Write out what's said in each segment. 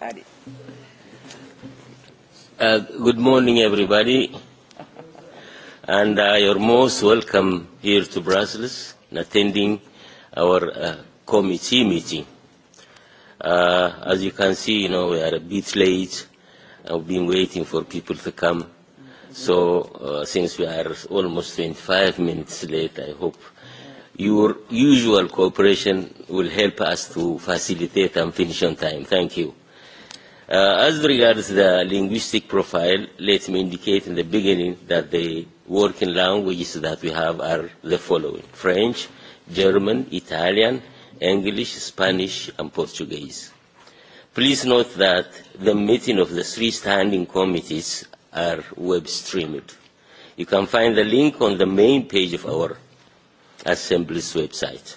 Adi. Uh, good morning, everybody. and uh, you're most welcome here to Brussels in attending our uh, committee meeting. Uh, as you can see, you know, we are a bit late. I've been waiting for people to come. So uh, since we are almost 25 minutes late, I hope your usual cooperation will help us to facilitate and finish on time. Thank you. Uh, as regards the linguistic profile, let me indicate in the beginning that the working languages that we have are the following French, German, Italian, English, Spanish, and Portuguese. Please note that the meeting of the three standing committees are web streamed. You can find the link on the main page of our Assembly's website.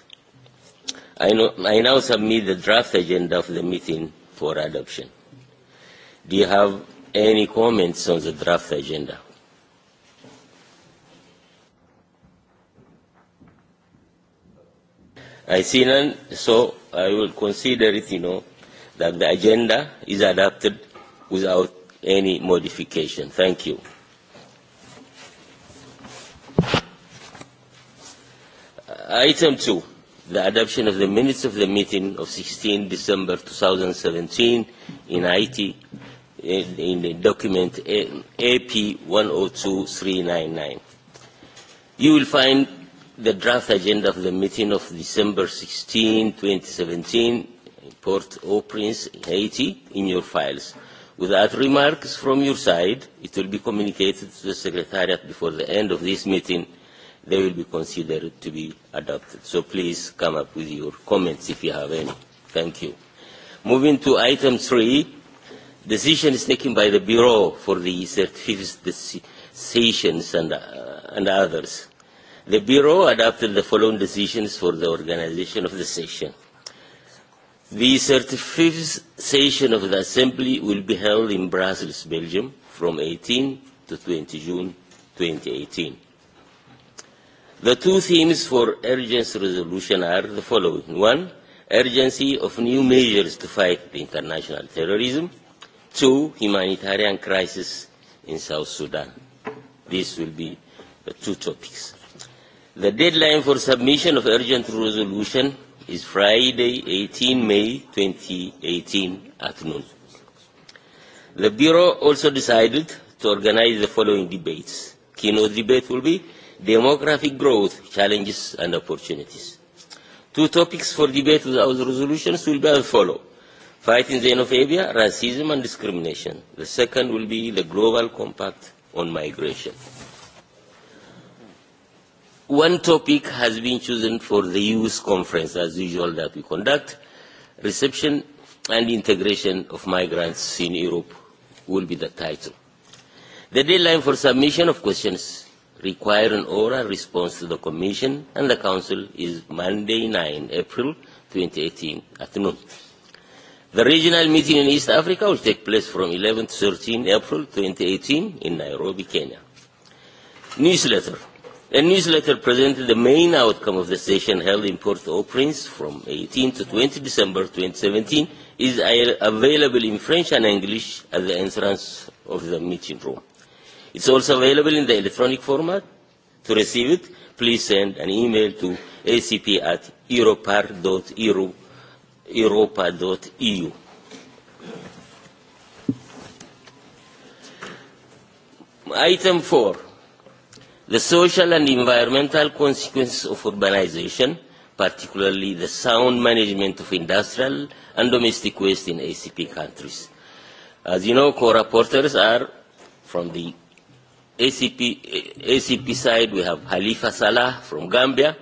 I, know, I now submit the draft agenda of the meeting for adoption. Do you have any comments on the draft agenda? I see none, so I will consider it, you know, that the agenda is adopted without any modification. Thank you. Item two, the adoption of the minutes of the meeting of 16 December 2017 in Haiti in, in the document AP 102399. You will find the draft agenda of the meeting of December 16, 2017, Port Au Prince, Haiti, in your files. Without remarks from your side, it will be communicated to the Secretariat before the end of this meeting. They will be considered to be adopted. So please come up with your comments if you have any. Thank you. Moving to item three, decision is taken by the Bureau for the certifications and, uh, and others. The Bureau adopted the following decisions for the organization of the session. The certificate session of the Assembly will be held in Brussels, Belgium, from 18 to 20 June 2018. The two themes for urgency resolution are the following. One, urgency of new measures to fight international terrorism two humanitarian crises in South Sudan. This will be the two topics. The deadline for submission of urgent resolution is Friday, 18 May 2018 at noon. The Bureau also decided to organize the following debates. Keynote debate will be demographic growth, challenges and opportunities. Two topics for debate without resolutions will be as follows fighting xenophobia, racism and discrimination. The second will be the global compact on migration. One topic has been chosen for the youth conference, as usual, that we conduct. Reception and integration of migrants in Europe will be the title. The deadline for submission of questions require an oral response to the Commission and the Council is Monday 9 April 2018 at noon. The regional meeting in East Africa will take place from 11 to 13 April 2018 in Nairobi, Kenya. Newsletter. A newsletter presented the main outcome of the session held in Port-au-Prince from 18 to 20 December 2017 is available in French and English at the entrance of the meeting room. It's also available in the electronic format. To receive it, please send an email to acp at europar.eru europa.eu. Item 4. The social and environmental consequences of urbanization, particularly the sound management of industrial and domestic waste in ACP countries. As you know, co-reporters are from the ACP, ACP side. We have Halifa Salah from Gambia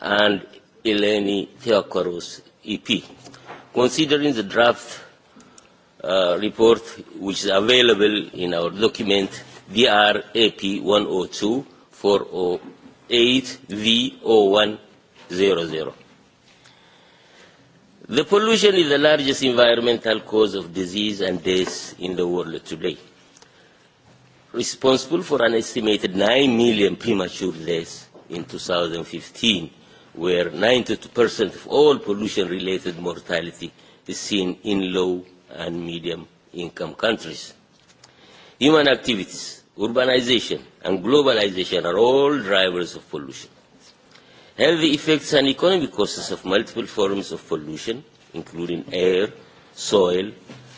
and Eleni Theokoros EP. Considering the draft uh, report, which is available in our document, DRAP 102408V0100. The pollution is the largest environmental cause of disease and death in the world today, responsible for an estimated 9 million premature deaths in 2015 where 90% of all pollution-related mortality is seen in low and medium-income countries. Human activities, urbanization, and globalization are all drivers of pollution. Health effects and economic causes of multiple forms of pollution, including air, soil,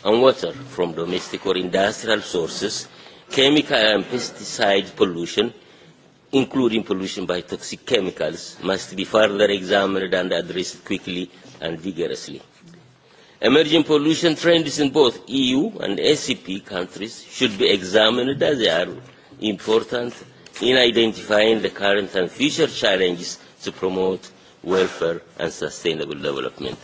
and water from domestic or industrial sources, chemical and pesticide pollution, including pollution by toxic chemicals, must be further examined and addressed quickly and vigorously. Emerging pollution trends in both EU and ACP e countries should be examined as they are important in identifying the current and future challenges to promote welfare and sustainable development.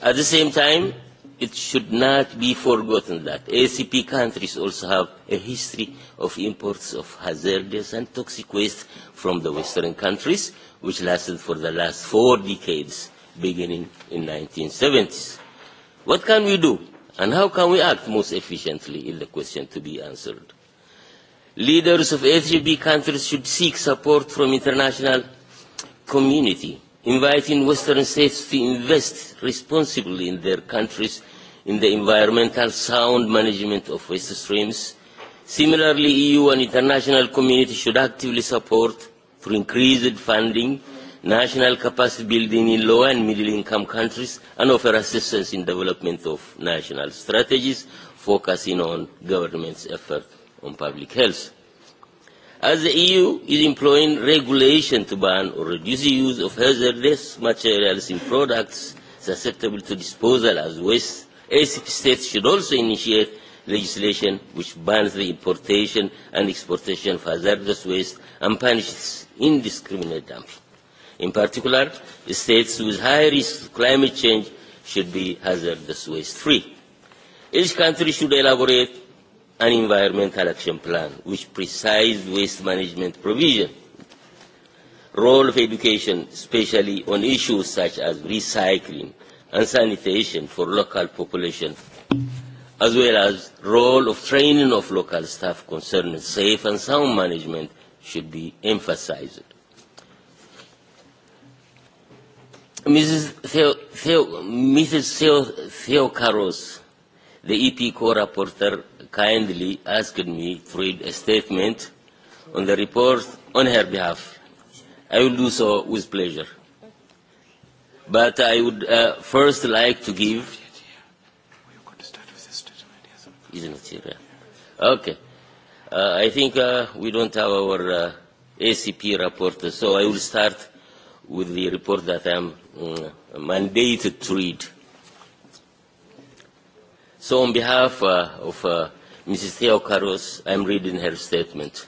At the same time, it should not be forgotten that ACP countries also have a history of imports of hazardous and toxic waste from the Western countries, which lasted for the last four decades, beginning in 1970s. What can we do, and how can we act most efficiently is the question to be answered. Leaders of ACP countries should seek support from international community, inviting Western states to invest responsibly in their countries' in the environmental sound management of waste streams. Similarly, EU and international community should actively support, through increased funding, national capacity building in low and middle income countries and offer assistance in development of national strategies focusing on government's effort on public health. As the EU is employing regulation to ban or reduce the use of hazardous materials in products susceptible to disposal as waste, ASIC states should also initiate legislation which bans the importation and exportation of hazardous waste and punishes indiscriminate dumping. In particular, states with high risk of climate change should be hazardous waste free. Each country should elaborate an environmental action plan which precise waste management provision. Role of education, especially on issues such as recycling, and sanitation for local population, as well as role of training of local staff concerning safe and sound management should be emphasized. Mrs. Theo, Theo, Mrs. Theo, Theo Carlos, the EP co-reporter, kindly asked me to read a statement on the report on her behalf. I will do so with pleasure but I would uh, first like to give. Is not here. Yeah. Okay. Uh, I think uh, we don't have our uh, ACP report, so I will start with the report that I'm mm, mandated to read. So on behalf uh, of uh, Mrs. Theo Carlos, I'm reading her statement.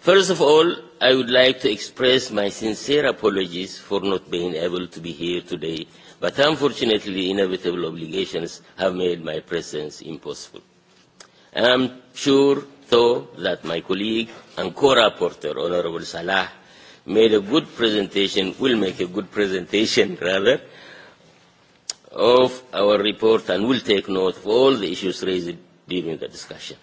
First of all, I would like to express my sincere apologies for not being able to be here today, but unfortunately, inevitable obligations have made my presence impossible. And I'm sure, though, that my colleague and co-rapporteur, Honorable Salah, made a good presentation, will make a good presentation, rather, of our report and will take note of all the issues raised during the discussion.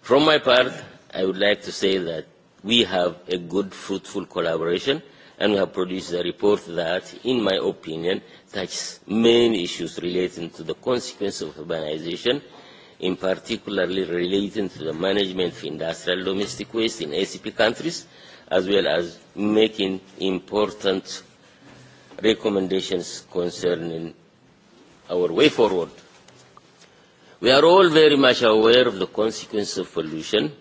From my part, I would like to say that we have a good, fruitful collaboration, and we have produced a report that, in my opinion, touches main issues relating to the consequence of urbanization, in particular relating to the management of industrial domestic waste in ACP countries, as well as making important recommendations concerning our way forward. We are all very much aware of the consequence of pollution,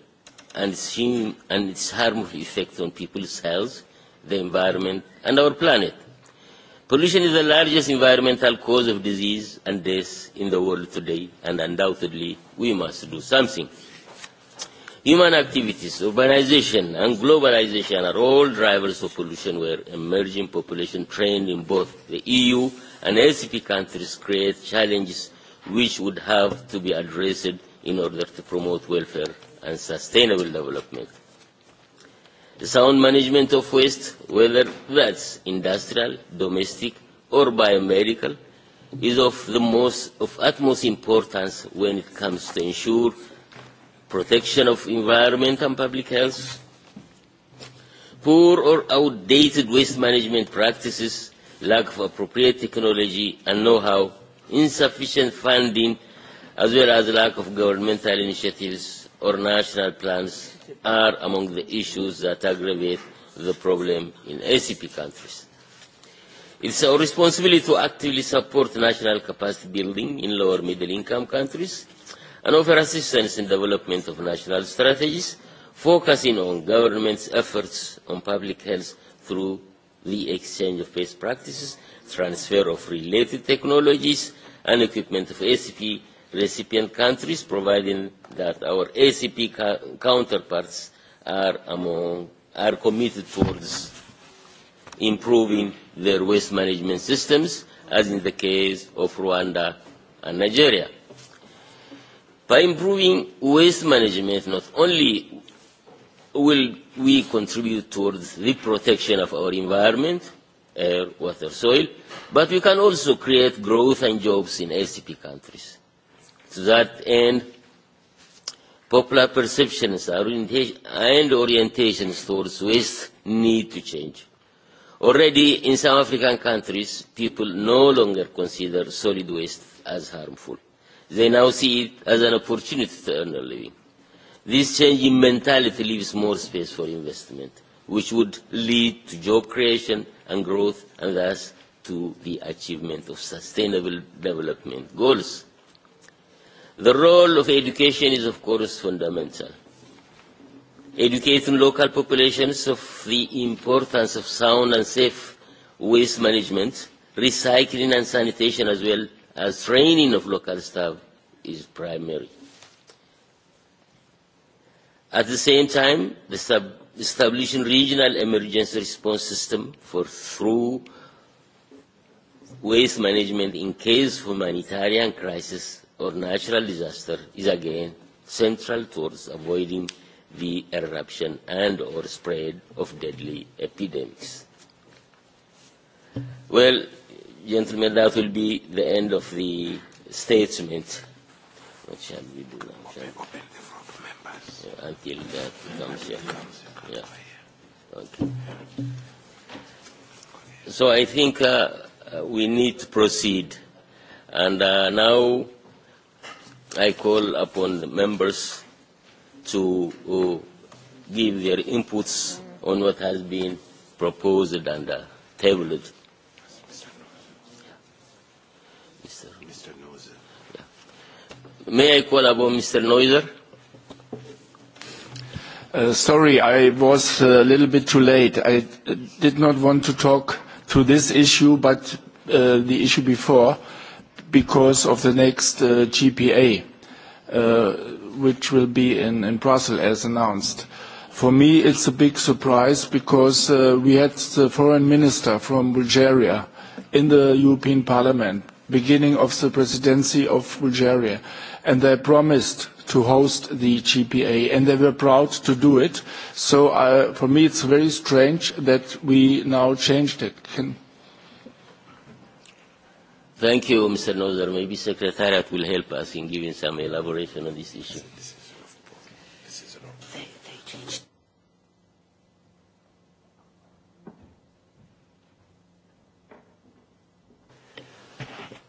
and it's, human, and its harmful effects on people's health, the environment, and our planet. Pollution is the largest environmental cause of disease and death in the world today, and undoubtedly, we must do something. Human activities, urbanization, and globalization are all drivers of pollution where emerging population trained in both the EU and SCP countries create challenges which would have to be addressed in order to promote welfare and sustainable development. Sound management of waste, whether that's industrial, domestic, or biomedical, is of, the most, of utmost importance when it comes to ensure protection of environment and public health. Poor or outdated waste management practices, lack of appropriate technology and know-how, insufficient funding, as well as lack of governmental initiatives or national plans are among the issues that aggravate the problem in ACP countries. It's our responsibility to actively support national capacity building in lower middle income countries and offer assistance in development of national strategies, focusing on government's efforts on public health through the exchange of best practices, transfer of related technologies and equipment of ACP recipient countries, providing that our ACP ca counterparts are, among, are committed towards improving their waste management systems, as in the case of Rwanda and Nigeria. By improving waste management, not only will we contribute towards the protection of our environment, air, water, soil, but we can also create growth and jobs in ACP countries to that end, popular perceptions and orientations towards waste need to change. Already in some African countries, people no longer consider solid waste as harmful. They now see it as an opportunity to earn a living. This change in mentality leaves more space for investment, which would lead to job creation and growth, and thus to the achievement of sustainable development goals. The role of education is, of course, fundamental. Educating local populations of the importance of sound and safe waste management, recycling and sanitation, as well as training of local staff, is primary. At the same time, the sub establishing regional emergency response system for through waste management in case of humanitarian crisis or natural disaster is again central towards avoiding the eruption and or spread of deadly epidemics. Well, gentlemen, that will be the end of the statement. What shall we do now? Shall open, open the floor to members. Yeah, until that comes here. Yeah. Okay. So I think uh, we need to proceed. And uh, now... I call upon the members to uh, give their inputs on what has been proposed and uh, tabled. May I call upon Mr. Neuser? Uh, sorry, I was a little bit too late. I did not want to talk to this issue, but uh, the issue before. Uh, because of the next uh, GPA, uh, which will be in, in Brussels as announced. For me, it's a big surprise because uh, we had the foreign minister from Bulgaria in the European Parliament, beginning of the presidency of Bulgaria, and they promised to host the GPA, and they were proud to do it. So uh, for me, it's very strange that we now changed it. Can, Thank you, Mr. Noser. Maybe Secretariat will help us in giving some elaboration on this issue.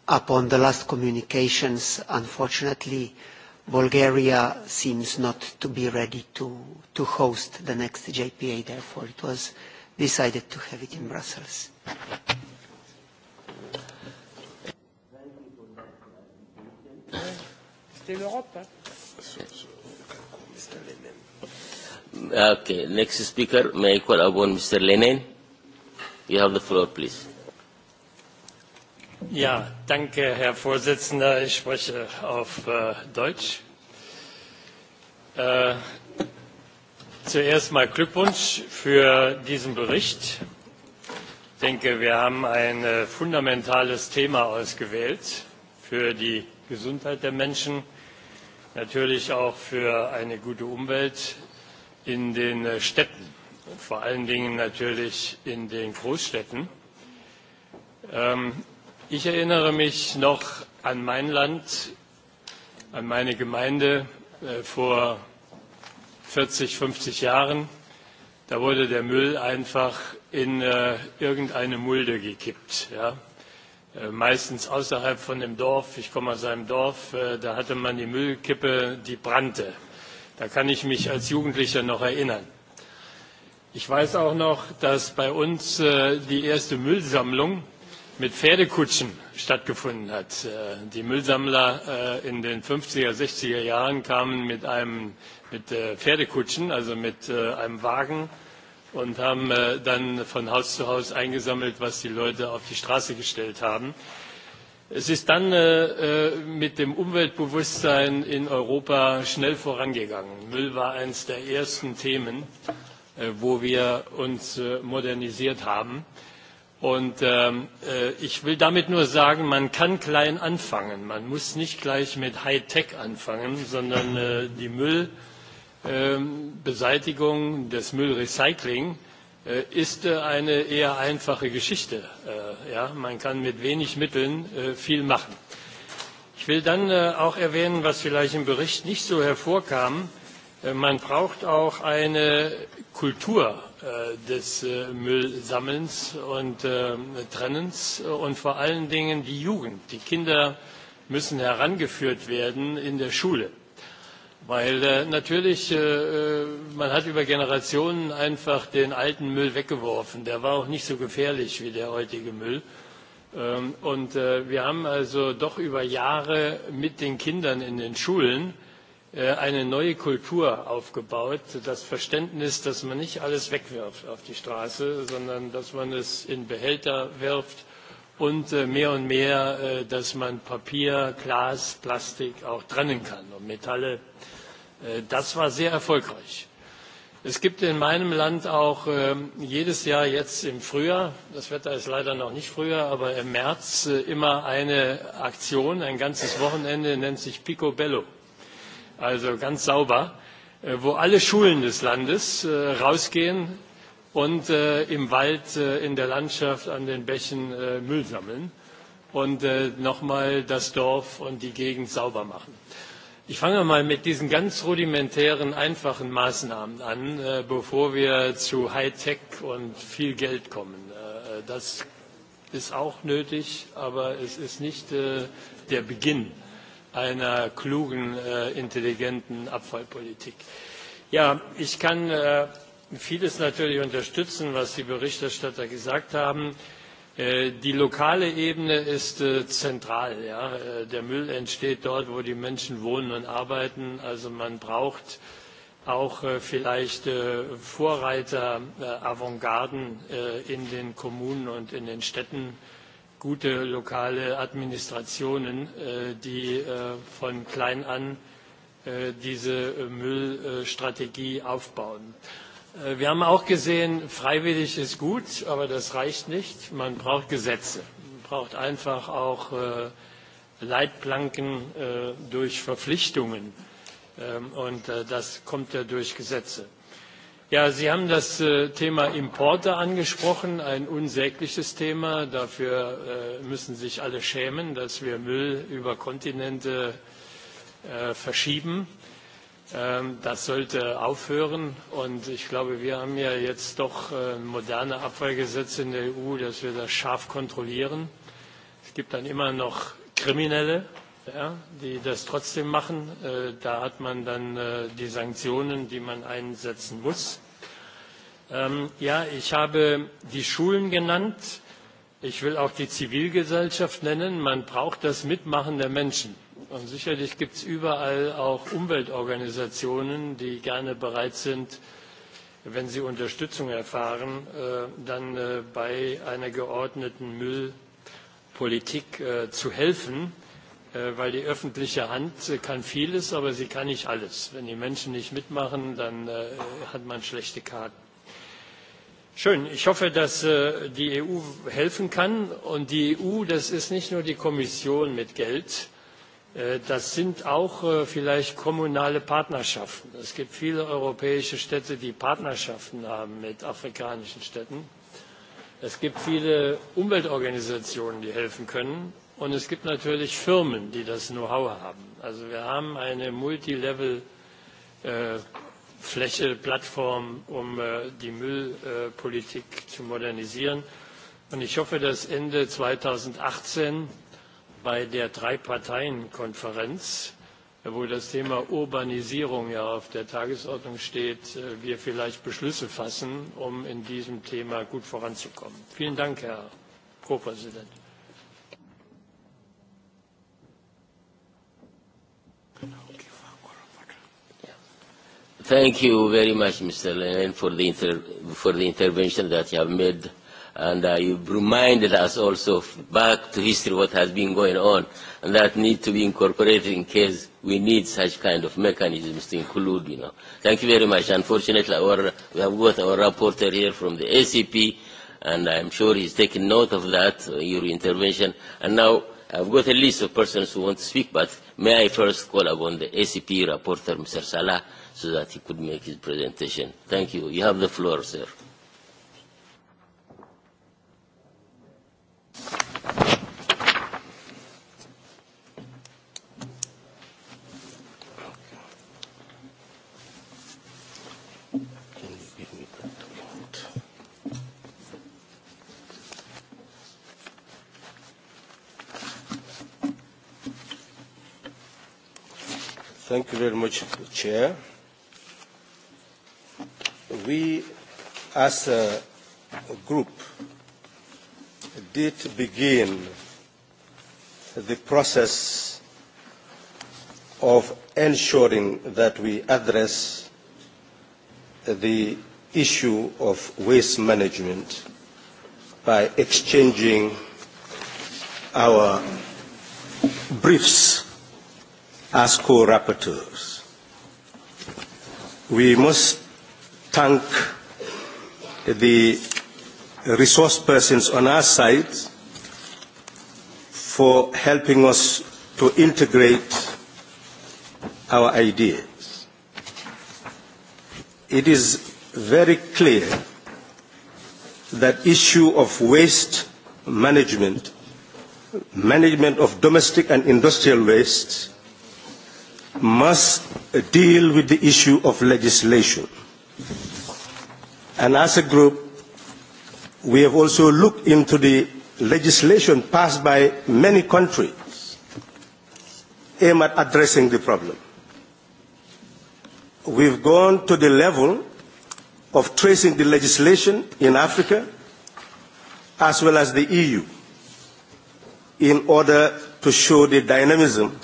Upon the last communications, unfortunately, Bulgaria seems not to be ready to, to host the next JPA, therefore it was decided to have it in Brussels. C'était l'Europe. Hein. Ok, next speaker, may I call upon Mr. Lenin? You have the floor, please. Ja, danke, Herr Vorsitzender. Ich spreche auf äh, Deutsch. Äh, zuerst mal Glückwunsch für diesen Bericht. Ich denke, wir haben ein äh, fundamentales Thema ausgewählt für die Gesundheit der Menschen, natürlich auch für eine gute Umwelt in den äh, Städten, vor allen Dingen natürlich in den Großstädten. Ähm, ich erinnere mich noch an mein Land, an meine Gemeinde äh, vor 40, 50 Jahren. Da wurde der Müll einfach in äh, irgendeine Mulde gekippt. Ja. Äh, meistens außerhalb von dem Dorf. Ich komme aus einem Dorf, äh, da hatte man die Müllkippe, die brannte. Da kann ich mich als Jugendlicher noch erinnern. Ich weiß auch noch, dass bei uns äh, die erste Müllsammlung mit Pferdekutschen stattgefunden hat. Die Müllsammler in den 50er, 60er Jahren kamen mit, einem, mit Pferdekutschen, also mit einem Wagen, und haben äh, dann von Haus zu Haus eingesammelt, was die Leute auf die Straße gestellt haben. Es ist dann äh, äh mit dem Umweltbewusstsein in Europa schnell vorangegangen. Müll war eines der ersten Themen, äh, wo wir uns äh, modernisiert haben. Und ähm, äh, ich will damit nur sagen, man kann klein anfangen. Man muss nicht gleich mit Hightech anfangen, sondern äh, die Müll. Ähm, Beseitigung des Müllrecycling äh, ist äh, eine eher einfache Geschichte. Äh, ja, man kann mit wenig Mitteln viel machen. Ich will dann auch erwähnen, was vielleicht im Bericht nicht so hervorkam. Man braucht auch eine Kultur des Müllsammelns und Trennens und vor allen Dingen die Jugend. Die Kinder müssen herangeführt werden in der Schule weil äh, natürlich äh, äh, man hat über generationen einfach den alten müll weggeworfen der war auch nicht so gefährlich wie der heutige müll ähm, und wir haben also doch über jahre mit den kindern in den schulen eine neue kultur aufgebaut das verständnis dass man nicht alles wegwirft auf die straße sondern dass man es in behälter wirft und mehr und mehr dass man papier glas plastik auch trennen kann und metalle Äh, das war sehr erfolgreich. Es gibt in meinem Land auch ähm, jedes Jahr jetzt im Frühjahr, das Wetter ist leider noch nicht früher, aber im März äh, immer eine Aktion, ein ganzes Wochenende, nennt sich Picobello. Also ganz sauber, äh, wo alle Schulen des Landes rausgehen und im Wald, in der Landschaft, an den Bächen Müll sammeln und nochmal das Dorf und die Gegend sauber machen ich fange mal mit diesen ganz rudimentären einfachen maßnahmen an äh, bevor wir zu hightech und viel geld kommen. Äh, äh, das ist auch nötig aber es ist nicht der beginn einer klugen intelligenten abfallpolitik. ja ich kann vieles natürlich unterstützen was die berichterstatter gesagt haben. Äh, die lokale ebene ist äh, zentral. Ja. Äh, der müll entsteht dort wo die menschen wohnen und arbeiten. also man braucht auch vielleicht vorreiter avantgarden in den kommunen und in den städten gute lokale administrationen die von klein an diese müllstrategie aufbauen. Äh, wir haben auch gesehen, freiwillig ist gut, aber das reicht nicht. Man braucht Gesetze. Man braucht einfach auch äh, Leitplanken äh, durch Verpflichtungen. Ähm, und das kommt ja durch Gesetze. Ja, Sie haben das Thema Importe angesprochen, ein unsägliches Thema. Dafür müssen sich alle schämen, dass wir Müll über Kontinente verschieben. Ähm, das sollte aufhören. Und ich glaube, wir haben ja jetzt doch äh, moderne Abfallgesetze in der EU, dass wir das scharf kontrollieren. Es gibt dann immer noch Kriminelle, ja, die das trotzdem machen. Äh, da hat man dann äh, die Sanktionen, die man einsetzen muss. Ähm, ja, ich habe die Schulen genannt. Ich will auch die Zivilgesellschaft nennen. Man braucht das Mitmachen der Menschen. Und sicherlich gibt es überall auch Umweltorganisationen, die gerne bereit sind, wenn sie Unterstützung erfahren, äh, dann äh, bei einer geordneten Müllpolitik äh, zu helfen. Weil die öffentliche Hand kann vieles, aber sie kann nicht alles. Wenn die Menschen nicht mitmachen, dann hat man schlechte Karten. Schön. Ich hoffe, dass die EU helfen kann. Und die EU, das ist nicht nur die Kommission mit Geld, Äh, das sind auch äh, vielleicht kommunale partnerschaften. es gibt viele europäische städte die partnerschaften haben mit afrikanischen städten. es gibt viele umweltorganisationen die helfen können und es gibt natürlich firmen die das know how haben. also wir haben eine multilevel äh, fläche plattform um die müllpolitik zu modernisieren und ich hoffe dass ende zweitausendachtzehn bei der drei parteien konferenz äh, wo das thema urbanisierung ja auf der tagesordnung steht äh, wir vielleicht beschlüsse fassen um in diesem thema gut voranzukommen. vielen dank herr co präsident! thank you very much mr lehne for the inter for the intervention that you have made and uh, you've reminded us also back to history what has been going on and that need to be incorporated in case we need such kind of mechanisms to include, you know. Thank you very much. Unfortunately, our, we have got our reporter here from the ACP, and I'm sure he's taking note of that, uh, your intervention. And now I've got a list of persons who want to speak, but may I first call upon the ACP reporter, Mr. Salah, so that he could make his presentation. Thank you. You have the floor, sir. Thank you very much, Chair. We, as a, a group, did begin the process of ensuring that we address the issue of waste management by exchanging our briefs as co-rapporteurs. We must thank the resource persons on our side for helping us to integrate our ideas. It is very clear that issue of waste management, management of domestic and industrial waste, must deal with the issue of legislation. And as a group, we have also looked into the legislation passed by many countries aimed at addressing the problem. We've gone to the level of tracing the legislation in Africa as well as the EU in order to show the dynamism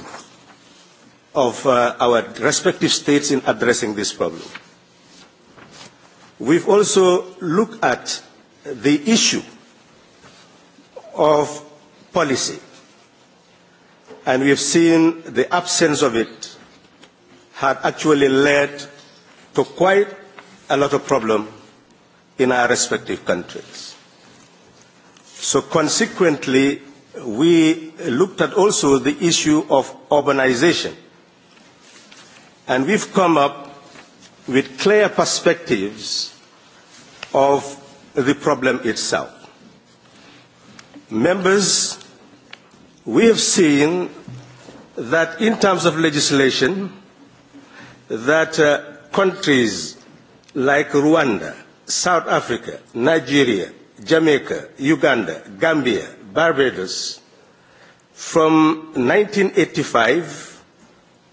of uh, our respective states in addressing this problem. We've also looked at the issue of policy and we have seen the absence of it had actually led to quite a lot of problem in our respective countries. So consequently, we looked at also the issue of urbanization and we've come up with clear perspectives of the problem itself. Members, we have seen that in terms of legislation, that uh, countries like Rwanda, South Africa, Nigeria, Jamaica, Uganda, Gambia, Barbados, from 1985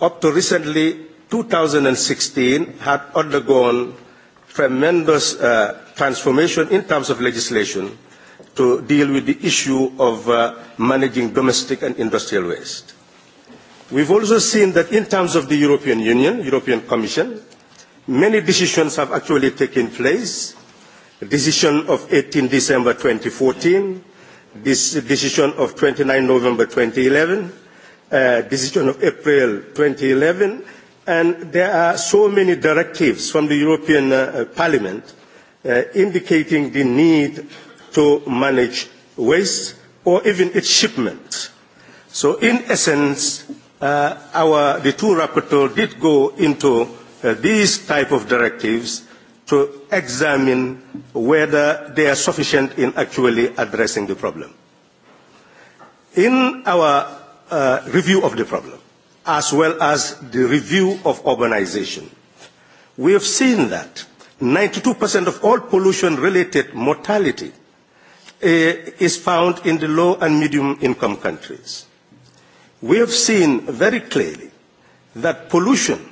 up to recently 2016, had undergone tremendous uh, transformation in terms of legislation to deal with the issue of uh, managing domestic and industrial waste. We've also seen that in terms of the European Union, European Commission, many decisions have actually taken place. Decision of 18 December 2014, this decision of 29 November 2011, uh, decision of April 2011, and there are so many directives from the European uh, Parliament uh, uh, indicating the need to manage waste or even its shipment. So in essence, uh, our, the two rapporteurs did go into uh, these type of directives to examine whether they are sufficient in actually addressing the problem. In our uh, review of the problem, as well as the review of urbanization, we have seen that 92% of all pollution related mortality uh, is found in the low and medium income countries. We have seen very clearly that pollution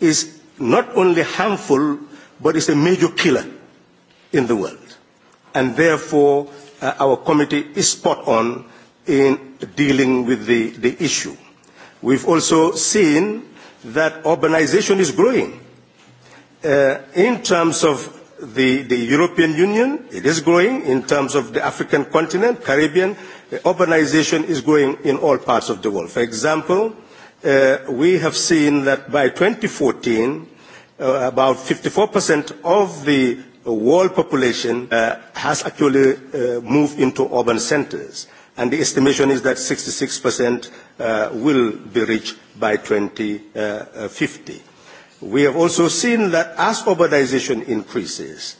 is not only harmful but is a major killer in the world. And therefore, uh, our committee is spot on in dealing with the, the issue. We've also seen that urbanization is growing uh, in terms of the, the European Union, it is growing. In terms of the African continent, Caribbean, uh, urbanization is growing in all parts of the world. For example, uh, we have seen that by 2014, uh, about 54% of the world population uh, has actually uh, moved into urban centers. And the estimation is that 66% uh, will be reached by 2050. Uh, uh, We have also seen that as urbanization increases,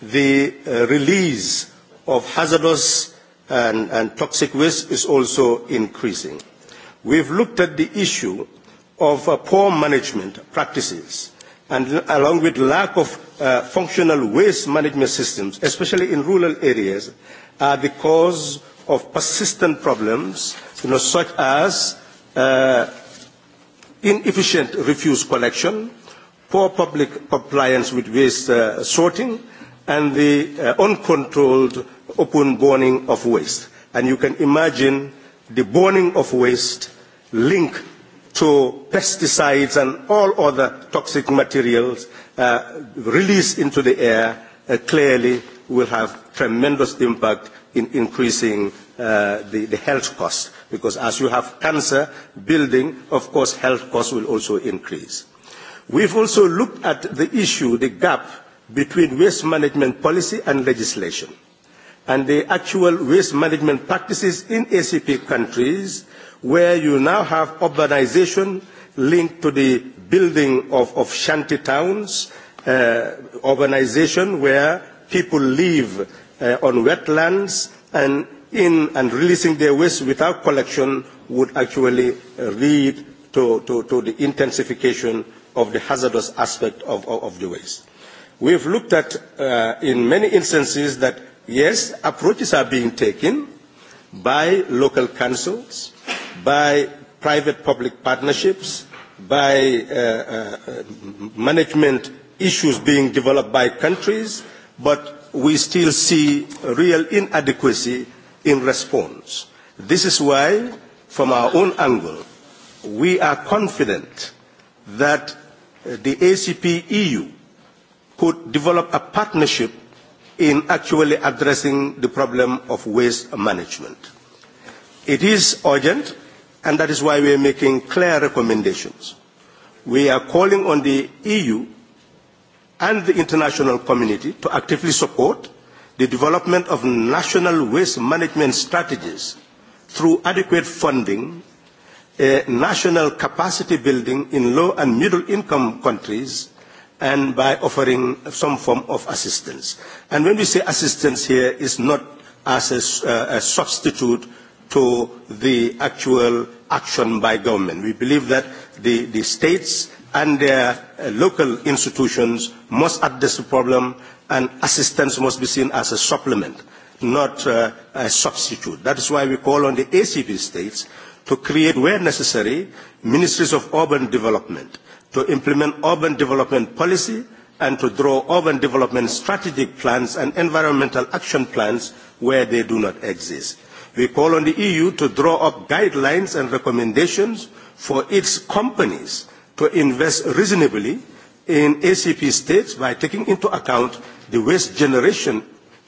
the uh, release of hazardous and, and toxic waste is also increasing. We've looked at the issue of uh, poor management practices and along with lack of uh, functional waste management systems, especially in rural areas, are the cause of persistent problems you know, such as uh, inefficient refuse collection, poor public compliance with waste uh, sorting and the uh, uncontrolled open burning of waste. And you can imagine the burning of waste linked to pesticides and all other toxic materials uh, released into the air uh, clearly will have tremendous impact in increasing uh, the, the health costs. Because as you have cancer building, of course health costs will also increase. We've also looked at the issue, the gap between waste management policy and legislation, and the actual waste management practices in ACP countries where you now have urbanization linked to the building of, of shanty towns, uh, urbanization where people live uh, on wetlands and in and releasing their waste without collection would actually uh, lead to, to, to the intensification of the hazardous aspect of, of, of the waste. We've looked at, uh, in many instances, that yes, approaches are being taken by local councils, by private-public partnerships, by uh, uh, management issues being developed by countries, but we still see real inadequacy in response. This is why, from our own angle, we are confident that the ACP EU could develop a partnership in actually addressing the problem of waste management. It is urgent, and that is why we are making clear recommendations. We are calling on the EU and the international community to actively support the development of national waste management strategies through adequate funding a national capacity building in low and middle income countries and by offering some form of assistance. And when we say assistance here, it's not as a, uh, a substitute to the actual action by government. We believe that the, the states and their uh, local institutions must address the problem and assistance must be seen as a supplement, not uh, a substitute. That is why we call on the ACP states to create, where necessary, ministries of urban development, to implement urban development policy, and to draw urban development strategic plans and environmental action plans where they do not exist. We call on the EU to draw up guidelines and recommendations for its companies to invest reasonably in ACP states by taking into account the waste generation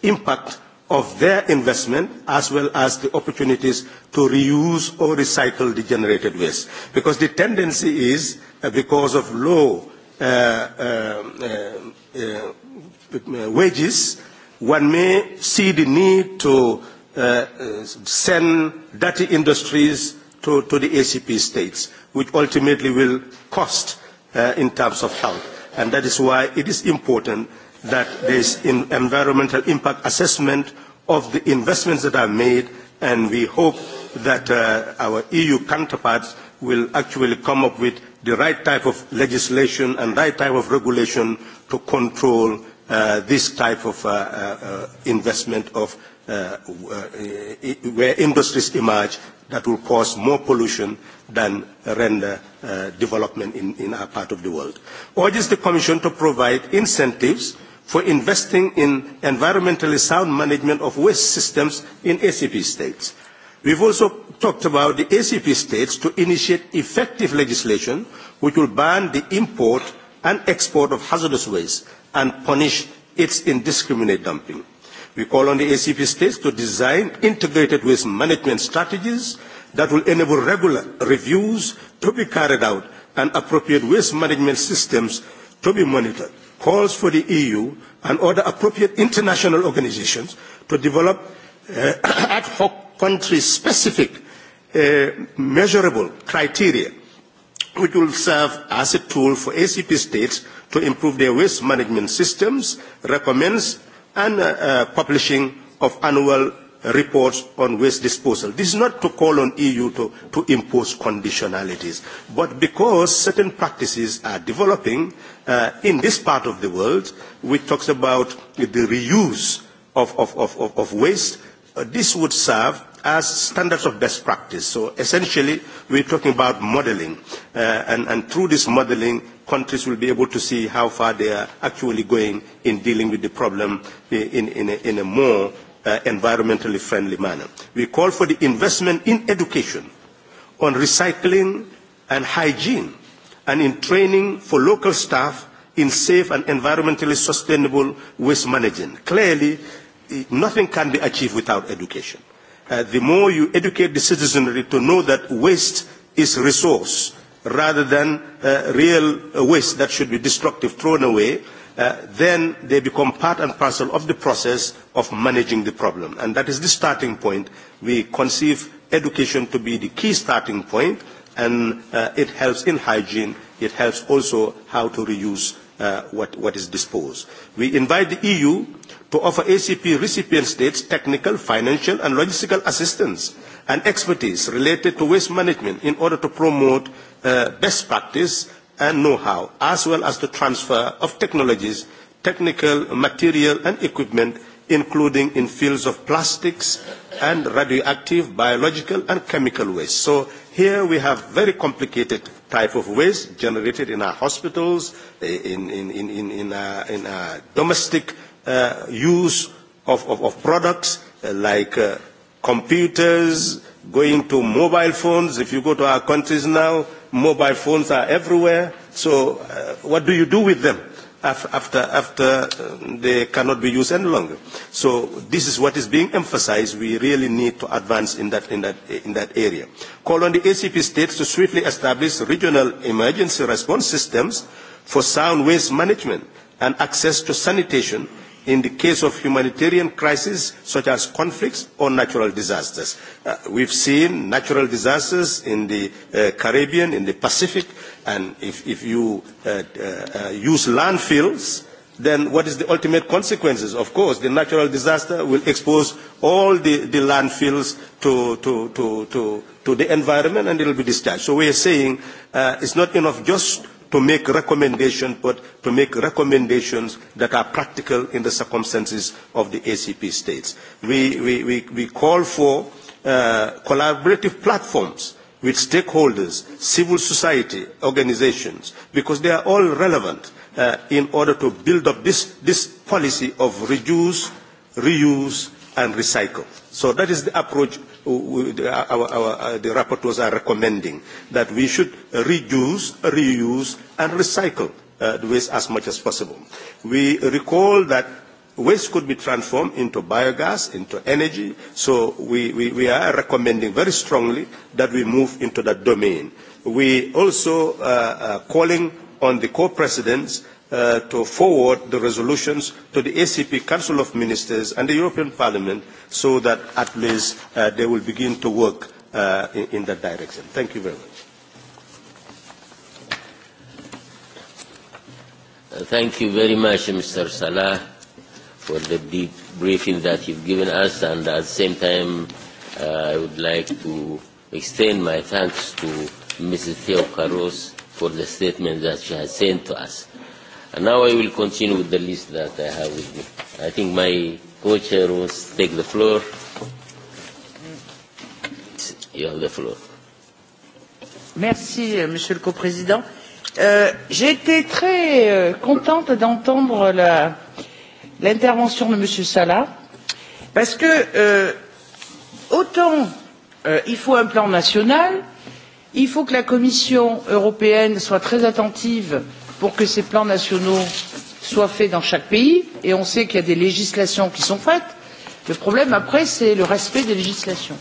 impact of their investment as well as the opportunities to reuse or recycle the generated waste. Because the tendency is, uh, because of low uh, um, uh, wages, one may see the need to send dirty industries to the ACP states, which ultimately will cost in terms of health. That is why it is important that there's an environmental impact assessment of the investments that are made, and we hope that uh, our EU counterparts will actually come up with the right type of legislation and right type of regulation to control uh, this type of uh, uh, investment of uh, uh, where industries emerge that will cause more pollution than render uh, development in, in our part of the world. Or is the Commission to provide incentives for investing in environmentally sound management of waste systems in ACP states. We've also talked about the ACP states to initiate effective legislation which will ban the import and export of hazardous waste and punish its indiscriminate dumping. We call on the ACP states to design integrated waste management strategies that will enable regular reviews to be carried out and appropriate waste management systems to be monitored calls for the EU and other appropriate international organizations to develop uh, ad hoc country-specific uh, measurable criteria which will serve as a tool for ACP states to improve their waste management systems, recommends, and uh, uh, publishing of annual reports on waste disposal. This is not to call on EU to, to impose conditionalities, but because certain practices are developing uh, in this part of the world, which talks about the reuse of, of, of, of, of waste, uh, this would serve as standards of best practice. So essentially, we're talking about modeling, uh, and, and through this modeling, countries will be able to see how far they are actually going in dealing with the problem in, uh, in, in, a, in a more uh, environmentally friendly manner. We call for the investment in education on recycling and hygiene and in training for local staff in safe and environmentally sustainable waste management. Clearly, nothing can be achieved without education. Uh, the more you educate the citizenry to know that waste is resource rather than uh, real waste that should be destructive thrown away, uh, Uh, then they become part and parcel of the process of managing the problem. And that is the starting point. We conceive education to be the key starting point, and uh, it helps in hygiene. It helps also how to reuse uh, what, what is disposed. We invite the EU to offer ACP recipient states technical, financial, and logistical assistance and expertise related to waste management in order to promote uh, best practice and know-how, as well as the transfer of technologies, technical material, and equipment, including in fields of plastics and radioactive, biological, and chemical waste. So here we have very complicated type of waste generated in our hospitals, in our uh, uh, domestic uh, use of products like computers, going to mobile phones. If you go to our countries now, mobile phones are everywhere. So uh, what do you do with them after, after um, they cannot be used any longer? So this is what is being emphasized. We really need to advance in that, in that, in that area. Call on the ACP states to swiftly establish regional emergency response systems for sound waste management and access to sanitation in the case of humanitarian crises such as conflicts or natural disasters. Uh, we've seen natural disasters in the uh, Caribbean, in the Pacific, and if, if you uh, uh, uh, use landfills, then what is the ultimate consequences? Of course, the natural disaster will expose all the, the landfills to, to, to, to, to the environment and it will be discharged. So we are saying uh, it's not enough just to make recommendation but to make recommendations that are practical in the circumstances of the ACP states. We, we, we, we call for uh, collaborative platforms with stakeholders, civil society organizations, because they are all relevant uh, in order to build up this, this policy of reduce, reuse, and recycle. So that is the approach our, our, uh, the rapporteurs are recommending that we should reduce, reuse, and recycle uh, the waste as much as possible. We recall that waste could be transformed into biogas, into energy, so we, we, we are recommending very strongly that we move into that domain. We also uh, are uh, calling on the co-presidents uh, to forward the resolutions to the ACP Council of Ministers and the European Parliament so that at least uh, they will begin to work uh, in, in that direction. Thank you very much. Uh, thank you very much, Mr. Salah, for the deep briefing that you've given us. And at the same time, uh, I would like to extend my thanks to Mrs. Theo Caros for the statement that she has sent to us. And now I will continue with the list that I have with me. I think my co-chair will take the floor. You have the floor. Merci, euh, Monsieur le Co-président. Euh, J'ai été très euh, contente d'entendre l'intervention de Monsieur Salah, parce que euh, autant euh, il faut un plan national, il faut que la Commission européenne soit très attentive euh, pour que ces plans nationaux soient faits dans chaque pays et on sait qu'il y a des législations qui sont faites. Le problème après, c'est le respect des législations.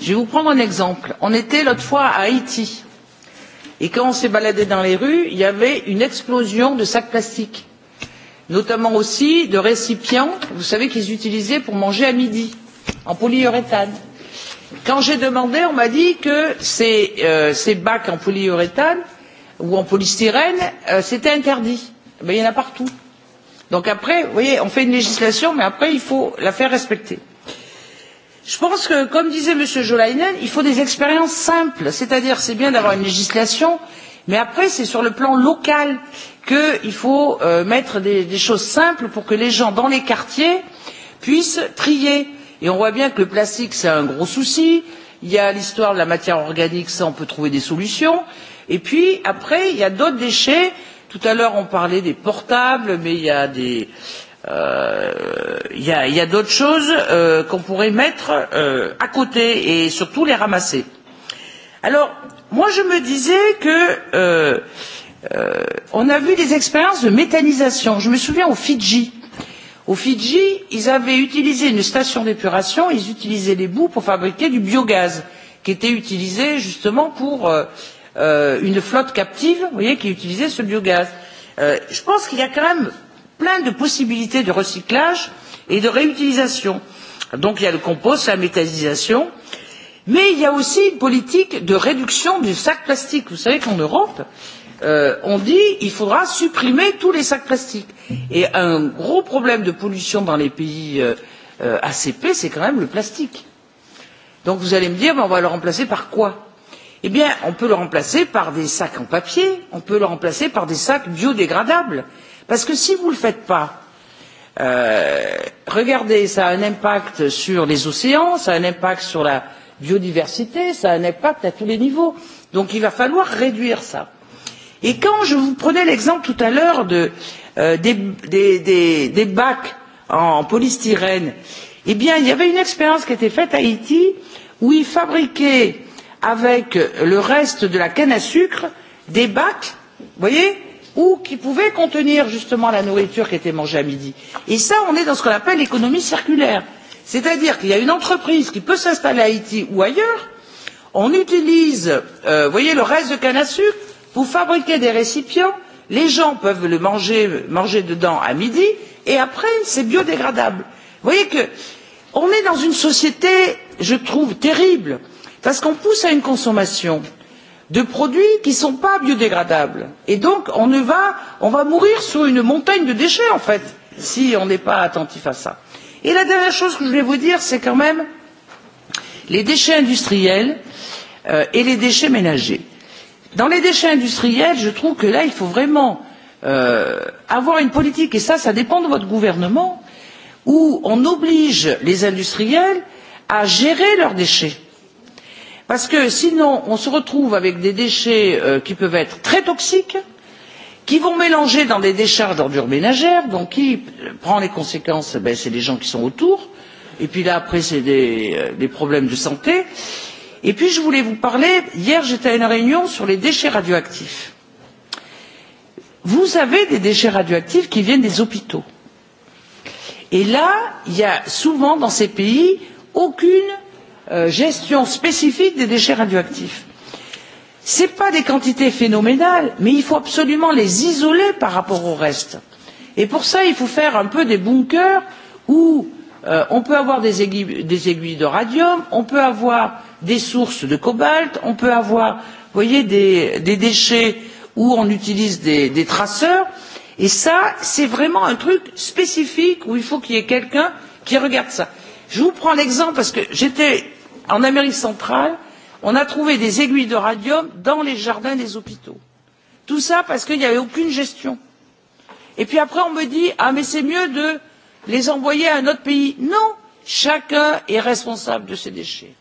Je vais vous prendre un exemple. On était l'autre fois à Haïti et quand on s'est baladé dans les rues, il y avait une explosion de sacs plastiques, notamment aussi de récipients, vous savez, qu'ils utilisaient pour manger à midi en polyuréthane. Quand j'ai demandé, on m'a dit que ces, euh, ces bacs en polyuréthane ou en polystyrène euh, c'était interdit. il y en a partout. donc après vous voyez on fait une législation mais après il faut la faire respecter. je pense que comme disait m. jolinen il faut des expériences simples c'est à dire c'est bien d'avoir une législation mais après c'est sur le plan local qu'il faut euh, mettre des, des choses simples pour que les gens dans les quartiers puissent trier. Et on voit bien que le plastique, c'est un gros souci. Il y a l'histoire de la matière organique, ça, on peut trouver des solutions et puis après il y a d'autres déchets tout à l'heure on parlait des portables mais il y a des euh, il euh, y, y a d'autres choses euh, qu'on pourrait mettre euh, à côté et surtout les ramasser. Alors moi je me disais que euh, euh, on a vu des expériences de méthanisation. Je me souviens au Fidji. Au Fidji, ils avaient utilisé une station d'épuration. Ils utilisaient les boues pour fabriquer du biogaz, qui était utilisé justement pour euh, Euh, une flotte captive qui utilisait ce biogaz. Euh, je pense qu'il y a quand même plein de possibilités de recyclage et de réutilisation. donc il y a le compost la méthanisation mais il y a aussi une politique de réduction du sac plastique. vous savez qu'en europe euh, on dit qu'il faudra supprimer tous les sacs plastiques et un gros problème de pollution dans les pays acp c'est quand même le plastique. donc vous allez me dire on va le remplacer par quoi? eh bien on peut le remplacer par des sacs en papier on peut le remplacer par des sacs biodégradables parce que si vous ne le faites pas euh, regardez ça a un impact sur les océans ça a un impact sur la biodiversité ça a un impact à tous les niveaux donc il va falloir réduire ça. Et quand je vous prenais l'exemple tout à l'heure de, euh, des, des, des, des bacs en polystyrène, eh bien, il y avait une expérience qui était faite à Haïti où ils fabriquaient euh, avec le reste de la canne à sucre des bacs qui pouvaient contenir justement la nourriture qui était mangée à midi. et là on est dans ce qu'on appelle l'économie circulaire c'est à dire qu'il y a une entreprise qui peut s'installer à haïti ou ailleurs on utilise euh, le reste de canne à sucre pour fabriquer des récipients les gens peuvent le manger, manger dedans à midi et après c'est biodégradable. vous voyez qu'on est dans une société je trouve terriblement parce qu'on pousse à une consommation de produits qui ne sont pas biodégradables et donc on va mourir sous une montagne de déchets en fait si on n'est pas attentif à cela. et la dernière chose que je voulais vous dire c'est quand même les déchets industriels euh, et les déchets ménagers. dans les déchets industriels je trouve que là il faut vraiment euh, avoir une politique et ça ça dépend de votre gouvernement où on oblige les industriels à gérer leurs déchets parce que sinon on se retrouve avec des déchets euh, qui peuvent être très toxiques qui vont mélanger dans des décharges d'ordures ménagères donc qui euh, prend les conséquences eh ben, c'est les gens qui sont autour et puis là après c'est des, euh, des problèmes de santé et puis je voulais vous parler hier j'étais à une réunion sur les déchets radioactifs vous avez des déchets radioactifs qui viennent des hôpitaux et là il y a souvent dans ces pays aucune Euh, gestion spécifique des déchets radioactifs. ce ne sont pas des quantités phénoménales mais il faut absolument les isoler par rapport au reste et pour cela il faut faire un peu des bunkers où euh, on peut avoir des aiguilles de radium on peut avoir des sources de cobalt on peut avoir vous voyez des, des déchets où on utilise des, des traceurs et ça c'est vraiment un truc spécifique où il faut qu'il y ait quelqu'un qui regarde ça. je vous prends l'exemple parce que j'étais en amérique centrale on a trouvé des aiguilles de radium dans les jardins des hôpitaux tout cela parce qu'il n'y avait aucune gestion. et puis après on me dit ah mais c'est mieux de les envoyer à un autre pays. non chacun est responsable de ses déchets.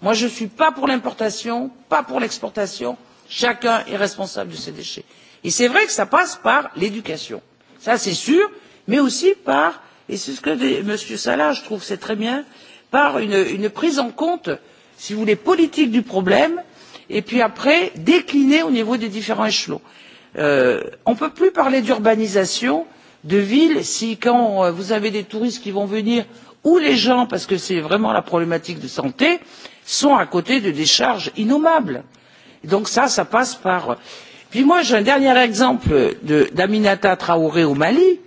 moi je ne suis pas pour l'importation pas pour l'exportation chacun est responsable de ses déchets. et c'est vrai que ça passe par l'éducation ça c'est sûr mais aussi par et c'est ce que dit m. salah je trouve c'est très bien par une prise en compte si vous voulez politique du problème et puis ensuite déclinée au niveau des différents échelons. Euh, on ne peut plus parler d'urbanisation de ville si quand euh, vous avez des touristes qui vont venir ou les gens parce que c'est vraiment la problématique de santé sont à côté de décharges innommables. donc ça ça passe par. Euh, puis moi j'ai un dernier exemple d'aminata traoré au mali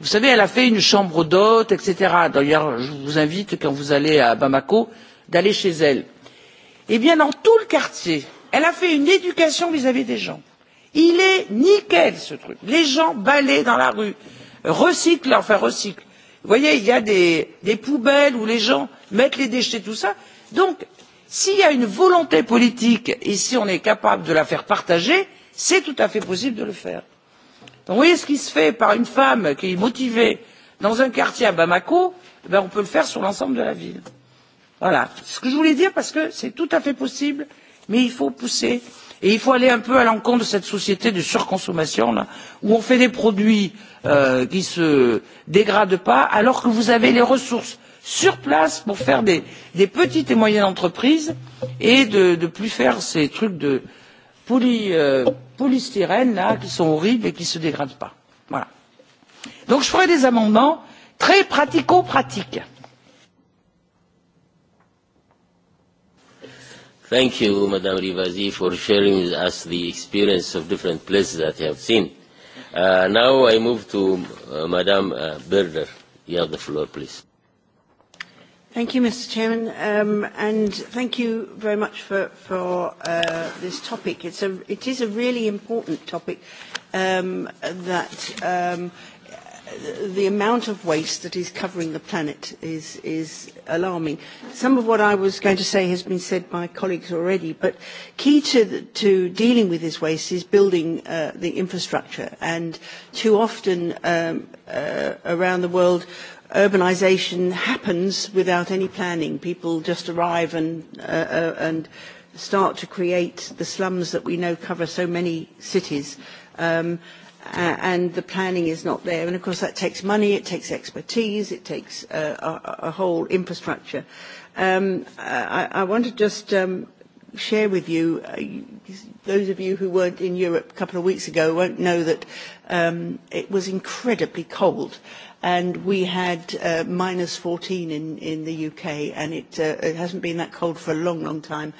vous savez elle a fait une chambre d'hôtes etc. d'ailleurs je vous invite quand vous allez à bamako à aller chez elle. eh bien dans tout le quartier elle a fait une éducation vis à vis des gens. il est nickel ce truc. les gens balaient dans la rue recyclent enfin recyclent. vous voyez il y a des, des poubelles où les gens mettent les déchets tout ça. donc s'il y a une volonté politique et si on est capable de la faire partager c'est tout à fait possible de le faire vous voyez ce qui se fait par une femme qui est motivée dans un quartier à bamako eh on peut le faire sur l'ensemble de la ville. voilà ce que je voulais dire parce que c'est tout à fait possible mais il faut pousser et il faut aller un peu à l'encontre de cette société de surconsommation là, où on fait des produits euh, qui ne se dégradent pas alors que vous avez les ressources sur place pour faire des, des petites et moyennes entreprises et de ne plus faire ces trucs de, Euh, polystyrène qui sont horribles et qui ne se dégradent pas. donc je ferai des amendements très pratico pratiques. thank you madam rivasi for sharing with us the experience of different places that you have seen. Uh, now i move to uh, madam uh, berger. you have the floor please. Thank you, Mr. Chairman, um, and thank you very much for, for uh, this topic. It's a, it is a really important topic um, that um, the amount of waste that is covering the planet is, is alarming. Some of what I was going to say has been said by colleagues already, but key to, the, to dealing with this waste is building uh, the infrastructure, and too often um, uh, around the world, urbanization happens without any planning. People just arrive and, uh, uh, and start to create the slums that we know cover so many cities. Um, and the planning is not there. And of course that takes money, it takes expertise, it takes uh, a, a whole infrastructure. Um, uh, I, I want to just um, share with you, uh, those of you who weren't in Europe a couple of weeks ago won't know that um, it was incredibly cold and we had -14 uh, in the U.K., and uh, it hasn't been that cold for a long, long time.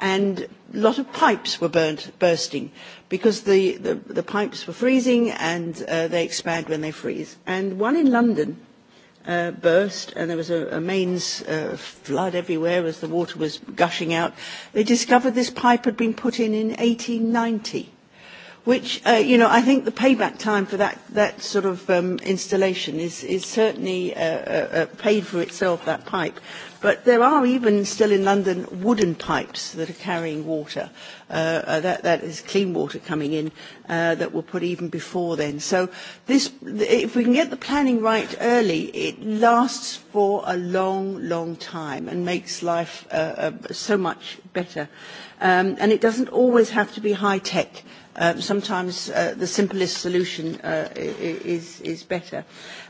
And a lot of pipes were bursting because the pipes were freezing, and uh, they expand when they freeze. And one in London burst, and there was a mains flood everywhere as the water was gushing out. They discovered this pipe had been put in in 1890, which uh, you know I think the payback time for that that sort of um, installation is is certainly uh, uh, uh paid for itself that pipe. But there are even still in London wooden pipes that are carrying water, uh, uh that, that is clean water coming in, uh, that were put even before then. So this, if we can get the planning right early, it lasts for a long, long time and makes life uh, uh, so much better. Um, and it doesn't always have to be high tech. Uh, Um, sometimes uh, the simplest solution uh, is, is better.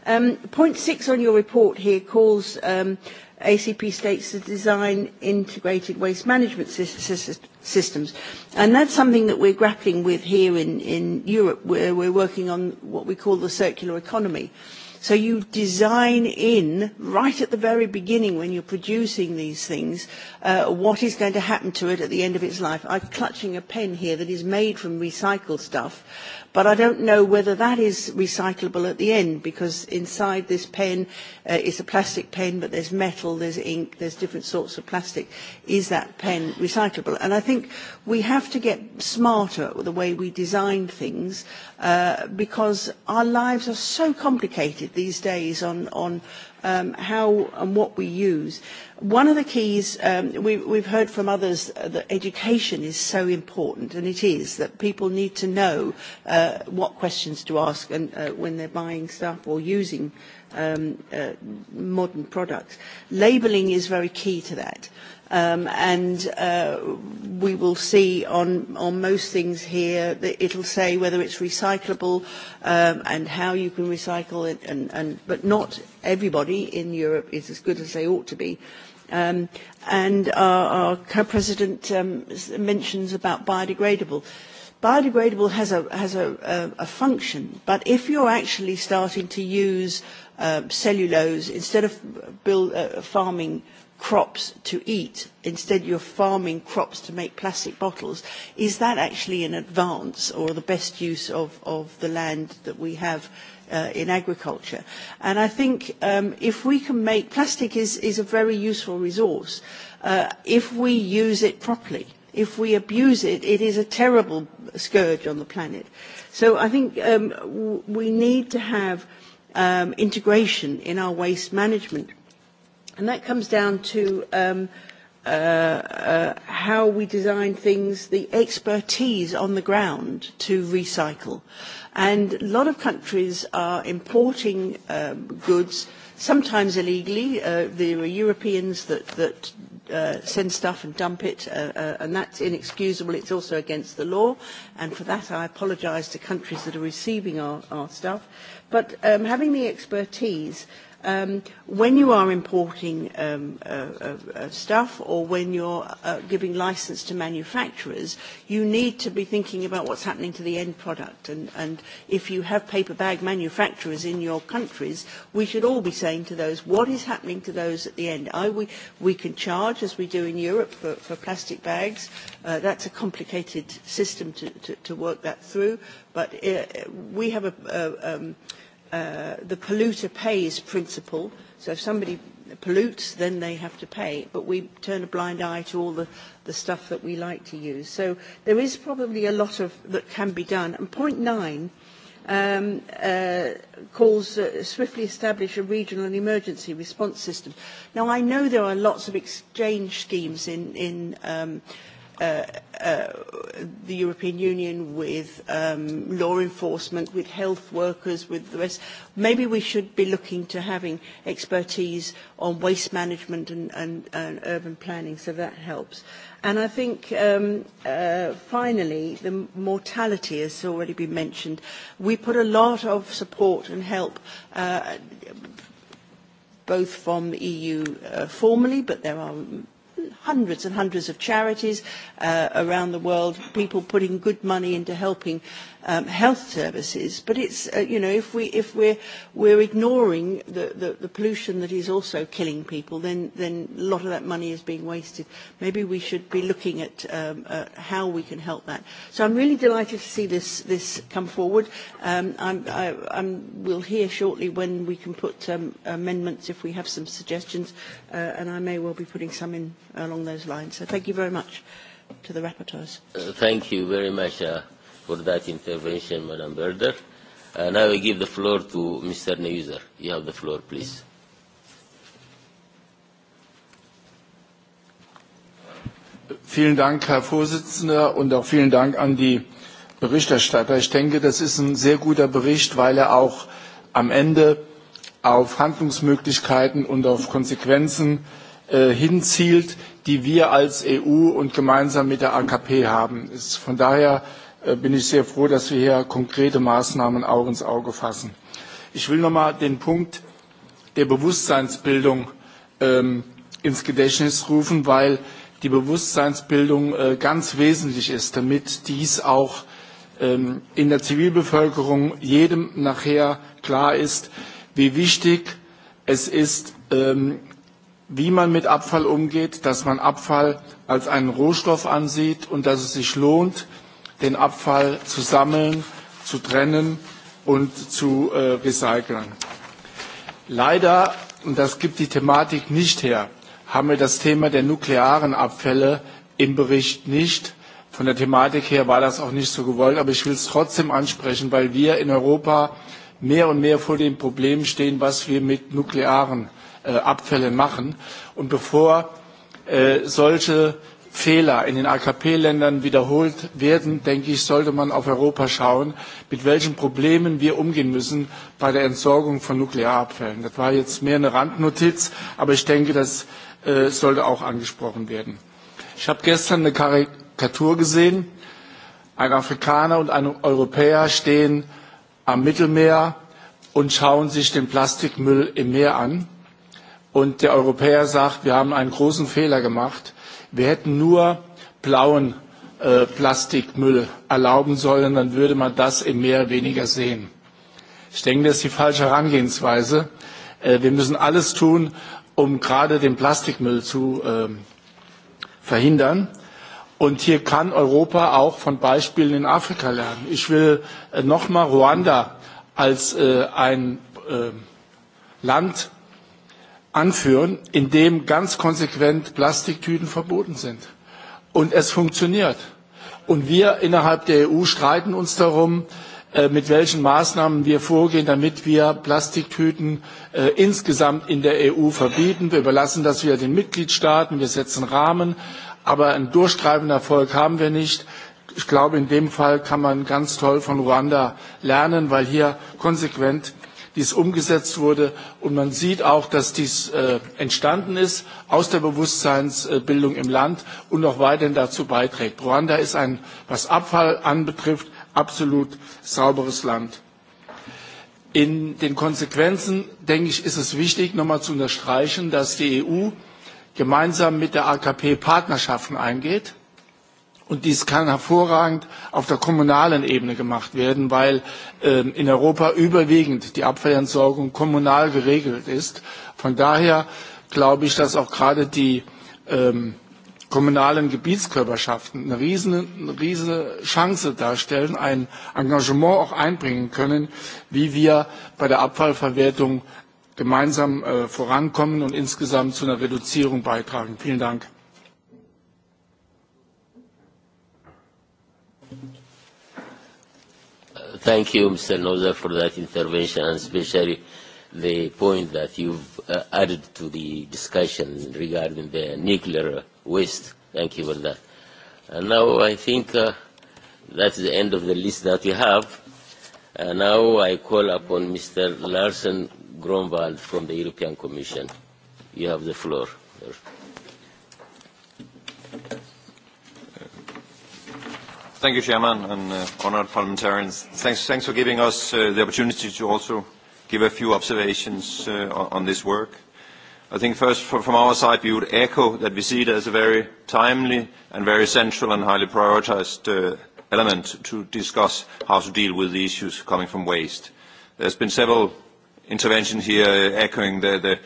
Um, point six on your report here calls um, ACP states to design integrated waste management sy- sy- systems. And that's something that we're grappling with here in, in Europe, where we're working on what we call the circular economy. Uh, So you design in right at the very beginning when you're producing these things uh, what is going to happen to it at the end of its life. I'm clutching a pen here that is made from recycled stuff, but I don't know whether that is recyclable at the end because inside this pen uh, is a plastic pen, but there's metal, there's ink, there's different sorts of plastic. Is that pen recyclable? And I think we have to get smarter with the way we design things uh, because our lives are so complicated these days on, on um, how and what we use. One of the keys, um, we, we've heard from others that education is so important, and it is, that people need to know uh, what questions to ask and, uh, when they're buying stuff or using um, uh, modern products. Labeling is very key to that um, and uh, we will see on, on most things here that it'll say whether it's recyclable um, and how you can recycle it, and, and, but not everybody in Europe is as good as they ought to be. Um, and our, our co-president um, mentions about biodegradable. Biodegradable has a has a, a, a function, but if you're actually starting to use uh, cellulose instead of build, uh, farming crops to eat, instead you're farming crops to make plastic bottles, is that actually an advance or the best use of, of the land that we have uh, in agriculture? And I think um, if we can make, plastic is, is a very useful resource, uh, if we use it properly. If we abuse it, it is a terrible scourge on the planet. So I think um, w- we need to have um, integration in our waste management And that comes down to um, uh, uh, how we design things, the expertise on the ground to recycle. And a lot of countries are importing um, goods, sometimes illegally. Uh, there are Europeans that, that uh, send stuff and dump it, uh, uh, and that's inexcusable. It's also against the law. And for that, I apologize to countries that are receiving our, our stuff. But um, having the expertise, Um, when you are importing um, uh, uh, uh, stuff or when you're uh, giving license to manufacturers, you need to be thinking about what's happening to the end product. And, and if you have paper bag manufacturers in your countries, we should all be saying to those, what is happening to those at the end? I, we, we can charge, as we do in Europe, for, for plastic bags. Uh, that's a complicated system to, to, to work that through. But uh, we have a... Uh, um, uh, the polluter pays principle. So if somebody pollutes, then they have to pay. But we turn a blind eye to all the, the stuff that we like to use. So there is probably a lot of that can be done. And point nine um, uh, calls uh, swiftly establish a regional emergency response system. Now I know there are lots of exchange schemes in in. Um, Uh, uh, the European Union, with um, law enforcement, with health workers, with the rest. Maybe we should be looking to having expertise on waste management and, and, and urban planning, so that helps. And I think, um, uh, finally, the mortality has already been mentioned. We put a lot of support and help uh, both from the EU uh, formally, but there are hundreds and hundreds of charities uh, around the world people putting good money into helping um, health services. But it's, uh, you know, if, we, if we're, we're ignoring the, the, the pollution that is also killing people, then, then a lot of that money is being wasted. Maybe we should be looking at um, uh, how we can help that. So I'm really delighted to see this, this come forward. Um, I'm, I, I'm, we'll hear shortly when we can put um, amendments if we have some suggestions, uh, and I may well be putting some in along those lines. So thank you very much to the rapporteurs. Uh, thank you very much. Uh for that intervention, Madam Berder. Uh, now I give the floor to Mr. Neuser. You have the floor, please. Vielen Dank, Herr Vorsitzender, und auch vielen Dank an die Berichterstatter. Ich denke, das ist ein sehr guter Bericht, weil er auch am Ende auf Handlungsmöglichkeiten und auf Konsequenzen äh, hinzielt, die wir als EU und gemeinsam mit der AKP haben. Ist von daher äh, Äh, bin ich sehr froh, dass wir hier konkrete Maßnahmen Auge ins Auge fassen. Ich will noch mal den Punkt der Bewusstseinsbildung ähm, ins Gedächtnis rufen, weil die Bewusstseinsbildung äh, ganz wesentlich ist, damit dies auch ähm, in der Zivilbevölkerung jedem nachher klar ist, wie wichtig es ist, ähm, wie man mit Abfall umgeht, dass man Abfall als einen Rohstoff ansieht und dass es sich lohnt, äh, den Abfall zu sammeln, zu trennen und zu äh, recyceln. Leider, und das gibt die Thematik nicht her, haben wir das Thema der nuklearen Abfälle im Bericht nicht. Von der Thematik her war das auch nicht so gewollt, aber ich will es trotzdem ansprechen, weil wir in Europa mehr und mehr vor dem Problem stehen, was wir mit nuklearen äh, Abfällen machen. Und bevor äh, solche Fehler in den AKP-Ländern wiederholt werden, denke ich, sollte man auf Europa schauen, mit welchen Problemen wir umgehen müssen bei der Entsorgung von Nuklearabfällen. Das war jetzt mehr eine Randnotiz, aber ich denke, das äh, sollte auch angesprochen werden. Ich habe gestern eine Karikatur gesehen. Ein Afrikaner und ein Europäer stehen am Mittelmeer und schauen sich den Plastikmüll im Meer an. Und der Europäer sagt, wir haben einen großen Fehler gemacht wir hätten nur blauen äh, Plastikmüll erlauben sollen, dann würde man das im Meer weniger sehen. Ich denke, das ist die falsche Herangehensweise. Äh, wir müssen alles tun, um gerade den Plastikmüll zu äh, verhindern. Und hier kann Europa auch von Beispielen in Afrika lernen. Ich will äh, nochmal Ruanda als äh, ein äh, Land anführen, in dem ganz konsequent Plastiktüten verboten sind. Und es funktioniert. Und wir innerhalb der EU streiten uns darum, äh, mit welchen Maßnahmen wir vorgehen, damit wir Plastiktüten äh, insgesamt in der EU verbieten. Wir überlassen das wieder den Mitgliedstaaten, wir setzen Rahmen, aber einen durchtreibenden Erfolg haben wir nicht. Ich glaube, in dem Fall kann man ganz toll von Ruanda lernen, weil hier konsequent wie es umgesetzt wurde. Und man sieht auch, dass dies äh, entstanden ist aus der Bewusstseinsbildung im Land und auch weiterhin dazu beiträgt. Ruanda ist ein, was Abfall anbetrifft, absolut sauberes Land. In den Konsequenzen, denke ich, ist es wichtig, nochmal zu unterstreichen, dass die EU gemeinsam mit der AKP Partnerschaften eingeht. Und dies kann hervorragend auf der kommunalen Ebene gemacht werden, weil ähm, in Europa überwiegend die Abfallentsorgung kommunal geregelt ist. Von daher glaube ich, dass auch gerade die ähm, kommunalen Gebietskörperschaften eine riesige eine riesen Chance darstellen, ein Engagement auch einbringen können, wie wir bei der Abfallverwertung gemeinsam äh, vorankommen und insgesamt zu einer Reduzierung beitragen. Vielen Dank. thank you, Mr. Noza, for that intervention, and especially the point that you've uh, added to the discussion regarding the nuclear waste. Thank you for that. And now I think uh, that's the end of the list that we have. And now I call upon Mr. Larsen Gromwald from the European Commission. You have the floor. There. Thank you, Chairman, and uh, honored parliamentarians. Thanks, thanks for giving us uh, the opportunity to also give a few observations uh, on this work. I think first for, from our side we would echo that we see it as a very timely and very central and highly prioritized uh, element to discuss how to deal with the issues coming from waste. There's been several interventions here echoing the, the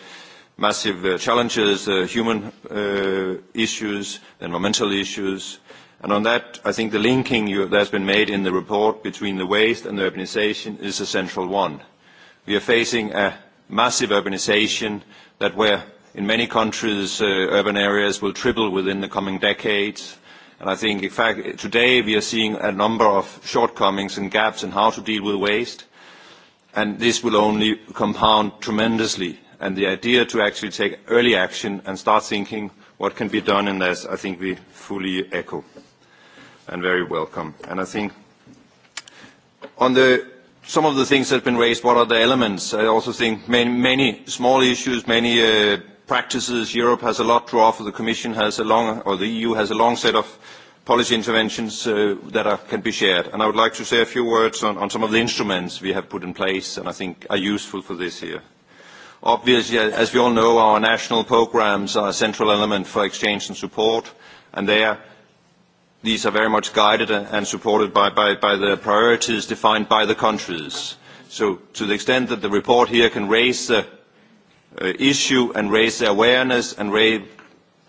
massive uh, challenges, the uh, human uh, issues, the environmental issues, uh, On that, I think the linking that's been made in the report between the waste and the urbanization is a central one. We are facing a massive urbanization that where in many countries, uh, urban areas will triple within the coming decades. I think, in fact, today we are seeing a number of shortcomings and gaps in how to deal with waste, and this will only compound tremendously. The idea to actually take early action and start thinking what can be done in this, I think we fully echo and very welcome. I think on some of the things that have been raised, what are the elements? I also think many small issues, many uh, practices. Europe has a lot to offer. The Commission has a long, or the EU has a long set of policy interventions uh, that can be shared. I would like to say a few words on some of the instruments we have put in place and I think are useful for this year. Obviously, as we all know, our national programs are a central element for exchange and support, and there these are very much guided and supported by, by, by the priorities defined by the countries. So to the extent that the report here can raise the uh, issue and raise the awareness and raise,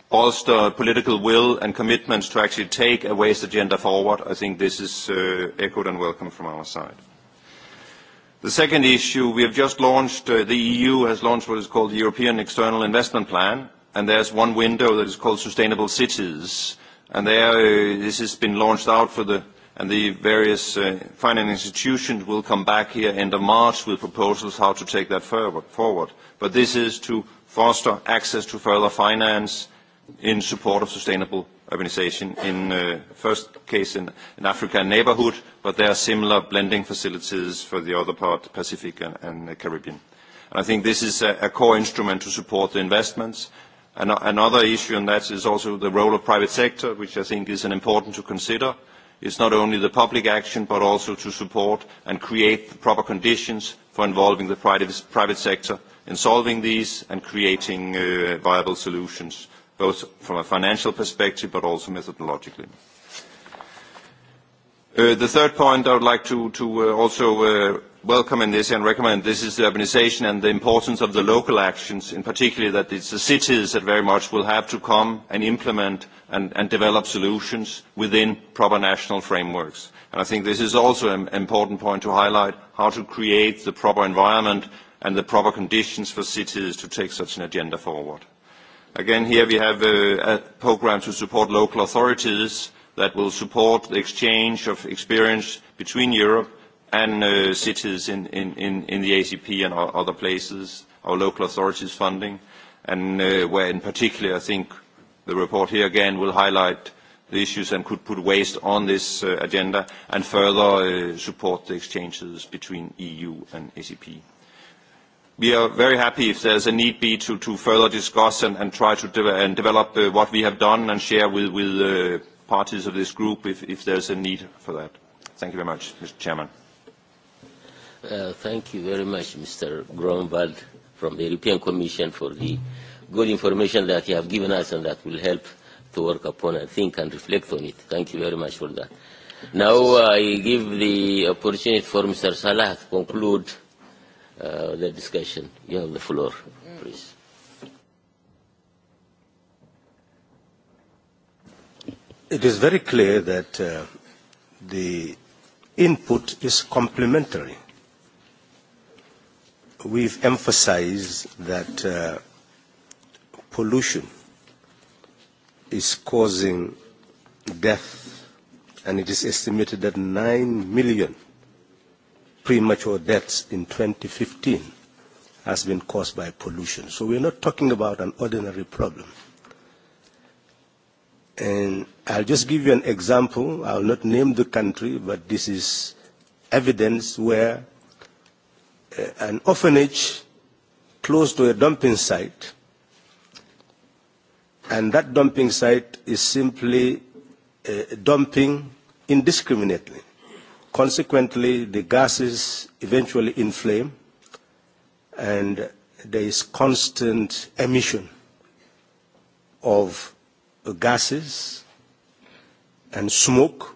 bolster political will and commitments to actually take a waste agenda forward, I think this is uh, echoed and welcome from our side. The second issue, we have just launched, uh, the EU has launched what is called the European External Investment Plan, and there's one window that is called Sustainable Cities. Uh, There, uh, this has been launched out for the and the various uh, financial institutions will come back here end of March with proposals how to take that forward. This is to foster access to further finance in support of sustainable urbanization in uh, first case in Africa neighborhood, but there are similar blending facilities for the other part, Pacific and Caribbean. I think this is a core instrument to support the investments, Another issue, and that is also the role of private sector, which I think is important to consider. It's not only the public action, but also to support and create the proper conditions for involving the private sector in solving these and creating uh, viable solutions, both from a financial perspective but also methodologically. Uh, the third point I would like to uh, also welcome in this and recommend this is the urbanization and the importance of the local actions, in particular that it's the cities that very much will have to come and implement and, and develop solutions within proper national frameworks. And I think this is also an important point to highlight, how to create the proper environment and the proper conditions for cities to take such an agenda forward. Again, here we have a, a program to support local authorities that will support the exchange of experience between Europe and uh, cities in, in, in, in the ACP and other places, our local authorities funding, and uh, where in particular I think the report here again will highlight the issues and could put waste on this uh, agenda and further uh, support the exchanges between EU and ACP. We are very happy if there's a need be to, to further discuss and, and try to de- and develop uh, what we have done and share with, with uh, parties of this group if, if there's a need for that. Thank you very much, Mr. Chairman uh, thank you very much, Mr. Gromwald from the European Commission for the good information that you have given us and that will help to work upon and think and reflect on it. Thank you very much for that. Now uh, I give the opportunity for Mr. Salah to conclude uh, the discussion. You have the floor, please. It is very clear that uh, the input is complementary we've emphasized that uh, pollution is causing death, and it is estimated that 9 million premature deaths in 2015 has been caused by pollution. So we're not talking about an ordinary problem. And I'll just give you an example. I'll not name the country, but this is evidence where uh, an orphanage close to a dumping site, and that dumping site is simply uh, dumping indiscriminately. Consequently, the gases eventually inflame, and there is constant emission of gases and smoke,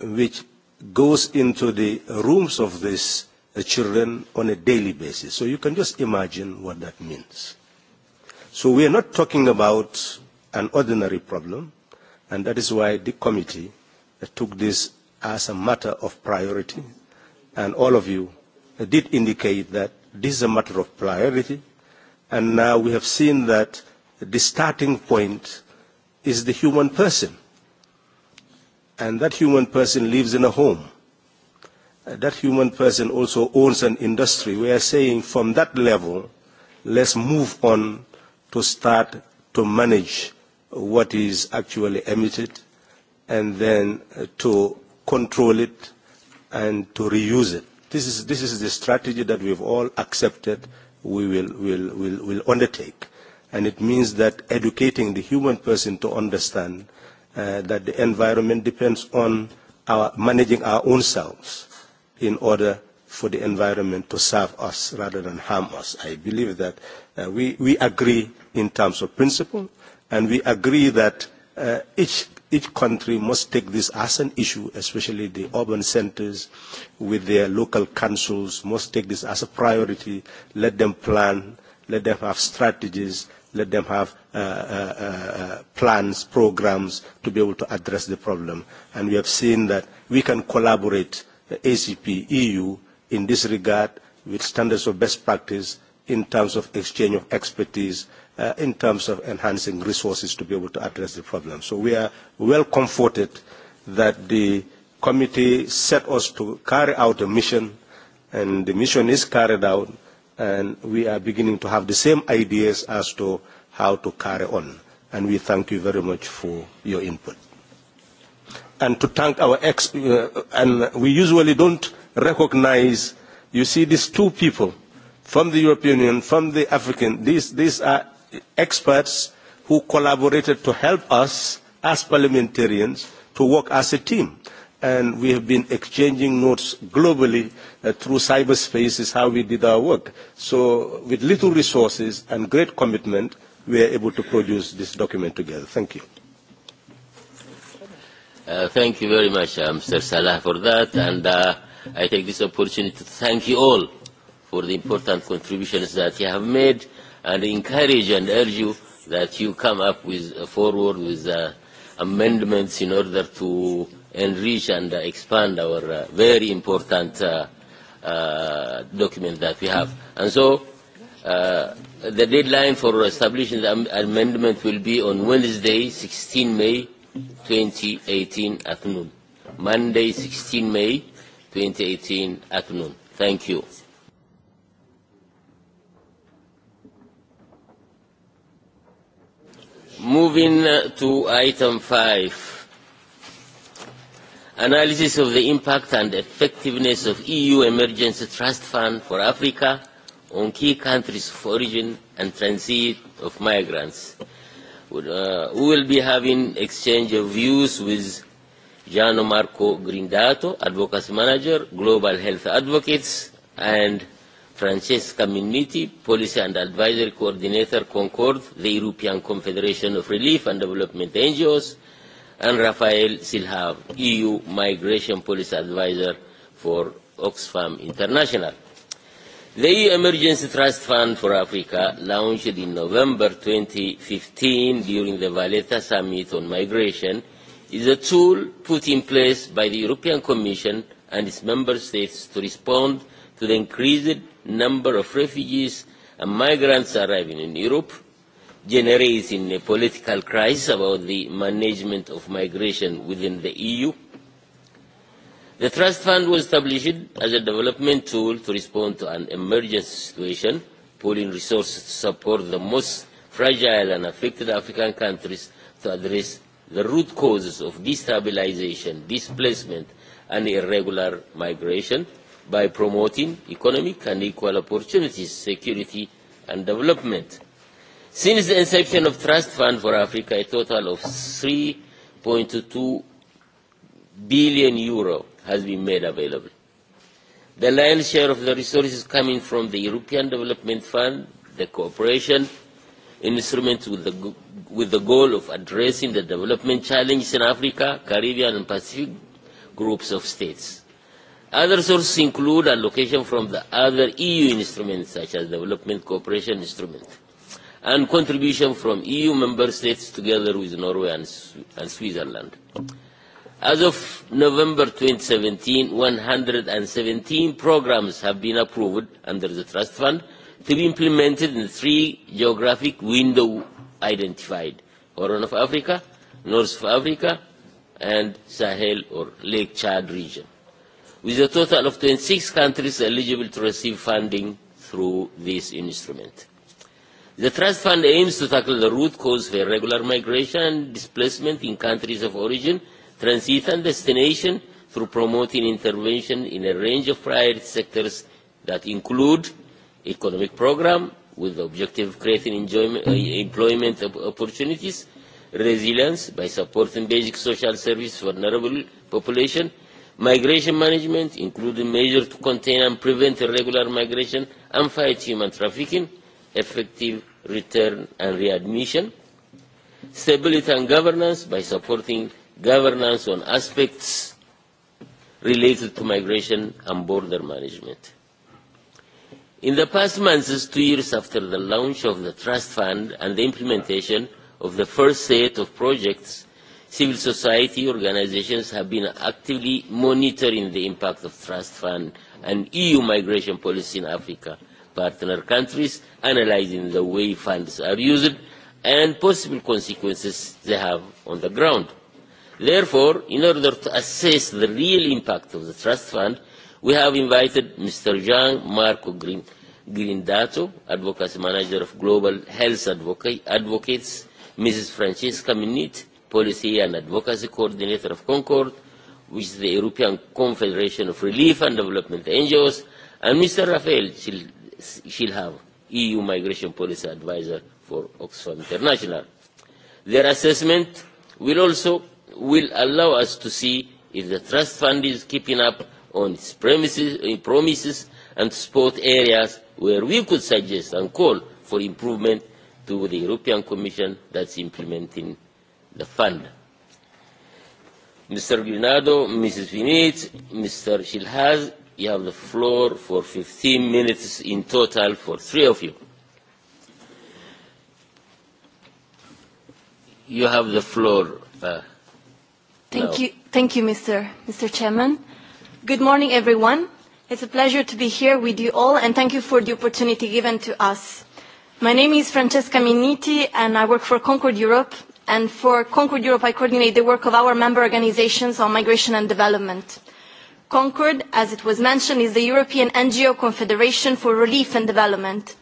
which goes into the rooms of these uh, children on a daily basis. So you can just imagine what that means. So we are not talking about an ordinary problem, and that is why the committee uh, took this as a matter of priority, and all of you uh, did indicate that this is a matter of priority, and now we have seen that the starting point is the human person, and that human person lives in a home that human person also owns an industry. We are saying from that level, let's move on to start to manage what is actually emitted and then uh, to control it and to reuse it. This is, this is the strategy that we've all accepted we will, will, will, will undertake. And it means that educating the human person to understand uh, that the environment depends on our managing our own selves in order for the environment to serve us rather than harm us. I believe that uh, we, we agree in terms of principle, and we agree that uh, each, each country must take this as an issue, especially the urban centers with their local councils must take this as a priority, let them plan, let them have strategies, let them have uh, uh, uh, plans, programs to be able to address the problem. And we have seen that we can collaborate the ACP EU in this regard with standards of best practice in terms of exchange of expertise, uh, in terms of enhancing resources to be able to address the problem. So we are well comforted that the committee set us to carry out a mission, and the mission is carried out, and we are beginning to have the same ideas as to how to carry on. And we thank you very much for your input and to thank our ex, uh, and we usually don't recognize, you see, these two people from the European Union, from the African, these, these are experts who collaborated to help us as parliamentarians to work as a team. And we have been exchanging notes globally uh, through cyberspace is how we did our work. So with little resources and great commitment, we are able to produce this document together. Thank you. Uh, thank you very much, uh, Mr. Salah, for that. And uh, I take this opportunity to thank you all for the important contributions that you have made and encourage and urge you that you come up with uh, forward with uh, amendments in order to enrich and uh, expand our uh, very important uh, uh, document that we have. And so uh, the deadline for establishing the am amendment will be on Wednesday, 16 May, 2018 at noon. Monday, 16 May 2018 at noon. Thank you. Moving uh, to item five, analysis of the impact and effectiveness of EU Emergency Trust Fund for Africa on key countries of origin and transit of migrants would, uh, who will be having exchange of views with Gianno Marco Grindato, advocacy manager, global health advocates, and Francesca Minniti, policy and advisory coordinator, Concord, the European Confederation of Relief and Development NGOs, and Rafael Silhav, EU migration policy advisor for Oxfam International. The EU Emergency Trust Fund for Africa, launched in November 2015 during the Valletta Summit on Migration, is a tool put in place by the European Commission and its member states to respond to the increased number of refugees and migrants arriving in Europe, generating a political crisis about the management of migration within the EU. The trust fund was established as a development tool to respond to an emergency situation, pooling resources to support the most fragile and affected African countries to address the root causes of destabilization, displacement, and irregular migration by promoting economic and equal opportunities, security, and development. Since the inception of Trust Fund for Africa, a total of 3.2 billion euro has been made available. The lion's share of the resources coming from the European Development Fund, the cooperation instruments with the, with the goal of addressing the development challenges in Africa, Caribbean and Pacific groups of states. Other sources include allocation from the other EU instruments such as development cooperation instrument and contribution from EU member states together with Norway and, and Switzerland. Okay. As of November 2017, 117 programs have been approved under the Trust Fund to be implemented in three geographic windows identified, Horn of Africa, North of Africa, and Sahel or Lake Chad region, with a total of 26 countries eligible to receive funding through this instrument. The Trust Fund aims to tackle the root cause for irregular migration and displacement in countries of origin – transit and destination through promoting intervention in a range of priority sectors that include economic program with the objective of creating enjoyment, uh, employment opportunities, resilience by supporting basic social services for vulnerable population, migration management, including measures to contain and prevent irregular migration and fight human trafficking, effective return and readmission, stability and governance by supporting governance on aspects related to migration and border management. In the past months, two years after the launch of the Trust Fund and the implementation of the first set of projects, civil society organizations have been actively monitoring the impact of Trust Fund and EU migration policy in Africa partner countries, analyzing the way funds are used and possible consequences they have on the ground. Therefore, in order to assess the real impact of the trust fund, we have invited Mr. Jean Marco Green, Grindato, Advocacy Manager of Global Health Advocate, Advocates, Mrs. Francesca Minit, Policy and Advocacy Coordinator of Concord, which is the European Confederation of Relief and Development NGOs, and Mr. Rafael Shilhav, EU Migration Policy Advisor for Oxfam International. Their assessment will also will allow us to see if the trust fund is keeping up on its premises, eh, promises and support areas where we could suggest and call for improvement to the European Commission that's implementing the fund. Mr. Grinado, Mrs. Vinit, Mr. Shilhaz, you have the floor for 15 minutes in total for three of you. You have the floor. Uh, Thank you. Thank you, Mr. Chairman. Good morning, everyone. It's a pleasure to be here with you all, and thank you for the opportunity given to us. My name is Francesca Minniti, and I work for Concord Europe. For Concord Europe, I coordinate the work of our member organizations on migration and development. Concord, as it was mentioned, is the European NGO Confederation for Relief and Development.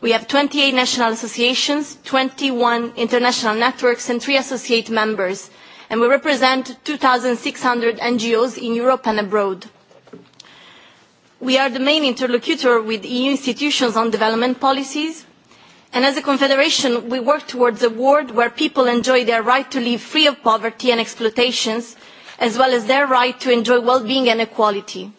We have 28 national associations, 21 international networks, and three associate members, and we represent 2,600 NGOs in Europe and abroad. We are the main interlocutor with EU institutions on development policies, and as a confederation, we work towards a world where people enjoy their right to live free of poverty and exploitations, as well as their right to enjoy well-being and equality.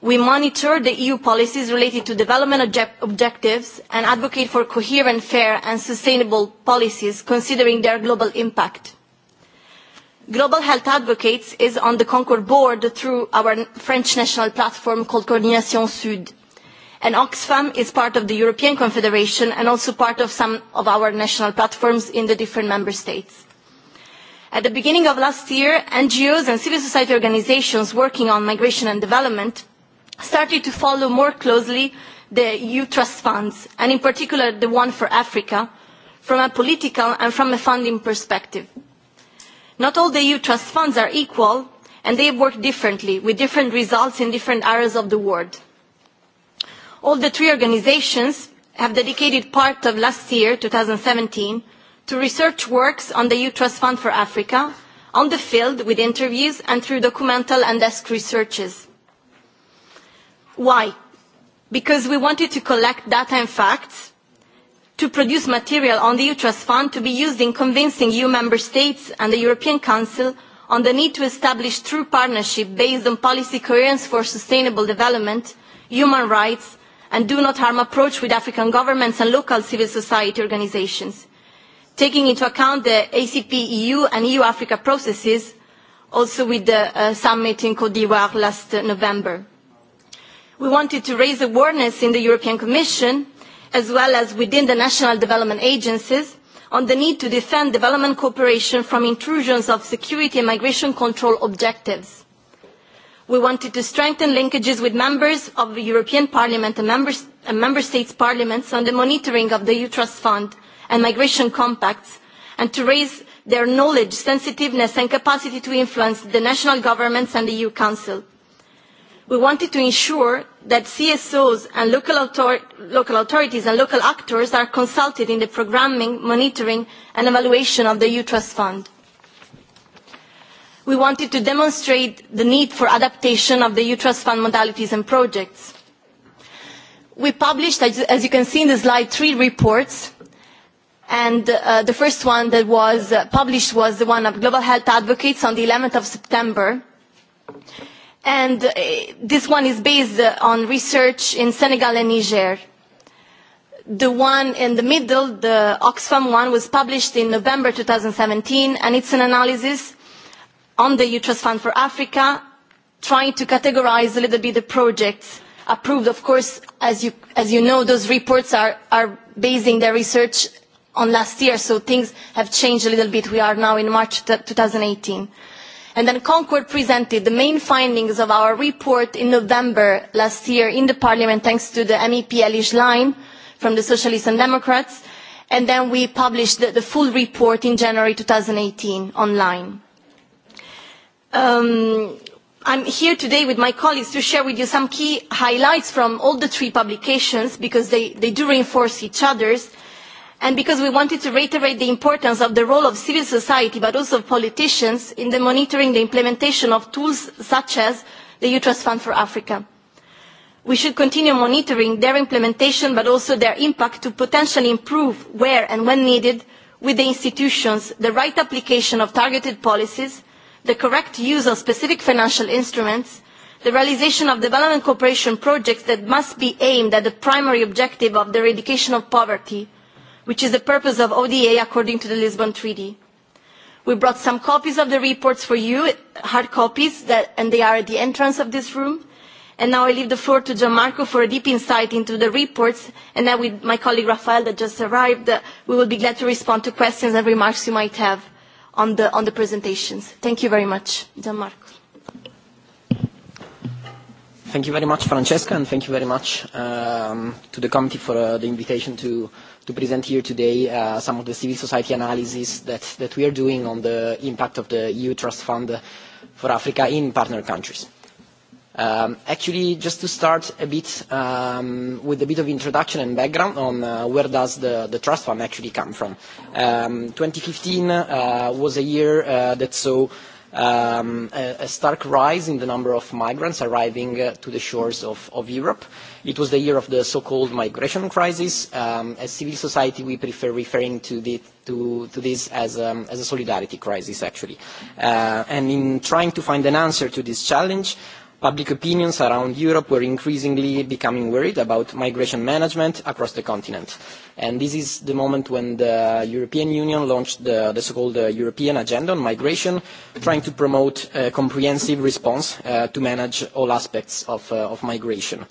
We monitor the EU policies related to development object objectives and advocate for coherent, fair and sustainable policies considering their global impact. Global Health Advocates is on the Concord board through our French national platform called Coordination Sud. And Oxfam is part of the European Confederation and also part of some of our national platforms in the different member states. At the beginning of last year, NGOs and civil society organizations working on migration and development started to follow more closely the EU trust funds, and in particular the one for Africa, from a political and from a funding perspective not all the eu trust funds are equal and they work differently with different results in different areas of the world. all the three organisations have dedicated part of last year two thousand and seventeen to research works on the eu trust fund for africa on the field with interviews and through documental and desk researches. why? because we wanted to collect data and facts to produce material on the UTRAS fund to be used in convincing EU member states and the European Council on the need to establish true partnership based on policy coherence for sustainable development, human rights and do not harm approach with African governments and local civil society organizations. Taking into account the ACP EU and EU Africa processes, also with the uh, summit in Cote d'Ivoire last uh, November. We wanted to raise awareness in the European Commission as well as within the national development agencies, on the need to defend development cooperation from intrusions of security and migration control objectives. We wanted to strengthen linkages with members of the European Parliament and member, and member states' parliaments on the monitoring of the EU Trust Fund and migration compacts, and to raise their knowledge, sensitiveness and capacity to influence the national governments and the EU Council. We wanted to ensure that CSOs and local, author local authorities and local actors are consulted in the programming, monitoring and evaluation of the U-Trust Fund. We wanted to demonstrate the need for adaptation of the U-Trust Fund modalities and projects. We published, as you can see in the slide, three reports. And uh, the first one that was uh, published was the one of Global Health Advocates on the 11th of September and uh, this one is based uh, on research in Senegal and Niger. The one in the middle, the Oxfam one, was published in November 2017, and it's an analysis on the Utrust Fund for Africa, trying to categorize a little bit the projects approved. Of course, as you, as you know, those reports are, are basing their research on last year, so things have changed a little bit. We are now in March t- 2018 and then Concord presented the main findings of our report in November last year in the Parliament, thanks to the MEP Eli Schlein from the Socialists and Democrats, and then we published the, the full report in January 2018 online. Um, I'm here today with my colleagues to share with you some key highlights from all the three publications because they, they do reinforce each other's and because we wanted to reiterate the importance of the role of civil society but also of politicians in the monitoring the implementation of tools such as the eu trust fund for africa. we should continue monitoring their implementation but also their impact to potentially improve where and when needed with the institutions the right application of targeted policies the correct use of specific financial instruments the realisation of development cooperation projects that must be aimed at the primary objective of the eradication of poverty which is the purpose of ODA according to the Lisbon Treaty. We brought some copies of the reports for you, hard copies, that, and they are at the entrance of this room. And now I leave the floor to Gianmarco for a deep insight into the reports, and then with my colleague Rafael that just arrived, uh, we will be glad to respond to questions and remarks you might have on the, on the presentations. Thank you very much, Gianmarco. Thank you very much, Francesca, and thank you very much um, to the committee for uh, the invitation to, to present here today uh, some of the civil society analysis that, that we are doing on the impact of the EU Trust Fund for Africa in partner countries. Um, actually, just to start a bit um, with a bit of introduction and background on uh, where does the, the trust fund actually come from. Um, 2015 uh, was a year uh, that saw um, a, a stark rise in the number of migrants arriving uh, to the shores of, of Europe it was the year of the so-called migration crisis. Um, as civil society, we prefer referring to, the, to, to this as, um, as a solidarity crisis, actually. Uh, and in trying to find an answer to this challenge, public opinions around Europe were increasingly becoming worried about migration management across the continent. And this is the moment when the European Union launched the, the so-called uh, European Agenda on Migration, trying to promote a comprehensive response uh, to manage all aspects of, uh, of migration.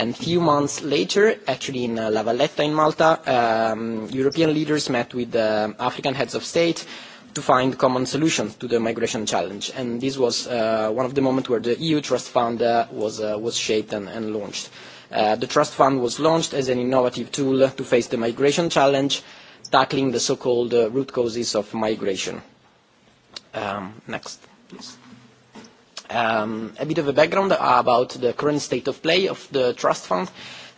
And a few months later, actually in uh, La Valletta in Malta, um, European leaders met with uh, African heads of state to find common solutions to the migration challenge. And this was uh, one of the moments where the EU Trust Fund uh, was, uh, was shaped and, and launched. Uh, the Trust Fund was launched as an innovative tool to face the migration challenge, tackling the so-called uh, root causes of migration. Um, next, please um, a bit of a background about the current state of play of the trust fund.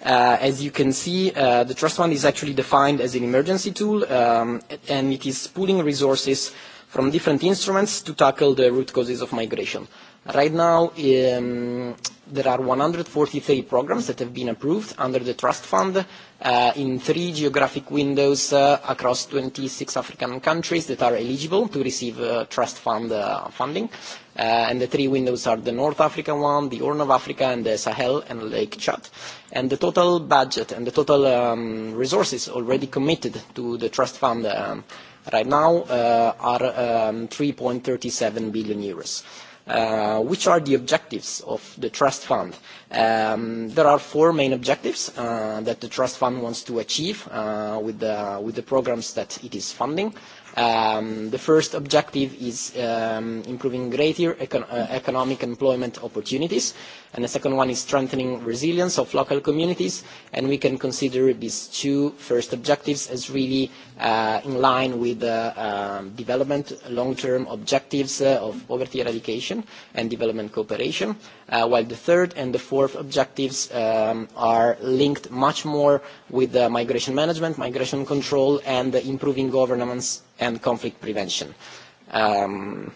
Uh, as you can see, uh, the trust fund is actually defined as an emergency tool, um, and it is pooling resources from different instruments to tackle the root causes of migration. Right now, um, there are 143 programs that have been approved under the Trust Fund uh, in three geographic windows uh, across 26 African countries that are eligible to receive uh, Trust Fund uh, funding. Uh, and the three windows are the North Africa one, the Horn of Africa, and the Sahel and Lake Chad. And the total budget and the total um, resources already committed to the Trust Fund um, right now uh, are um, 3.37 billion euros uh, which are the objectives of the trust fund? Um, there are four main objectives uh, that the trust fund wants to achieve uh, with, the, with the programs that it is funding. Um, the first objective is um, improving greater econ uh, economic employment opportunities, and the second one is strengthening resilience of local communities, and we can consider these two first objectives as really uh, in line with the uh, um, development long-term objectives uh, of poverty eradication and development cooperation, uh, while the third and the fourth objectives um, are linked much more with the migration management, migration control, and the improving governance and conflict prevention. Um,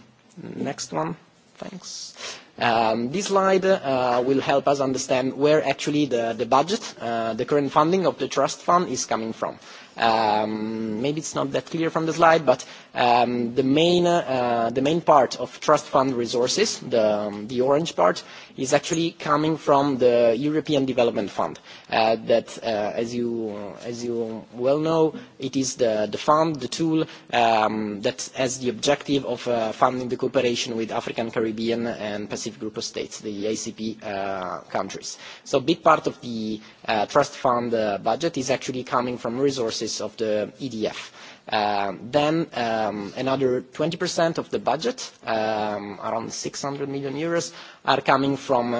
next one, thanks. Um, this slide uh, will help us understand where actually the, the budget, uh, the current funding of the trust fund is coming from. Um, maybe it's not that clear from the slide, but um, the, main, uh, the main part of trust fund resources, the, um, the orange part, is actually coming from the European Development Fund. Uh, that, uh, as you uh, as you well know, it is the the fund, the tool um, that has the objective of uh, funding the cooperation with African, Caribbean, and Pacific Group of States, the ACP uh, countries. So, big part of the uh, trust fund uh, budget is actually coming from resources of the EDF. Uh, Um, then um, another 20% of the budget, um, around 600 million euros, are coming from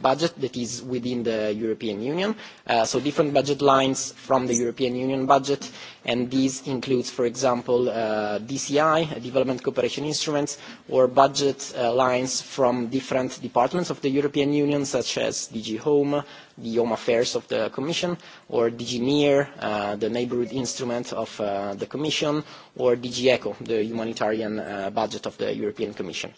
budget that is within the European Union. Uh, so different budget lines from the European Union budget, and this includes, for example, uh, DCI, Development Cooperation Instruments, or budget uh, lines from different departments of the European Union, such as DG Home, the Home Affairs of the Commission, or DG NEAR, uh, the Neighborhood Instrument of uh, the Commission, or DG ECHO, the Humanitarian uh, Budget of the European Commission.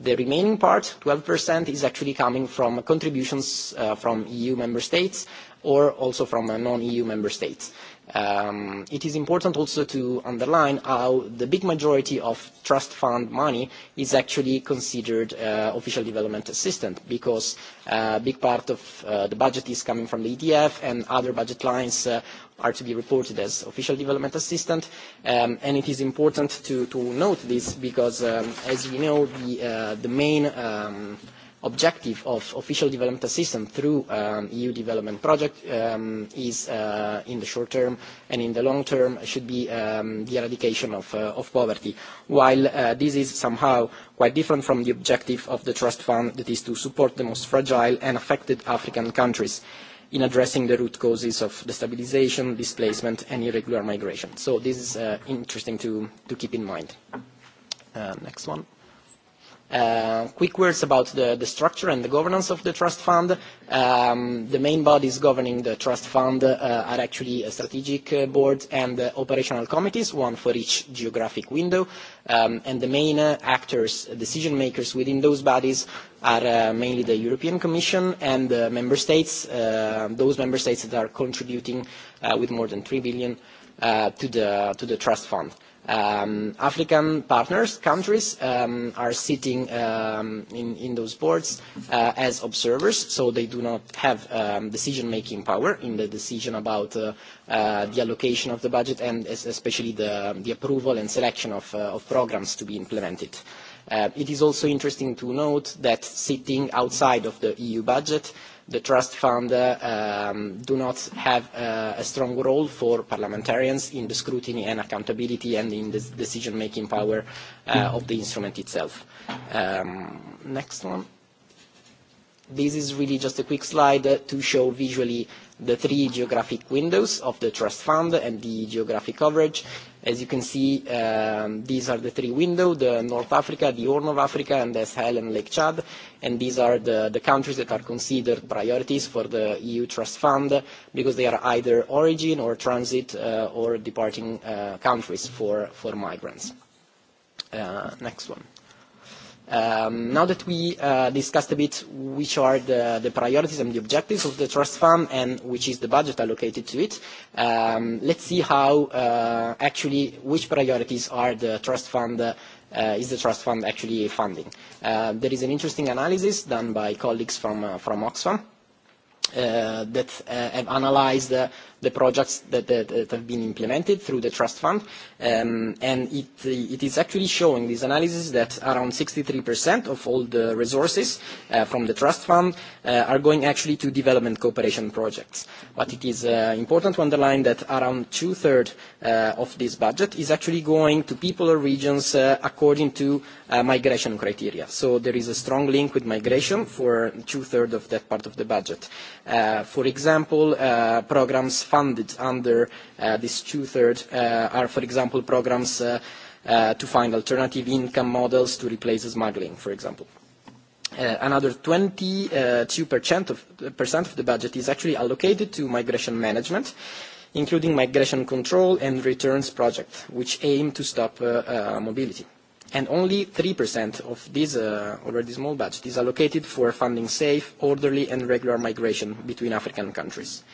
The remaining part, 12%, is actually coming from contributions uh, from EU member states or also from uh, non-EU member states. Um, it is important also to underline how the big majority of trust fund money is actually considered uh, official development assistance because a uh, big part of uh, the budget is coming from the EDF and other budget lines uh, are to be reported as official development assistance. Um, and it is important to, to note this because, um, as you know, the, uh, the main um, objective of official development assistance through um, EU development project um, is uh, in the short term and in the long term should be um, the eradication of, uh, of poverty. While uh, this is somehow quite different from the objective of the trust fund that is to support the most fragile and affected African countries in addressing the root causes of destabilization, displacement and irregular migration. So this is uh, interesting to, to keep in mind. Uh, next one. Uh, quick words about the, the structure and the governance of the trust fund. Um, the main bodies governing the trust fund uh, are actually a uh, strategic uh, board and uh, operational committees, one for each geographic window. Um, and the main uh, actors, decision makers within those bodies are uh, mainly the European Commission and the uh, member states, uh, those member states that are contributing uh, with more than 3 billion uh, to, the, to the trust fund. Uh, Um, African partners, countries um, are sitting um, in, in those boards uh, as observers, so they do not have um, decision-making power in the decision about uh, uh, the allocation of the budget and especially the, the approval and selection of, uh, of programs to be implemented. Uh, it is also interesting to note that sitting outside of the EU budget the trust fund um, do not have uh, a strong role for parliamentarians in the scrutiny and accountability and in the decision-making power uh, of the instrument itself. Um, next one. This is really just a quick slide uh, to show visually the three geographic windows of the trust fund and the geographic coverage. As you can see, um, these are the three windows, the North Africa, the Horn of Africa, and the Sahel and Lake Chad. And these are the, the countries that are considered priorities for the EU Trust Fund because they are either origin or transit uh, or departing uh, countries for, for migrants. Uh, next one. Um, now that we uh, discussed a bit which are the, the priorities and the objectives of the trust fund and which is the budget allocated to it, um, let's see how uh, actually which priorities are the trust fund uh, uh, is the trust fund actually funding. Uh, there is an interesting analysis done by colleagues from, uh, from Oxfam uh, that uh, have analyzed uh, the projects that, that, that have been implemented through the trust fund. Um, and it, it is actually showing this analysis that around 63% of all the resources uh, from the trust fund uh, are going actually to development cooperation projects. But it is uh, important to underline that around two-thirds uh, of this budget is actually going to people or regions uh, according to uh, migration criteria. So there is a strong link with migration for two-thirds of that part of the budget. Uh, for example, uh, programs funded under uh, this two-thirds uh, are, for example, programs uh, uh, to find alternative income models to replace smuggling, for example. Uh, another 22% uh, of, of the budget is actually allocated to migration management, including migration control and returns project, which aim to stop uh, uh, mobility. And only 3% of this uh, already small budget is allocated for funding safe, orderly, and regular migration between African countries. Uh,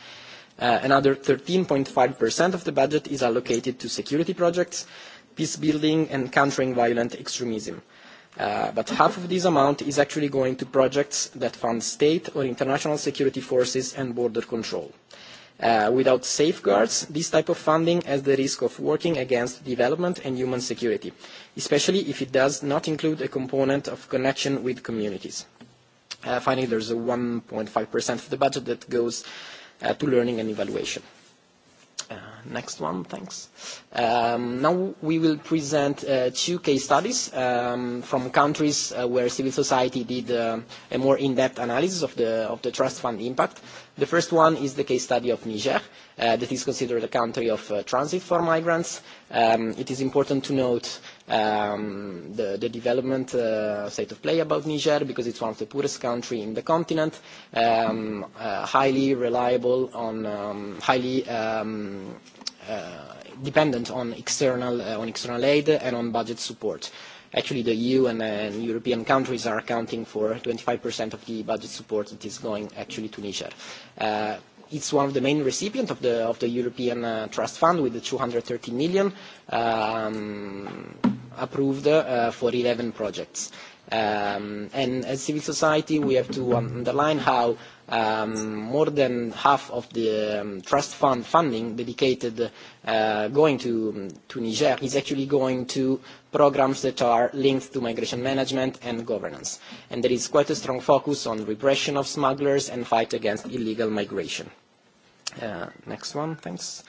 Uh, another 13.5% of the budget is allocated to security projects, peace building, and countering violent extremism. Uh, but half of this amount is actually going to projects that fund state or international security forces and border control. Uh, without safeguards, this type of funding has the risk of working against development and human security, especially if it does not include a component of connection with communities. Uh, finally, there's a 1.5% of the budget that goes uh, uh, to learning and evaluation. Uh, next one, thanks. Um, now we will present uh, two case studies um, from countries uh, where civil society did uh, a more in-depth analysis of the, of the trust fund impact. The first one is the case study of Niger, uh, that is considered a country of uh, transit for migrants. Um, it is important to note um, the, the development uh, state of play about Niger because it's one of the poorest countries in the continent, um, uh, highly reliable on um, highly um, uh, dependent on external uh, on external aid and on budget support. Actually, the EU and, uh, and European countries are accounting for 25% of the budget support that is going actually to Niger. Uh, it's one of the main recipients of the of the European uh, Trust Fund with the 230 million um, approved uh, for 11 projects. Um, and as civil society, we have to um, underline how um, more than half of the um, trust fund funding dedicated uh, going to, to Niger is actually going to programs that are linked to migration management and governance. And there is quite a strong focus on repression of smugglers and fight against illegal migration. Uh, next one, thanks.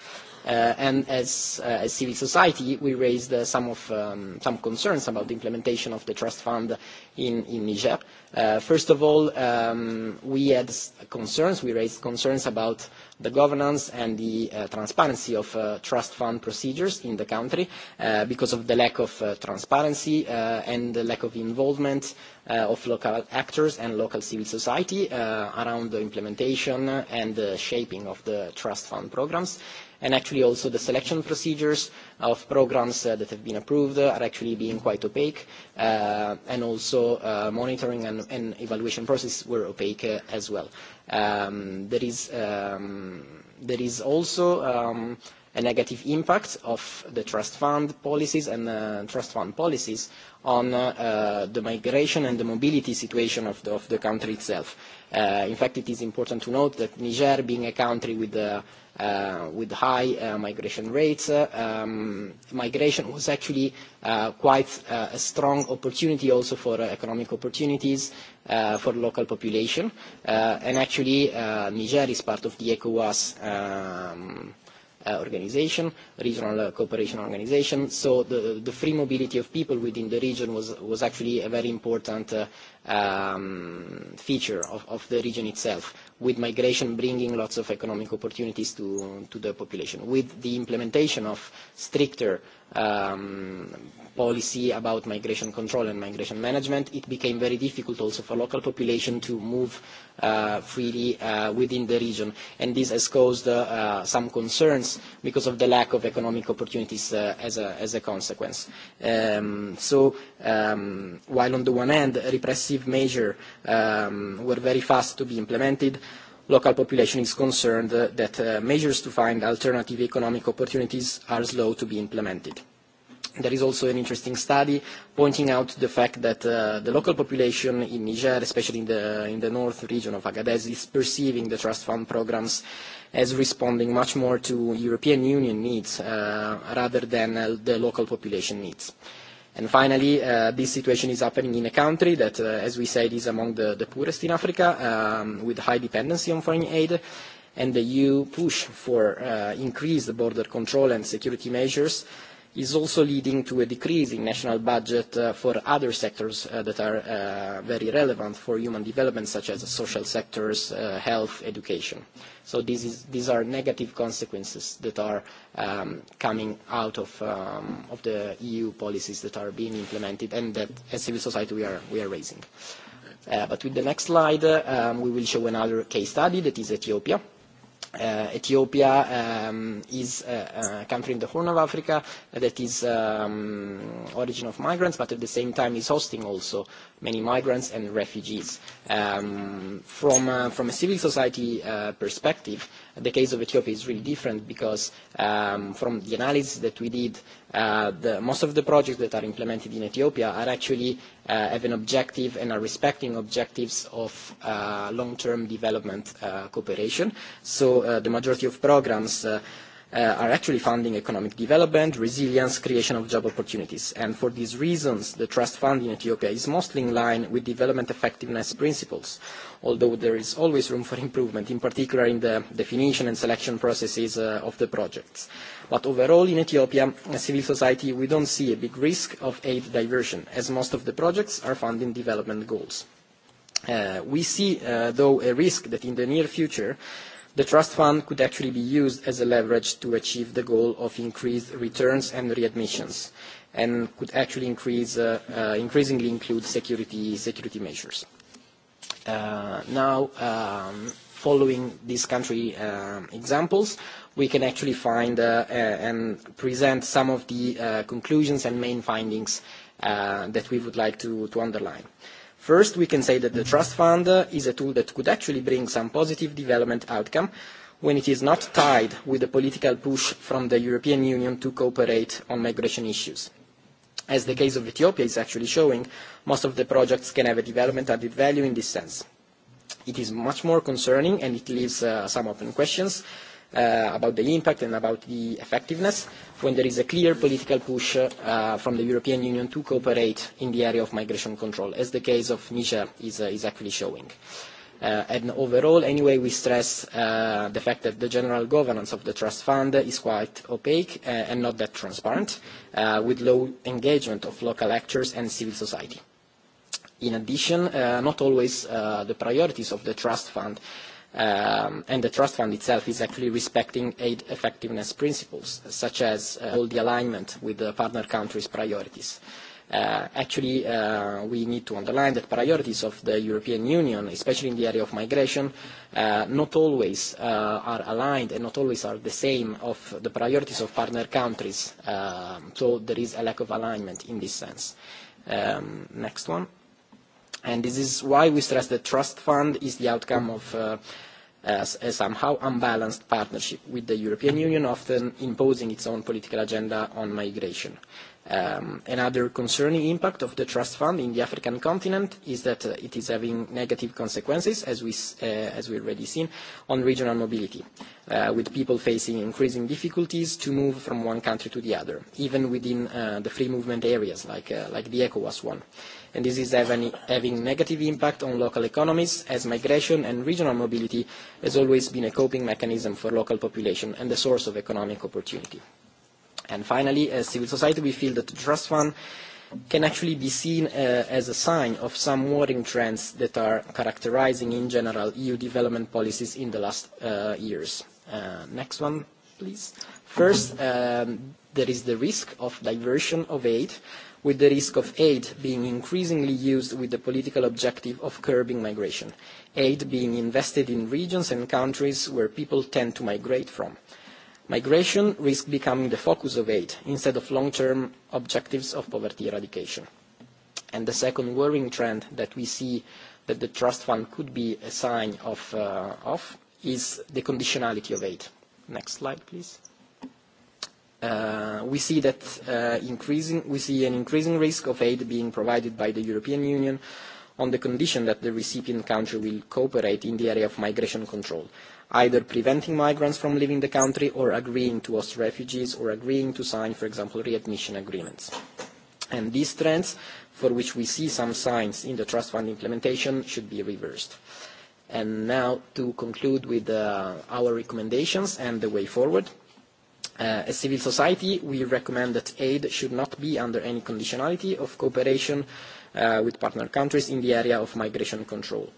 Uh, and as, uh, as civil society, we raised uh, some, of, um, some concerns about the implementation of the trust fund in, in Niger. Uh, first of all, um, we had concerns, we raised concerns about uh, the governance and the uh, transparency of uh, trust fund procedures in the country uh, because of the lack of uh, transparency uh, and the lack of involvement uh, of local actors and local civil society uh, around the implementation and the shaping of the trust fund programs and actually also the selection procedures uh, of programs uh, that have been approved are actually being quite opaque, uh, and also uh, monitoring and, and evaluation process were opaque uh, as well. Um, there, is, um, there is also um, a negative impact of the trust fund policies and uh, trust fund policies on uh, uh, the migration and the mobility situation of the, of the country itself. Uh, in fact, it is important to note that Niger, being a country with, uh, uh, with high uh, migration rates, uh, um, migration was actually uh, quite uh, a strong opportunity also for uh, economic opportunities uh, for local population. Uh, and actually, uh, Niger is part of the ECOWAS um, uh, uh, organization, regional uh, cooperation organization. So the, the free mobility of people within the region was, was actually a very important uh, um, feature of, of the region itself, with migration bringing lots of economic opportunities to, to the population. With the implementation of stricter uh, um, policy about migration control and migration management, it became very difficult also for local population to move uh, freely uh, within the region. And this has caused uh, uh, some concerns because of the lack of economic opportunities uh, as, a, as a consequence. Um, so um, while on the one hand, repressive measures um, were very fast to be implemented, uh, local population is concerned uh, that uh, measures to find alternative economic opportunities are slow to be implemented. There is also an interesting study pointing out the fact that uh, the local population in Niger, especially in the, in the north region of Agadez, is perceiving the trust fund programs as responding much more to European Union needs uh, rather than uh, the local population needs. Uh, And finally, uh, this situation is happening in a country that, uh, as we said, is among the, the poorest in Africa, um, with high dependency on foreign aid. And the EU push for uh, increased border control and security measures uh, is also leading to a decrease in national budget uh, for other sectors uh, that are uh, very relevant for human development, such as social sectors, uh, health, education. So this is, these are negative consequences that are um, coming out of, um, of the EU policies that are being implemented and that as civil society we are, we are raising. Uh, but with the next slide, uh, um, we will show another case study that is Ethiopia uh, Ethiopia um, is a, uh, a uh, country in the Horn of Africa uh, that is um, origin of migrants, but at the same time is hosting also many migrants and refugees. Um, from, uh, from a civil society uh, perspective, uh, the case of Ethiopia is really different because um, from the analysis that we did, uh, the, most of the projects that are implemented in Ethiopia are actually uh, have an objective and are respecting objectives of uh, long-term development uh, cooperation. So uh, the majority of programs uh, uh, are actually funding economic development, resilience, creation of job opportunities. And for these reasons, the trust fund in Ethiopia is mostly in line with development effectiveness principles, although there is always room for improvement, in particular in the definition and selection processes uh, of the projects. But overall, in Ethiopia, as civil society, we don't see a big risk of aid diversion, as most of the projects are funding development goals. Uh, we see, uh, though, a risk that in the near future, The trust fund could actually be used as a leverage to achieve the goal of increased returns and readmissions, and could actually increase, uh, uh, increasingly include security, security measures. Uh, now, um, following these country uh, examples, we can actually find uh, uh, and present some of the uh, conclusions and main findings uh, that we would like to, to underline. Uh, First, we can say that the trust fund uh, is a tool that could actually bring some positive development outcome when it is not tied with the political push from the European Union to cooperate on migration issues. As the case of Ethiopia is actually showing, most of the projects can have a development added value in this sense. It is much more concerning and it leaves uh, some open questions uh, about the impact and about the effectiveness when there is a clear political push uh, from the European Union to cooperate in the area of migration control, as the case of Niger is, uh, is actually showing. Uh, and overall, anyway, we stress uh, the fact that the general governance of the trust fund is quite opaque uh, and not that transparent, uh, with low engagement of local actors and civil society. In addition, uh, not always uh, the priorities of the trust fund uh, um, and the trust fund itself is actually respecting aid effectiveness principles, such as uh, all the alignment with the partner countries' priorities. Uh, actually, uh, we need to underline that priorities of the European Union, especially in the area of migration, uh, not always uh, are aligned and not always are the same of the priorities of partner countries. Uh, so there is a lack of alignment in this sense. Um, next one. And this is why we stress that trust fund is the outcome of uh, as a somehow unbalanced partnership with the European Union, often imposing its own political agenda on migration. Um, another concerning impact of the trust fund in the African continent is that uh, it is having negative consequences, as, we, uh, as we've already seen, on regional mobility, uh, with people facing increasing difficulties to move from one country to the other, even within uh, the free movement areas like, uh, like the ECOWAS one. Uh, and this is having negative impact on local economies as migration and regional mobility has always been a coping mechanism for local population and the source of economic opportunity. And finally, as civil society, we feel that the trust fund can actually be seen uh, as a sign of some worrying trends that are characterizing in general EU development policies in the last uh, years. Uh, next one, please. First, um, there is the risk of diversion of aid with the risk of aid being increasingly used with the political objective of curbing migration, aid being invested in regions and countries where people tend to migrate from. Migration risks becoming the focus of aid instead of long-term objectives of poverty eradication. And the second worrying trend that we see that the trust fund could be a sign of, uh, of is the conditionality of aid. Next slide, please. Uh, we see that uh, increasing we see an increasing risk of aid being provided by the European Union on the condition that the recipient country will cooperate in the area of migration control, either preventing migrants from leaving the country or agreeing to host refugees or agreeing to sign, for example, readmission agreements. And these trends, for which we see some signs in the trust fund implementation, should be reversed. And now to conclude with uh, our recommendations and the way forward. Uh, as civil society, we recommend that aid should not be under any conditionality of cooperation uh, with partner countries in the area of migration control.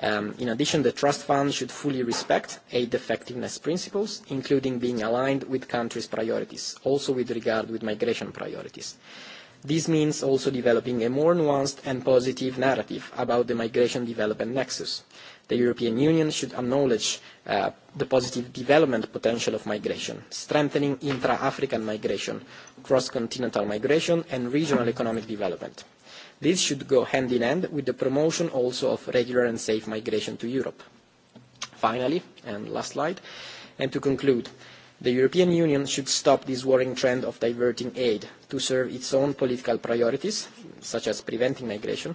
Um, in addition, the trust fund should fully respect aid effectiveness principles, including being aligned with countries' priorities, also with regard with migration priorities. This means also developing a more nuanced and positive narrative about the migration development nexus, the European Union should acknowledge uh, the positive development potential of migration, strengthening intra-African migration, cross-continental migration, and regional economic development. This should go hand in hand with the promotion also of regular and safe migration to Europe. Finally, and last slide, and to conclude, the European Union should stop this worrying trend of diverting aid to serve its own political priorities, such as preventing migration,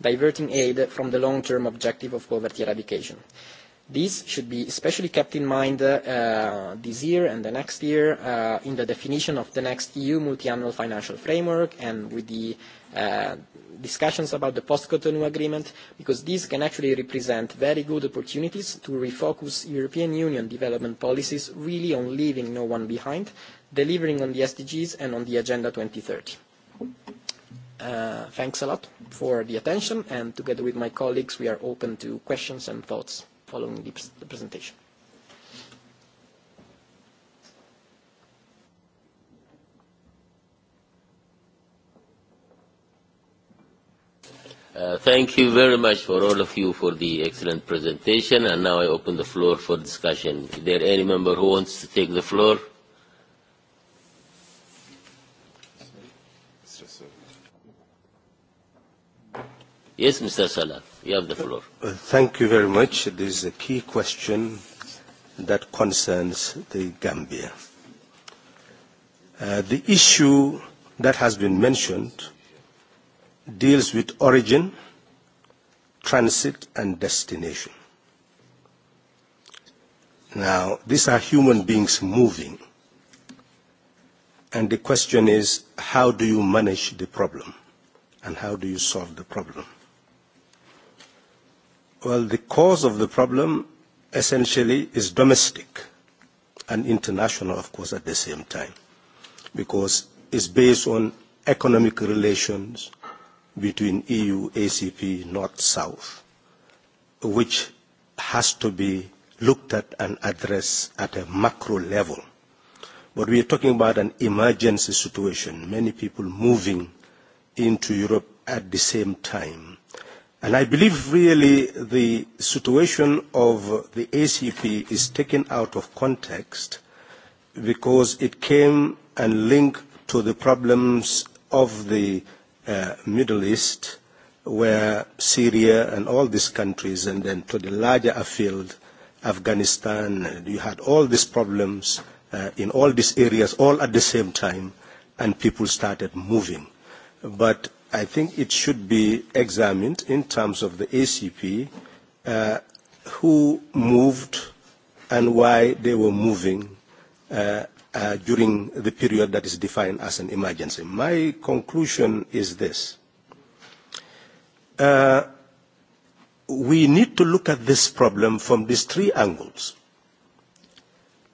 diverting aid from the long-term objective of poverty eradication. This should be especially kept in mind uh, this year and the next year uh, in the definition of the next EU multi-annual financial framework and with the uh, discussions about the post-Cotonou agreement, because these can actually represent very good opportunities to refocus European Union development policies really on leaving no one behind, delivering on the SDGs and on the Agenda 2030. Uh, thanks a lot for the attention, and together with my colleagues, we are open to questions and thoughts following the presentation. Uh, thank you very much for all of you for the excellent presentation. Now I open the floor for discussion. Is there any member who wants to take the floor? Yes, Mr. Salah, you have the floor. Thank you very much. This is a key question that concerns the Gambia. Uh, the issue that has been mentioned deals with origin, transit, and destination. Now, these are human beings moving. And the question is, how do you manage the problem? And how do you solve the problem? Well, the cause of the problem essentially is domestic and international, of course, at the same time, because it's based on economic relations between EU, ACP, North, South, which has to be looked at and addressed at a macro level. But we are talking about an emergency situation, many people moving into Europe at the same time. And I believe really the situation of the ACP is taken out of context because it came and linked to the problems of the uh, Middle East where Syria and all these countries and then to the larger field, Afghanistan, you had all these problems uh, in all these areas all at the same time and people started moving. But I think it should be examined in terms of the ACP, uh, who moved and why they were moving uh, uh, during the period that is defined as an emergency. My conclusion is this. Uh, we need to look at this problem from these three angles.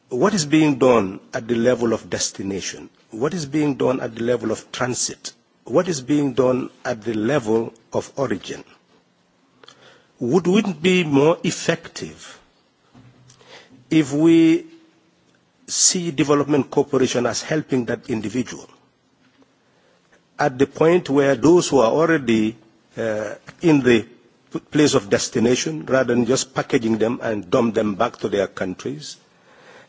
What is being done at the level of destination? What is being done at the level of transit? what is being done at the level of origin? Would it be more effective if we see development cooperation as helping that individual at the point where those who are already uh, in the place of destination, rather than just packaging them and dump them back to their countries,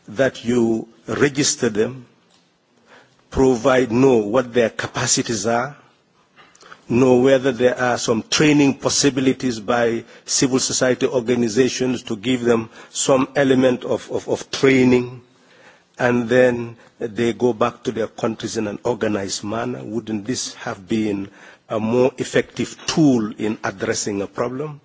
that you register them provide know what their capacities are, know whether there are some training possibilities by civil society organizations to give them some element of, of, of training, and then they go back to their countries in an organized manner. Wouldn't this have been a more effective tool in addressing a problem?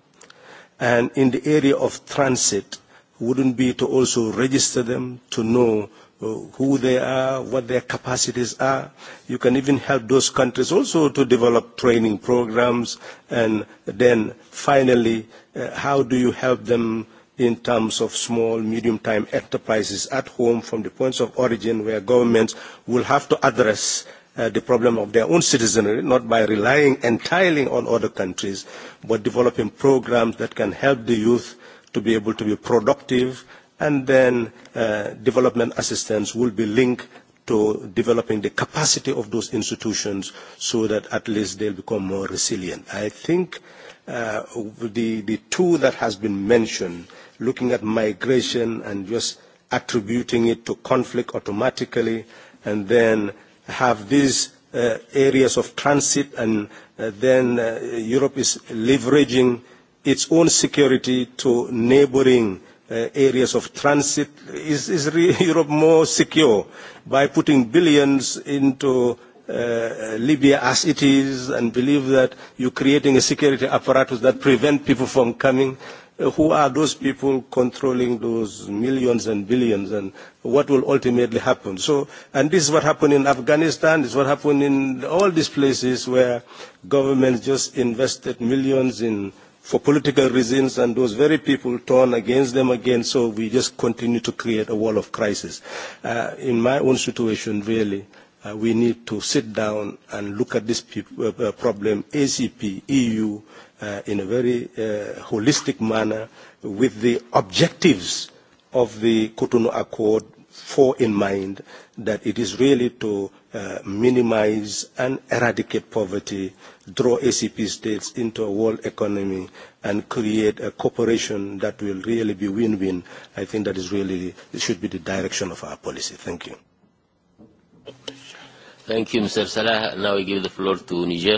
And in the area of transit, wouldn't be to also register them to know Uh, who they are, what their capacities are. You can even help those countries also to develop training programs. And then finally, uh, how do you help them in terms of small, medium-time enterprises at home from the points of origin where governments will have to address uh, the problem of their own citizenry, not by relying entirely on other countries, but developing programs that can help the youth to be able to be productive and then uh, development assistance will be linked to developing the capacity of those institutions so that at least they'll become more resilient. I think uh, the, the two that has been mentioned, looking at migration and just attributing it to conflict automatically, and then have these uh, areas of transit, and uh, then uh, Europe is leveraging its own security to neighboring uh, uh, areas of transit? Is, is re- Europe more secure by putting billions into uh, uh Libya as it is and believe that you're creating a security apparatus that prevent people from coming? Uh, who are those people controlling those millions and billions and what will ultimately happen? So, and this is what happened in Afghanistan, this is what happened in all these places where governments just invested millions in for political reasons and those very people turn against them again so we just continue to create a wall of crisis uh, in my own situation really uh, we need to sit down and look at this pe- uh, uh, problem acp eu uh, in a very uh, holistic manner with the objectives of the cotonou accord for in mind that it is really to Uh, minimize and eradicate poverty, draw ACP states into a world economy, and create a cooperation that will really be win-win. I think that is really it should be the direction of our policy. Thank you. Thank you, Mr. Salah. Now I give the floor to Niger.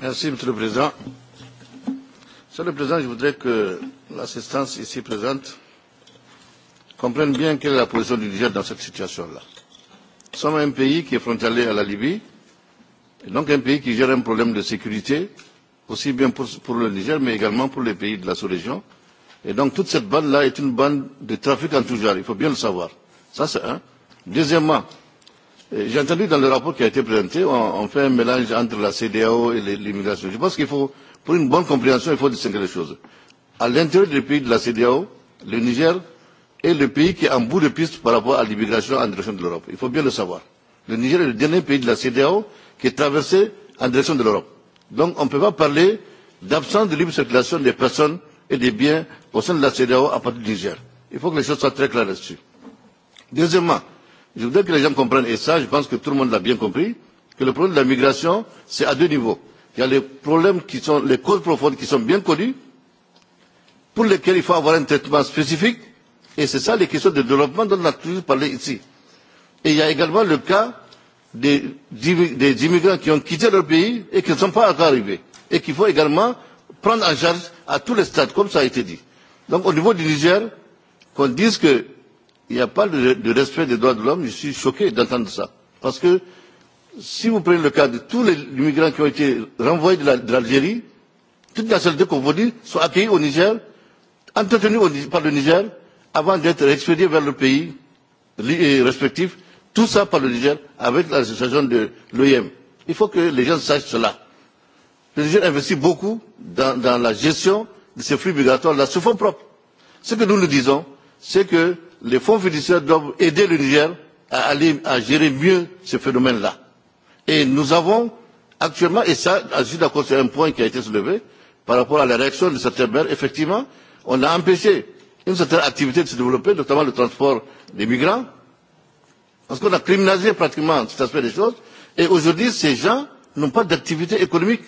Merci, Monsieur le Président. Monsieur le Président, je voudrais que l'assistance ici présente comprennent bien quelle est la position du Niger dans cette situation-là. Nous sommes un pays qui est frontalier à la Libye, et donc un pays qui gère un problème de sécurité, aussi bien pour, pour le Niger, mais également pour les pays de la sous-région. Et donc toute cette bande-là est une bande de trafic en tout genre, il faut bien le savoir. Ça, c'est un. Deuxièmement, j'ai entendu dans le rapport qui a été présenté, on, on fait un mélange entre la CDAO et l'immigration. Je pense qu'il faut, pour une bonne compréhension, il faut distinguer les choses. À l'intérieur des pays de la CDAO, le Niger est le pays qui est en bout de piste par rapport à l'immigration en direction de l'Europe. Il faut bien le savoir. Le Niger est le dernier pays de la CDAO qui est traversé en direction de l'Europe. Donc on ne peut pas parler d'absence de libre circulation des personnes et des biens au sein de la CDAO à partir du Niger. Il faut que les choses soient très claires là-dessus. Deuxièmement, je voudrais que les gens comprennent, et ça je pense que tout le monde l'a bien compris, que le problème de la migration, c'est à deux niveaux. Il y a les problèmes qui sont les causes profondes qui sont bien connues, pour lesquelles il faut avoir un traitement spécifique, Et c'est ça les questions de développement dont on a toujours parlé ici. Et il y a également le cas des, des immigrants qui ont quitté leur pays et qui ne sont pas encore arrivés. Et qu'il faut également prendre en charge à tous les stades, comme ça a été dit. Donc au niveau du Niger, qu'on dise qu'il n'y a pas de, de respect des droits de l'homme, je suis choqué d'entendre ça. Parce que si vous prenez le cas de tous les immigrants qui ont été renvoyés de l'Algérie, la, toutes les nationalités qu'on vous dit sont accueillies au Niger, entretenues au, par le Niger, avant d'être expédié vers le pays euh, respectif, tout ça par le Niger avec l'association de l'OIM. Il faut que les gens sachent cela. Le Niger investit beaucoup dans, dans la gestion de ces flux migratoires là sous fonds propres. Ce que nous nous disons, c'est que les fonds fiduciaires doivent aider le Niger à aller à gérer mieux ce phénomène là. Et nous avons actuellement, et ça, je suis d'accord, c'est un point qui a été soulevé par rapport à la réaction de certains maires, effectivement, on a empêché une certaine activité de se développer, notamment le transport des migrants. Parce qu'on a criminalisé pratiquement cet aspect des choses. Et aujourd'hui, ces gens n'ont pas d'activité économique.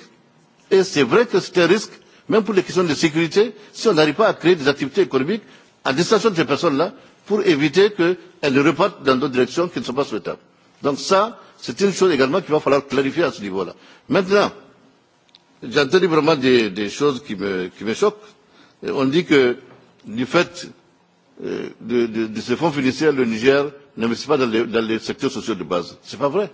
Et c'est vrai que c'est un risque, même pour les questions de sécurité, si on n'arrive pas à créer des activités économiques à destination de ces personnes-là, pour éviter qu'elles ne repartent dans d'autres directions qui ne sont pas souhaitables. Donc ça, c'est une chose également qu'il va falloir clarifier à ce niveau-là. Maintenant, j'entends vraiment des, des choses qui me, qui me choquent. On dit que du fait euh, de, de, de ces fonds financiers, le Niger n'investit pas dans les, dans les secteurs sociaux de base. Ce n'est pas vrai.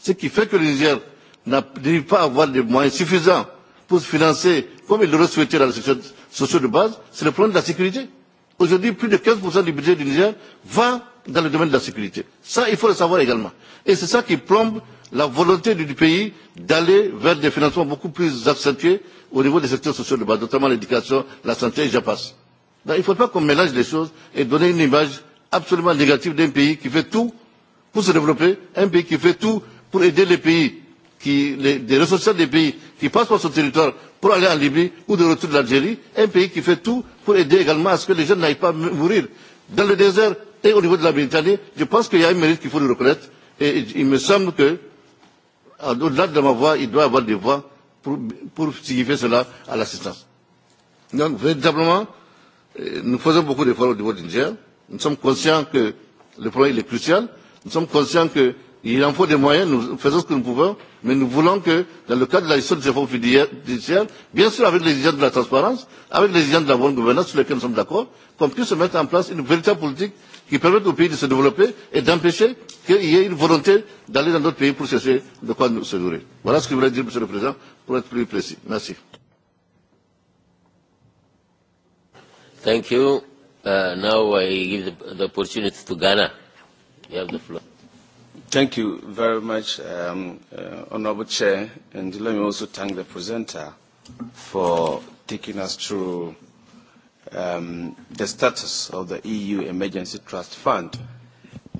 Ce qui fait que le Niger n'arrive pas à avoir les moyens suffisants pour se financer comme il le souhaitait dans les secteurs sociaux de base, c'est le problème de la sécurité. Aujourd'hui, plus de 15% du budget du Niger va dans le domaine de la sécurité. Ça, il faut le savoir également. Et c'est ça qui plombe la volonté du pays d'aller vers des financements beaucoup plus accentués au niveau des secteurs sociaux de base, notamment l'éducation, la santé, et j'en passe. Donc, il ne faut pas qu'on mélange les choses et donner une image absolument négative d'un pays qui fait tout pour se développer, un pays qui fait tout pour aider les pays, qui, les, les ressources des pays qui passent par son territoire pour aller en Libye ou de retour de l'Algérie, un pays qui fait tout pour aider également à ce que les jeunes n'aillent pas mourir dans le désert et au niveau de la Méditerranée. Je pense qu'il y a un mérite qu'il faut le reconnaître et il me semble que au-delà de ma voix, il doit avoir des voix pour, pour signifier cela à l'assistance. Donc, véritablement, euh, nous faisons beaucoup d'efforts au niveau du Niger. Nous sommes conscients que le problème il est crucial. Nous sommes conscients qu'il en faut des moyens. Nous faisons ce que nous pouvons. Mais nous voulons que, dans le cadre de la gestion des efforts judiciaires, bien sûr avec l'exigence de la transparence, avec l'exigence de la bonne gouvernance sur laquelle nous sommes d'accord, qu'on puisse mettre en place une véritable politique qui permettent au pays de se développer et d'empêcher qu'il y ait une volonté d'aller dans d'autres pays pour chercher de quoi se nourrir. Voilà ce que je voulais dire, Monsieur le Président, pour être plus précis. Merci. Thank you. Uh, now I give the, the opportunity to Ghana. You have the floor. Thank you very much, um, uh, Honorable Chair. And let me also thank the presenter for taking us through um, the status of the EU Emergency Trust Fund.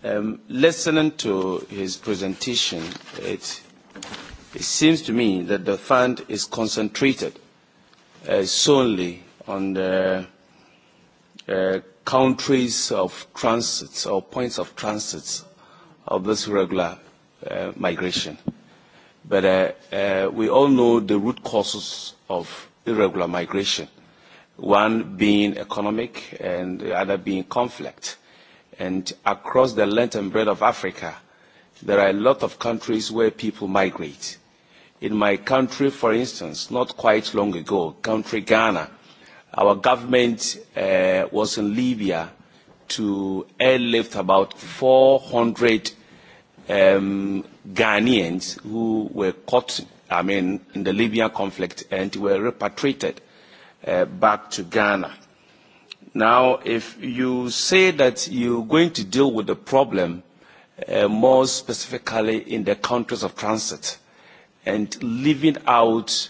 Um, listening to his presentation, it, it seems to me that the fund is concentrated uh, solely on the uh, countries of transit or points of transit of this regular uh, migration. But uh, uh, we all know the root causes of irregular migration one being economic and the other being conflict. And across the length and breadth of Africa, there are a lot of countries where people migrate. In my country, for instance, not quite long ago, country Ghana, our government uh, was in Libya to airlift about 400 um, Ghanaians who were caught, I mean, in the Libyan conflict and were repatriated. Uh, back to Ghana. Now, if you say that you're going to deal with the problem uh, more specifically in the countries of transit and leaving out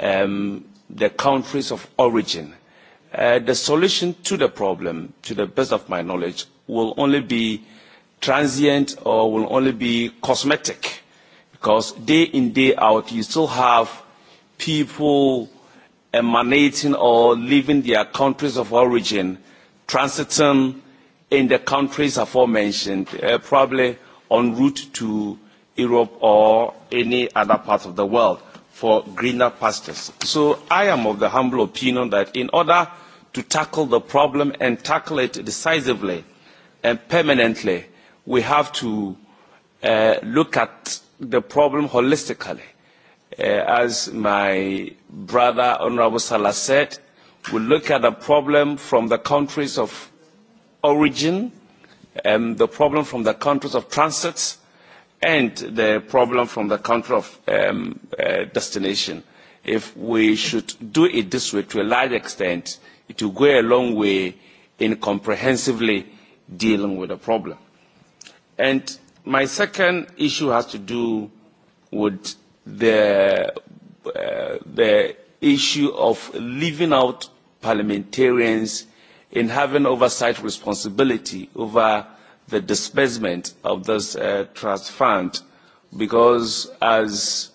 um, the countries of origin, uh, the solution to the problem, to the best of my knowledge, will only be transient or will only be cosmetic because day in, day out, you still have people emanating or leaving their countries of origin, transiting in the countries aforementioned, uh, probably en route to Europe or any other part of the world for greener pastures. So I am of the humble opinion that in order to tackle the problem and tackle it decisively and permanently, we have to uh, look at the problem holistically uh, as my brother Honorable Salah said, we look at the problem from the countries of origin, um, the problem from the countries of transit, and the problem from the country of um, uh, destination. If we should do it this way to a large extent, it will go a long way in comprehensively dealing with the problem. And my second issue has to do with the uh, the issue of leaving out parliamentarians in having oversight responsibility over the disbursement of this uh, trust fund because as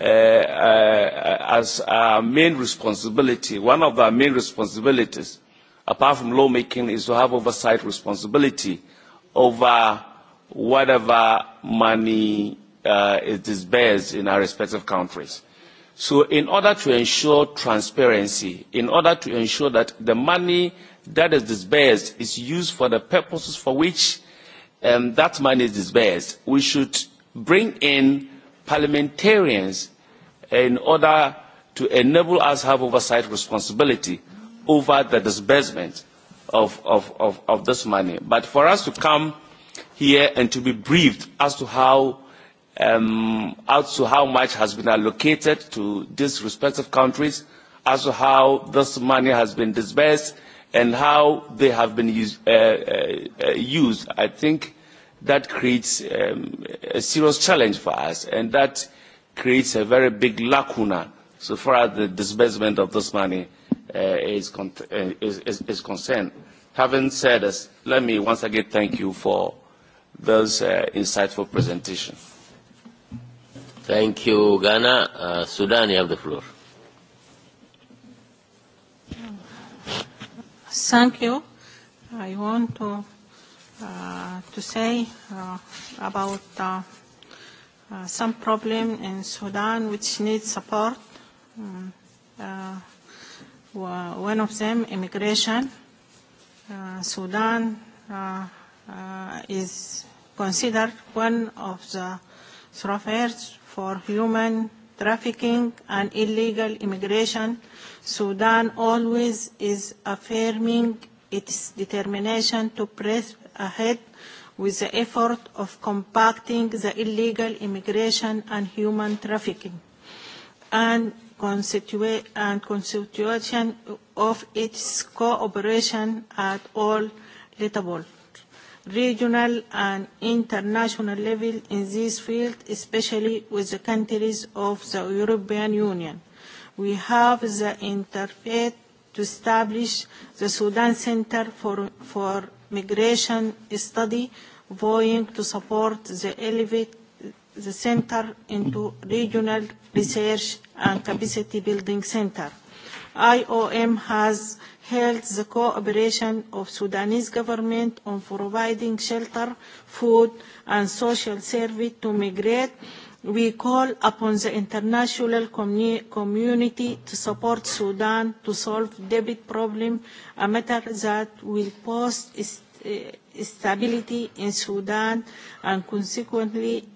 uh, uh, as our main responsibility one of our main responsibilities apart from lawmaking is to have oversight responsibility over whatever money Uh, it is based in our respective countries. So in order to ensure transparency, in order to ensure that the money that is disbursed is used for the purposes for which um, that money is disbursed, we should bring in parliamentarians in order to enable us to have oversight responsibility over the disbursement of, of, of, of this money. But for us to come here and to be briefed as to how um, as to how much has been allocated to these respective countries, as to how this money has been disbursed, and how they have been use, uh, uh, uh, used. I think that creates um, a serious challenge for us, and that creates a very big lacuna so far as the disbursement of this money uh, is, con- uh, is, is, is concerned. Having said this, let me once again thank you for this uh, insightful presentation. Mm-hmm. Thank you, Ghana. Uh, Sudan, you have the floor. Thank you. I want to uh, to say uh, about uh, uh, some problem in Sudan which needs support. Um, uh, one of them, immigration. Uh, Sudan uh, uh, is considered one of the thoroughfares for human trafficking and illegal immigration, Sudan always is affirming its determination to press ahead with the effort of compacting the illegal immigration and human trafficking and, and constitution of its cooperation at all levels regional and international level in this field, especially with the countries of the European Union. We have the interface to establish the Sudan Center for, for Migration Study, voting to support the elevate the center into regional research and capacity building center. IOM has held the cooperation of Sudanese government on providing shelter, food, and social service to migrate. We call upon the international community to support Sudan to solve debit problem, a matter that will pose eh, stability in Sudan and consequently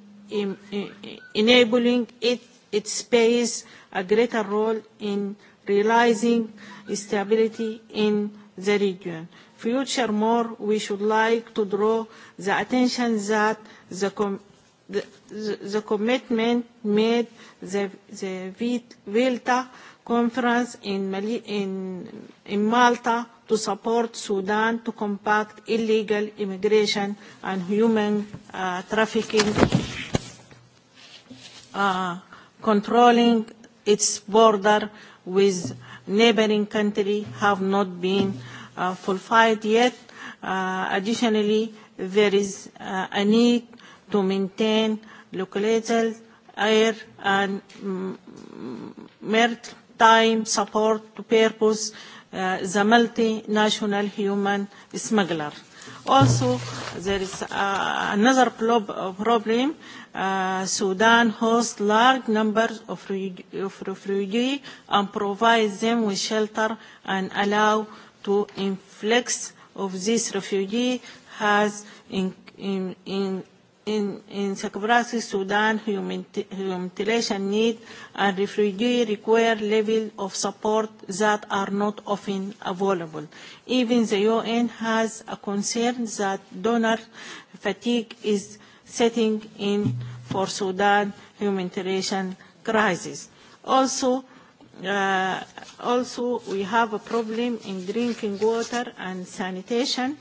enabling it, it space a greater role in realizing stability in the region. Furthermore, we should like to draw the attention that the, com the, the commitment made the, the VILTA conference in, Mali in, in Malta to support Sudan to combat illegal immigration and human uh, trafficking, uh, controlling its border with neighboring country have not been uh, fulfilled yet. Uh, additionally, there is uh, a need to maintain localized air and mm, maritime support to purpose uh, the multinational human smuggler. Also, there is uh, another prob problem uh, uh, Sudan hosts large numbers of, re of refugees and provides them with shelter and allow to influx of these refugees has in, in, in, in, in Sakabrasi, Sudan, humiliation need and refugee require level of support that are not often available. Even the UN has a concern that donor fatigue is setting in for Sudan humanitarian crisis. Also, uh, also we have a problem in drinking water and sanitation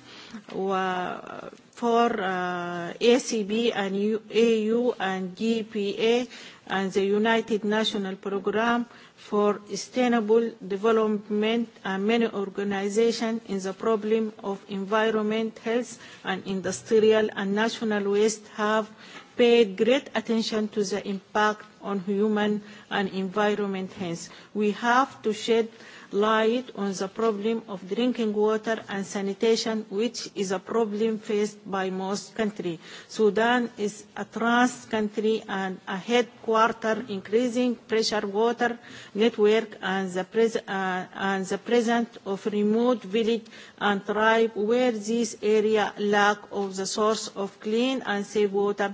uh, for uh, ACB and AU and GPA and the United National Programme for sustainable development and many organizations in the problem of environment, health, and industrial and national waste have paid great attention to the impact on human and environment health. We have to shed light on the problem of drinking water and sanitation, which is a problem faced by most countries. Sudan is a trans country and a headquarter increasing pressure water network and the, pres uh, and the presence of remote village and tribe where this area lack of the source of clean and safe water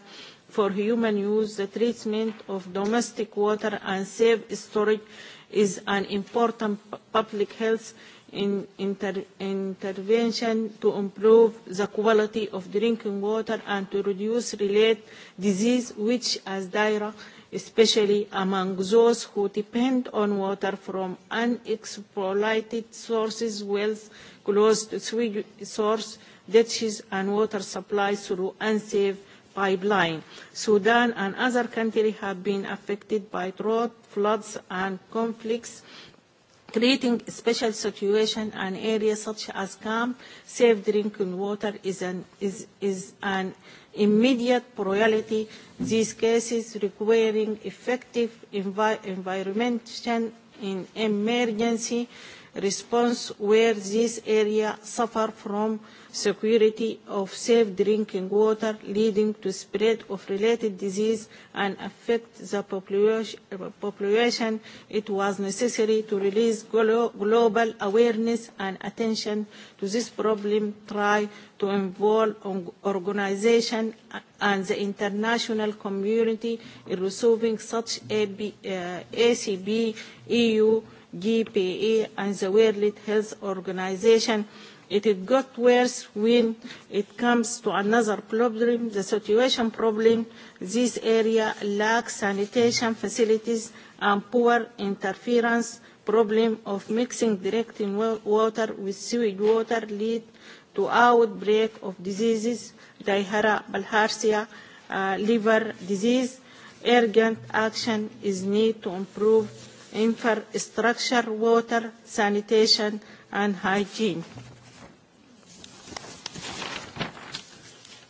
for human use, the treatment of domestic water and safe storage is an important public health in inter intervention to improve the quality of drinking water and to reduce related disease, which as dire, especially among those who depend on water from unexploited sources, wells, closed sewage source, ditches, and water supply through unsafe pipeline. Sudan and other countries have been affected by drought floods and conflicts, creating special situation and areas such as camp, safe drinking water is an, is, is an immediate priority. These cases requiring effective envi environmental in emergency uh, response where this area suffer from security of safe drinking water leading to spread of related disease and affect the population, it was necessary to release glo global awareness and attention to this problem, try to involve organization and the international community in resolving such AB, uh, ACB, EU, GPA e and the World Health Organization. It got worse when it comes to another problem, the situation problem. This area lacks sanitation facilities and poor interference problem of mixing direct water with sewage water lead to outbreak of diseases, dihara balharsia, uh, liver disease. Urgent action is need to improve infrastructure, water, sanitation, and hygiene.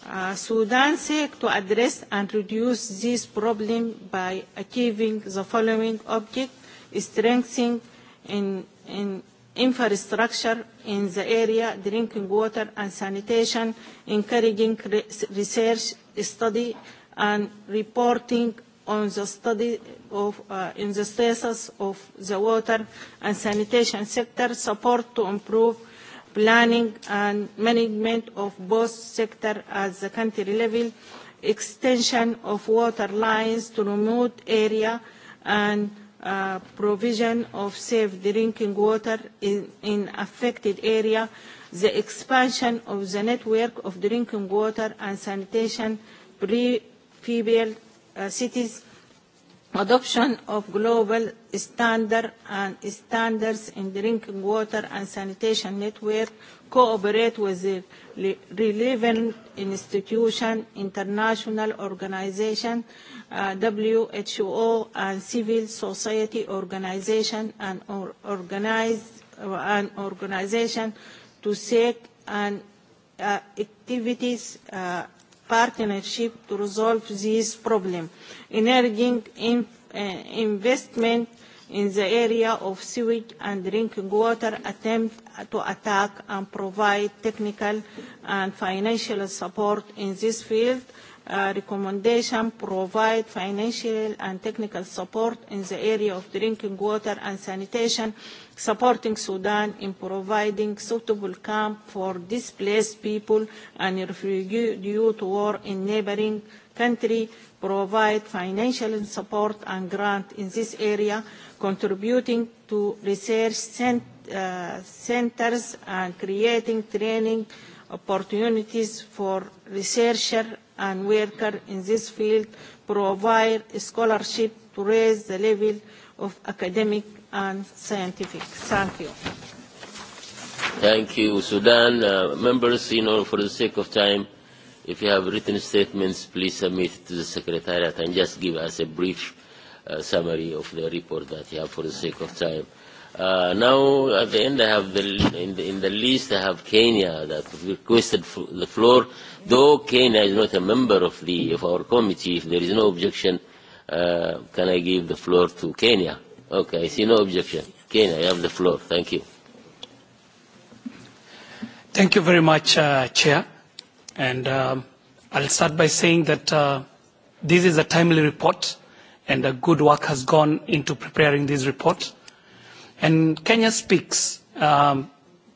Uh, Sudan seeks to address and reduce this problem by achieving the following object, strengthening in, in infrastructure in the area, drinking water and sanitation, encouraging re research, study, and reporting on the study of, uh, in the status of the water and sanitation sector support to improve planning and management of both sector at the country level, extension of water lines to remote area and uh, provision of safe drinking water in, in affected area, the expansion of the network of drinking water and sanitation pre-fibrilled Uh, cities adoption of global standard and standards in drinking water and sanitation network cooperate with the relevant institution international organization uh, WHO and civil society organization and or organize uh, an organization to seek and uh, activities uh, partnership to resolve this problem. Energy in, uh, investment in the area of sewage and drinking water attempt to attack and provide technical and financial support in this field Uh, recommendation provide financial and technical support in the area of drinking water and sanitation, supporting Sudan in providing suitable camp for displaced people and refugees due to war in neighboring country, provide financial support and grant in this area, contributing to research cent uh, centers and creating training opportunities for researchers and worker in this field provide scholarship to raise the level of academic and scientific. Thank you. Thank you, Sudan. Uh, members, you know, for the sake of time, if you have written statements, please submit to the Secretariat and just give us a brief uh, summary of the report that you have for the sake of time. Uh, now at the end, I have the, in, the, in the list I have Kenya that requested f- the floor. Though Kenya is not a member of the of our committee, if there is no objection, uh, can I give the floor to Kenya? Okay, I see no objection. Kenya, you have the floor. Thank you. Thank you very much, uh, Chair. And um, I'll start by saying that uh, this is a timely report, and a good work has gone into preparing this report. Uh, And Kenya speaks um,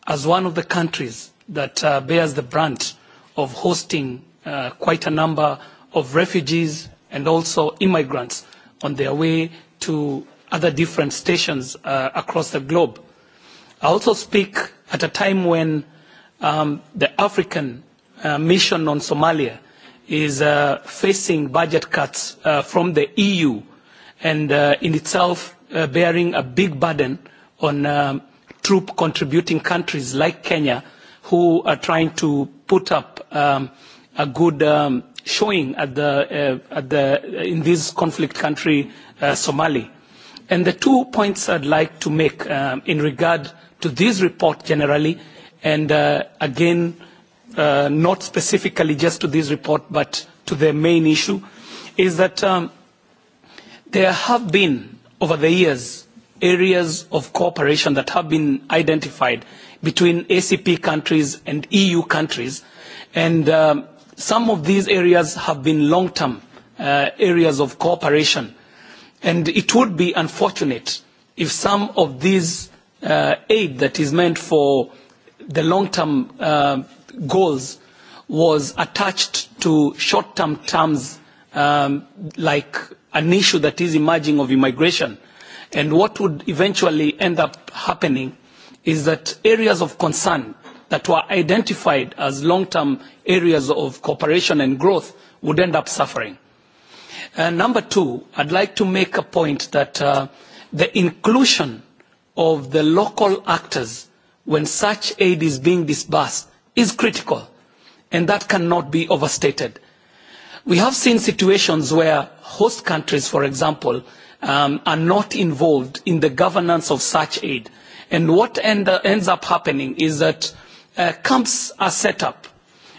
as one of the countries that uh, bears the brunt of hosting uh, quite a number of refugees and also immigrants on their way to other different stations uh, across the globe. I also speak at a time when um, the African uh, mission on Somalia is uh, facing budget cuts uh, from the EU and uh, in itself uh, bearing a big burden uh, on um, troop contributing countries like Kenya who are trying to put up um, a good um, showing at the, uh, at the, in this conflict country, uh, Somali. And the two points I'd like to make um, in regard to this report generally, and uh, again, uh, not specifically just to this report, but to the main issue, is that um, there have been, over the years, areas of cooperation that have been identified between ACP countries and EU countries. And um, some of these areas have been long-term uh, areas of cooperation. And it would be unfortunate if some of these uh, aid that is meant for the long-term uh, goals was attached to short-term terms um, like an issue that is emerging of immigration and what would eventually end up happening is that areas of concern that were identified as long-term areas of cooperation and growth would end up suffering. Uh, number two, I'd like to make a point that uh, the inclusion of the local actors when such aid is being disbursed is critical, and that cannot be overstated. We have seen situations where host countries, for example, um, are not involved in the governance of such aid. And what end, uh, ends up happening is that uh, camps are set up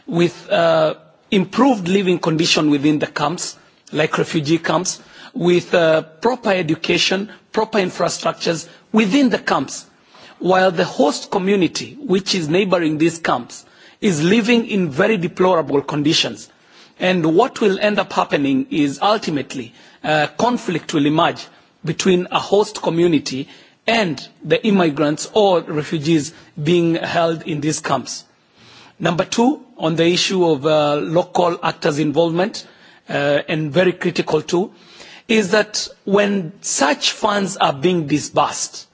with uh, improved living condition within the camps, like refugee camps, with uh, proper education, proper infrastructures within the camps, while the host community, which is neighboring these camps, is living in very deplorable conditions. And what will end up happening is ultimately Uh, conflict will emerge between a host community and the immigrants or refugees being held in these camps. Number two, on the issue of uh, local actors' involvement, uh, and very critical too, is that when such funds are being disbursed,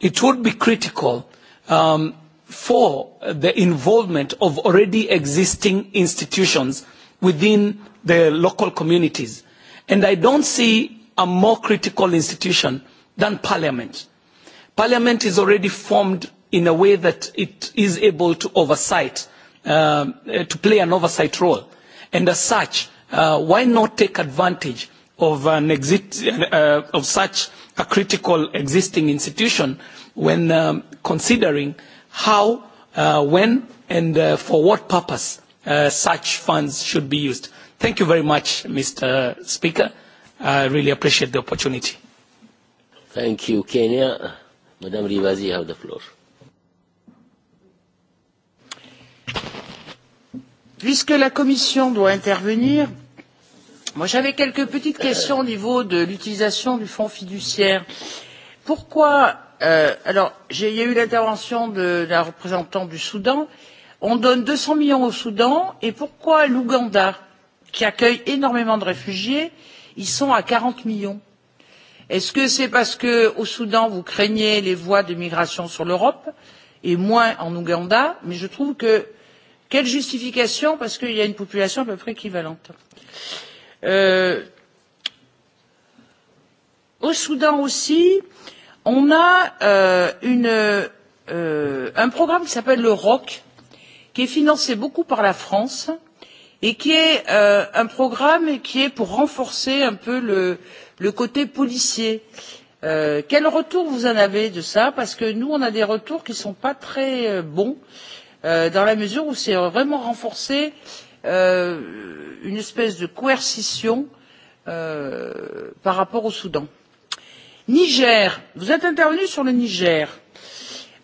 it would be critical um, for the involvement of already existing institutions within the local communities and I don't see a more critical institution than Parliament. Parliament is already formed in a way that it is able to oversight, um, uh, to play an oversight role. And as such, uh, why not take advantage of, an exit, uh, of such a critical existing institution when um, considering how, uh, when, and uh, for what purpose uh, such funds should be used? Thank you very much, Mr. Speaker. I really appreciate the opportunity. Thank you, Kenya. Madam Rivazi, you have the floor. Puisque la Commission doit intervenir, moi j'avais quelques petites questions au niveau de l'utilisation du fonds fiduciaire. Pourquoi euh, alors j'ai eu l'intervention de la représentante du Soudan on donne deux cents millions au Soudan et pourquoi l'Ouganda? Euh, qui accueille énormément de réfugiés ils sont à quarante millions. est ce que c'est parce qu'au soudan vous craignez les voies de migration sur l'europe et moins en ouganda? mais je trouve que quelle justification parce qu'il y a une population à peu près équivalente. Euh, au soudan aussi on a euh, une, euh, un programme qui s'appelle le roc qui est financé beaucoup par la france et qui est euh, un programme qui est pour renforcer un peu le côté policier. Euh, quel retour vous en avez de cela parce que nous on a des retours qui ne sont pas très euh, bons dans la mesure où c'est vraiment renforcer une espèce de coercition par rapport au soudan. niger vous êtes intervenu sur le niger.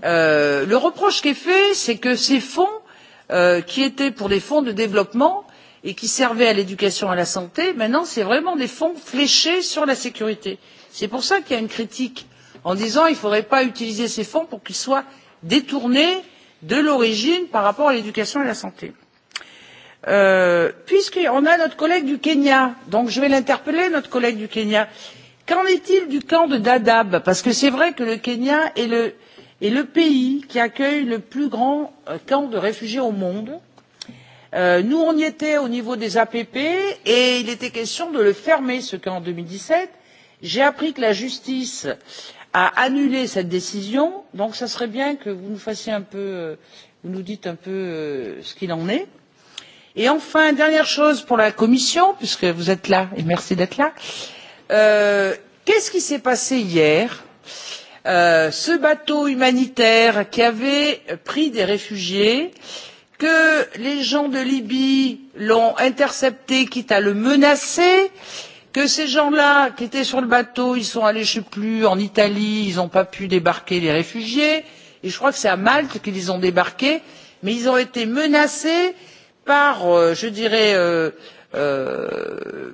le reproche qui est fait c'est que ces fonds qui étaient pour des fonds de développement et qui servaient à l'éducation et à la santé maintenant c'est vraiment des fonds fléchés sur la sécurité. c'est pour cela qu'il y a une critique en disant qu'il ne faudrait pas utiliser ces fonds pour qu'ils soient détournés de l'origine par rapport à l'éducation et à la santé. Euh, puisqu'on a notre collègue du Kenya, donc je vais l'interpeller, notre collègue du Kenya. Qu'en est-il du camp de Dadaab Parce que c'est vrai que le Kenya est le, est le pays qui accueille le plus grand euh, camp de réfugiés au monde. Euh, Euh, nous on y était au niveau des app et il était question de le fermer ce qu'en deux mille dix sept j'ai appris que la justice a annulé cette décision donc ce serait bien que vous nous fassiez un peu euh, vous nous dites un peu euh, ce qu'il en est. Et enfin, dernière chose pour la Commission, puisque vous êtes là et merci d'être là. Euh, Qu'est-ce qui s'est passé hier euh, Ce bateau humanitaire qui avait pris des réfugiés, euh, que les gens de Libye l'ont intercepté, quitte à le menacer, que ces gens-là, qui étaient sur le bateau, ils sont allés, je ne sais plus, en Italie, ils n'ont pas pu débarquer les réfugiés, et je crois que c'est à Malte qu'ils ont débarqué, mais ils ont été menacés par, euh, je dirais, euh, euh,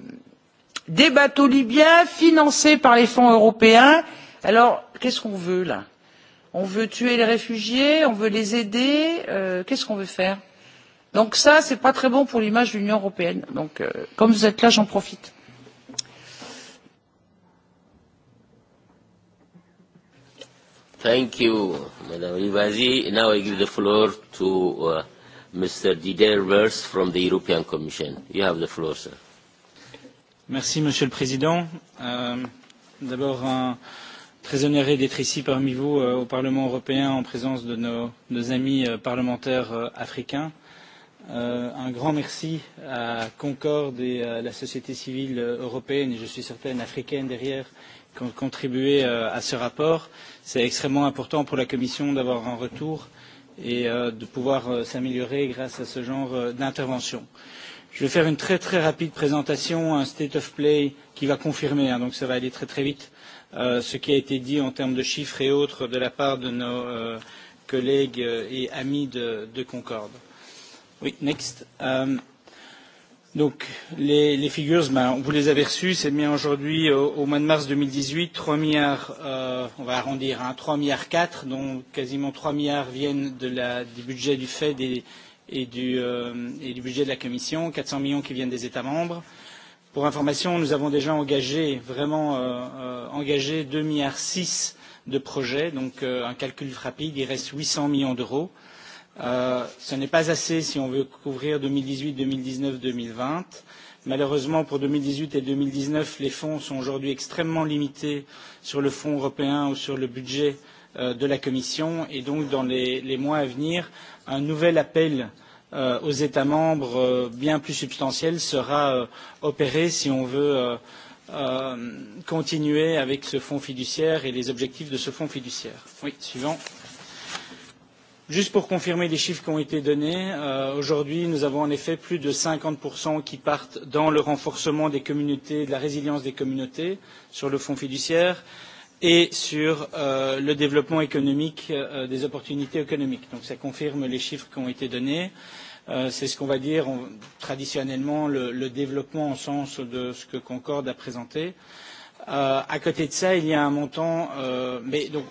des bateaux libyens financés par les fonds européens. Alors, qu'est-ce qu'on veut là? on veut tuer les réfugiés, on veut les aider, euh, qu'est-ce qu'on veut faire Donc ça, ce n'est pas très bon pour l'image de l'Union européenne. Donc euh, comme vous êtes là, j'en profite. Thank you, Madame Rivasi. Now I give the floor to uh, Mr. Didier Wurst from the European Commission. You have the floor, sir. Merci, Monsieur le Président. Euh, D'abord, euh, Très honoré d'être ici parmi vous euh, au Parlement européen en présence de nos, nos amis euh, parlementaires euh, africains. Euh, un grand merci à Concorde et à la société civile euh, européenne, et je suis certaine africaine derrière, qui ont contribué euh, à ce rapport. C'est extrêmement important pour la Commission d'avoir un retour et euh, de pouvoir euh, s'améliorer grâce à ce genre euh, d'intervention. Je vais faire une très très rapide présentation, un state of play qui va confirmer, hein, donc ça va aller très très vite Euh, ce qui a été dit en termes de chiffres et autres de la part de nos euh, collègues et amis de, de Concorde. Oui, next. Euh, donc, les, les figures, ben, vous les avez reçues, c'est mis aujourd'hui au, au mois de mars 2018, 3 milliards, euh, on va arrondir, hein, 3 milliards 4, dont quasiment 3 milliards viennent de la, du budget du Fed et, et, du, euh, et du budget de la Commission, 400 millions qui viennent des États membres. Pour information, nous avons déjà engagé, vraiment euh, euh, engagé 2,6 milliards de projets, donc euh, un calcul rapide, il reste 800 millions d'euros. Euh, ce n'est pas assez si on veut couvrir 2018, 2019, 2020. Malheureusement, pour 2018 et 2019, les fonds sont aujourd'hui extrêmement limités sur le Fonds européen ou sur le budget euh, de la Commission. Et donc, dans les, les mois à venir, un nouvel appel euh, euh, aux États membres euh, bien plus substantielle sera euh, opérée si on veut euh, euh, continuer avec ce fonds fiduciaire et les objectifs de ce fonds fiduciaire. Oui, suivant. Juste pour confirmer les chiffres qui ont été donnés, euh, aujourd'hui nous avons en effet plus de 50% qui partent dans le renforcement des communautés, de la résilience des communautés sur le fonds fiduciaire. Euh, et sur euh, le développement économique euh, des opportunités économiques. Donc ça confirme les chiffres qui ont été donnés. Euh, c'est ce qu'on va dire on, traditionnellement le, le développement au sens de ce que Concorde a présenté. Euh, à côté de ça, il y a un montant. Euh, mais donc,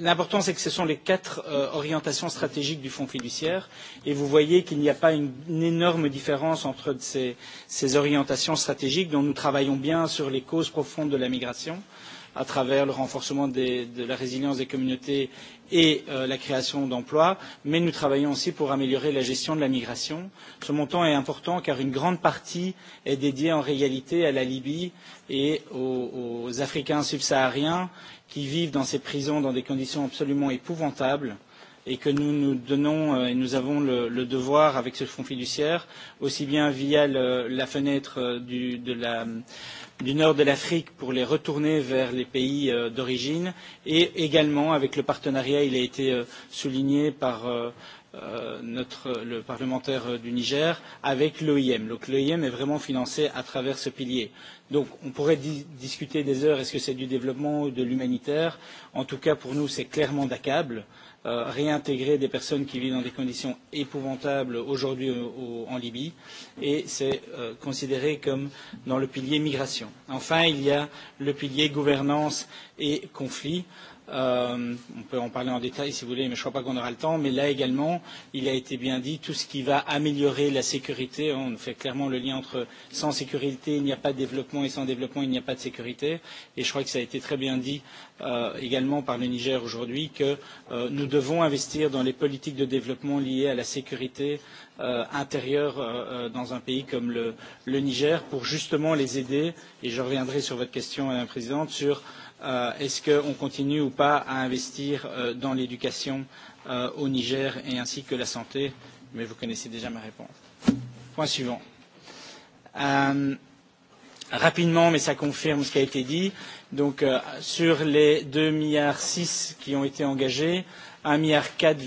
l'important, c'est que ce sont les quatre euh, orientations stratégiques du Fonds fiduciaire. Et vous voyez qu'il n'y a pas une, une énorme différence entre ces, ces orientations stratégiques dont nous travaillons bien sur les causes profondes de la migration. Euh, à travers le renforcement des, de la résilience des communautés et euh, la création d'emplois, mais nous travaillons aussi pour améliorer la gestion de la migration. Ce montant est important car une grande partie est dédiée en réalité à la Libye et aux, aux Africains subsahariens qui vivent dans ces prisons dans des conditions absolument épouvantables et que nous nous donnons euh, et nous avons le, le devoir avec ce fonds fiduciaire, aussi bien via le, la fenêtre euh, du, de la. Euh, du nord de l'Afrique pour les retourner vers les pays euh, d'origine et également avec le partenariat, il a été euh, souligné par euh, Euh, notre, le parlementaire du Niger avec l'OIM. Donc l'OIM est vraiment financé à travers ce pilier. Donc on pourrait di discuter des heures, est-ce que c'est du développement ou de l'humanitaire En tout cas, pour nous, c'est clairement d'accable. Euh, réintégrer des personnes qui vivent dans des conditions épouvantables aujourd'hui au, au, en Libye et c'est euh, considéré comme dans le pilier migration. Enfin, il y a le pilier gouvernance et conflit. Euh, Euh, on peut en parler en détail si vous voulez, mais je ne crois pas qu'on aura le temps. Mais là également, il a été bien dit, tout ce qui va améliorer la sécurité, on fait clairement le lien entre sans sécurité, il n'y a pas de développement, et sans développement, il n'y a pas de sécurité. Et je crois que ça a été très bien dit euh, également par le Niger aujourd'hui, que euh, nous devons investir dans les politiques de développement liées à la sécurité euh, intérieure euh, euh dans un pays comme le, le Niger pour justement les aider. Et je reviendrai sur votre question, Madame la Présidente, sur... Euh, euh, est-ce qu'on continue ou pas à investir euh, dans l'éducation euh, au Niger et ainsi que la santé Mais vous connaissez déjà ma réponse. Point suivant. Euh, rapidement, mais ça confirme ce qui a été dit. Donc, euh, sur les 2,6 milliards qui ont été engagés, 1,4 milliard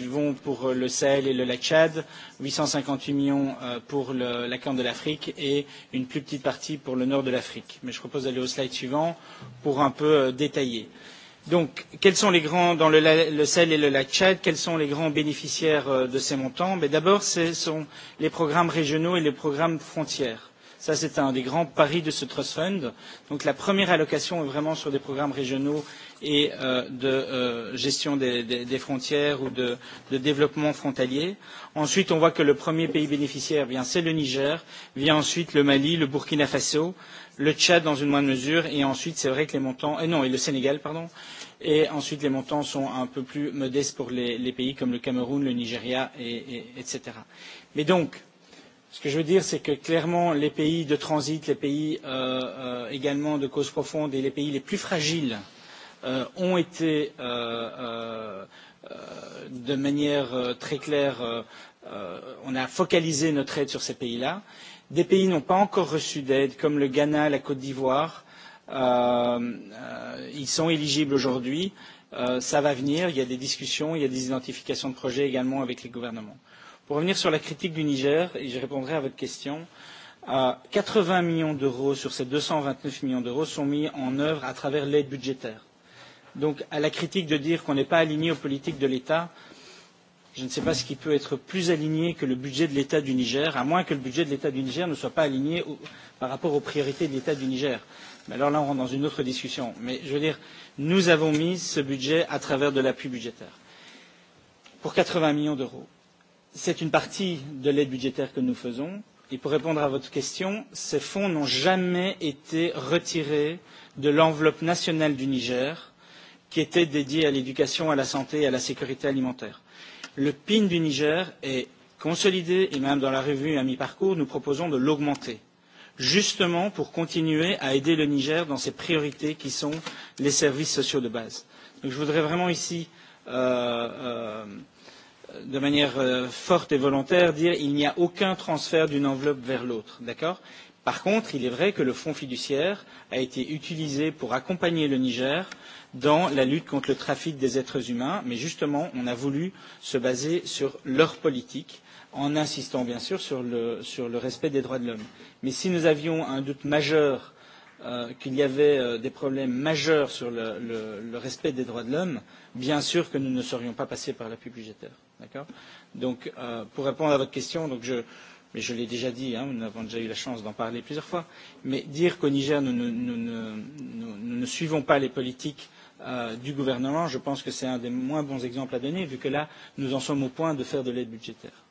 vont pour euh, le Sahel et le lac Tchad, 858 millions euh, pour le, la Corne de l'Afrique et une plus petite partie pour le nord de l'Afrique. Mais je propose d'aller au slide suivant pour un peu euh, détailler. Donc, quels sont les grands, dans le, le Sahel et le lac Tchad, quels sont les grands bénéficiaires de ces montants Mais D'abord, ce sont les programmes régionaux et les programmes frontières. Ça, c'est un des grands paris de ce Trust Fund. Donc, la première allocation est vraiment sur des programmes régionaux et euh, de euh, gestion des, des, des frontières ou de, de développement frontalier. Ensuite, on voit que le premier pays bénéficiaire vient, c'est le Niger, vient ensuite le Mali, le Burkina Faso, le Tchad dans une moindre mesure, et ensuite, c'est vrai que les montants, et euh, non, et le Sénégal, pardon, et ensuite les montants sont un peu plus modestes pour les, les pays comme le Cameroun, le Nigeria, et, et, etc. Mais donc, ce que je veux dire, c'est que clairement, les pays de transit, les pays euh, euh, également de cause profonde et les pays les plus fragiles, Euh, ont été euh, euh, de manière très claire on a focalisé notre aide sur ces pays là. Des pays n'ont pas encore reçu d'aide comme le Ghana, la Côte d'Ivoire. Euh, ils sont éligibles aujourd'hui. Euh, ça va venir. Il y a des discussions, il y a des identifications de projets également avec les gouvernements. Pour revenir sur la critique du Niger, et je répondrai à votre question, euh, 80 millions d'euros sur ces 229 millions d'euros sont mis en œuvre à travers l'aide budgétaire. Donc, à la critique de dire qu'on n'est pas aligné aux politiques de l'État, je ne sais pas ce qui peut être plus aligné que le budget de l'État du Niger, à moins que le budget de l'État du Niger ne soit pas aligné au, par rapport aux priorités de l'État du Niger. Mais alors là, on rentre dans une autre discussion. Mais je veux dire, nous avons mis ce budget à travers de l'appui budgétaire pour 80 millions d'euros. C'est une partie de l'aide budgétaire que nous faisons. Et pour répondre à votre question, ces fonds n'ont jamais été retirés de l'enveloppe nationale du Niger euh, qui était dédié à l'éducation, à la santé et à la sécurité alimentaire. Le PIN du Niger est consolidé et même dans la revue à mi-parcours, nous proposons de l'augmenter, justement pour continuer à aider le Niger dans ses priorités qui sont les services sociaux de base. Donc je voudrais vraiment ici, euh, euh, de manière euh, forte et volontaire, dire qu'il n'y a aucun transfert d'une enveloppe vers l'autre. D'accord par contre, il est vrai que le fonds fiduciaire a été utilisé pour accompagner le Niger euh, dans la lutte contre le trafic des êtres humains, mais justement, on a voulu se baser sur leur politique en insistant bien sûr sur le, sur le respect des droits de l'homme. Mais si nous avions un doute majeur euh, qu'il y avait euh, des problèmes majeurs sur le, le, le respect des droits de l'homme, bien sûr que nous ne serions pas passés par l'appui budgétaire. D'accord donc, euh, pour répondre à votre question, donc je, mais je l'ai déjà dit, hein, nous avons déjà eu la chance d'en parler plusieurs fois, mais dire qu'au Niger, nous, nous, nous, nous, nous ne suivons pas les politiques euh, du gouvernement, je pense que c'est un des moins bons exemples à donner, vu que là, nous en sommes au point de faire de l'aide budgétaire.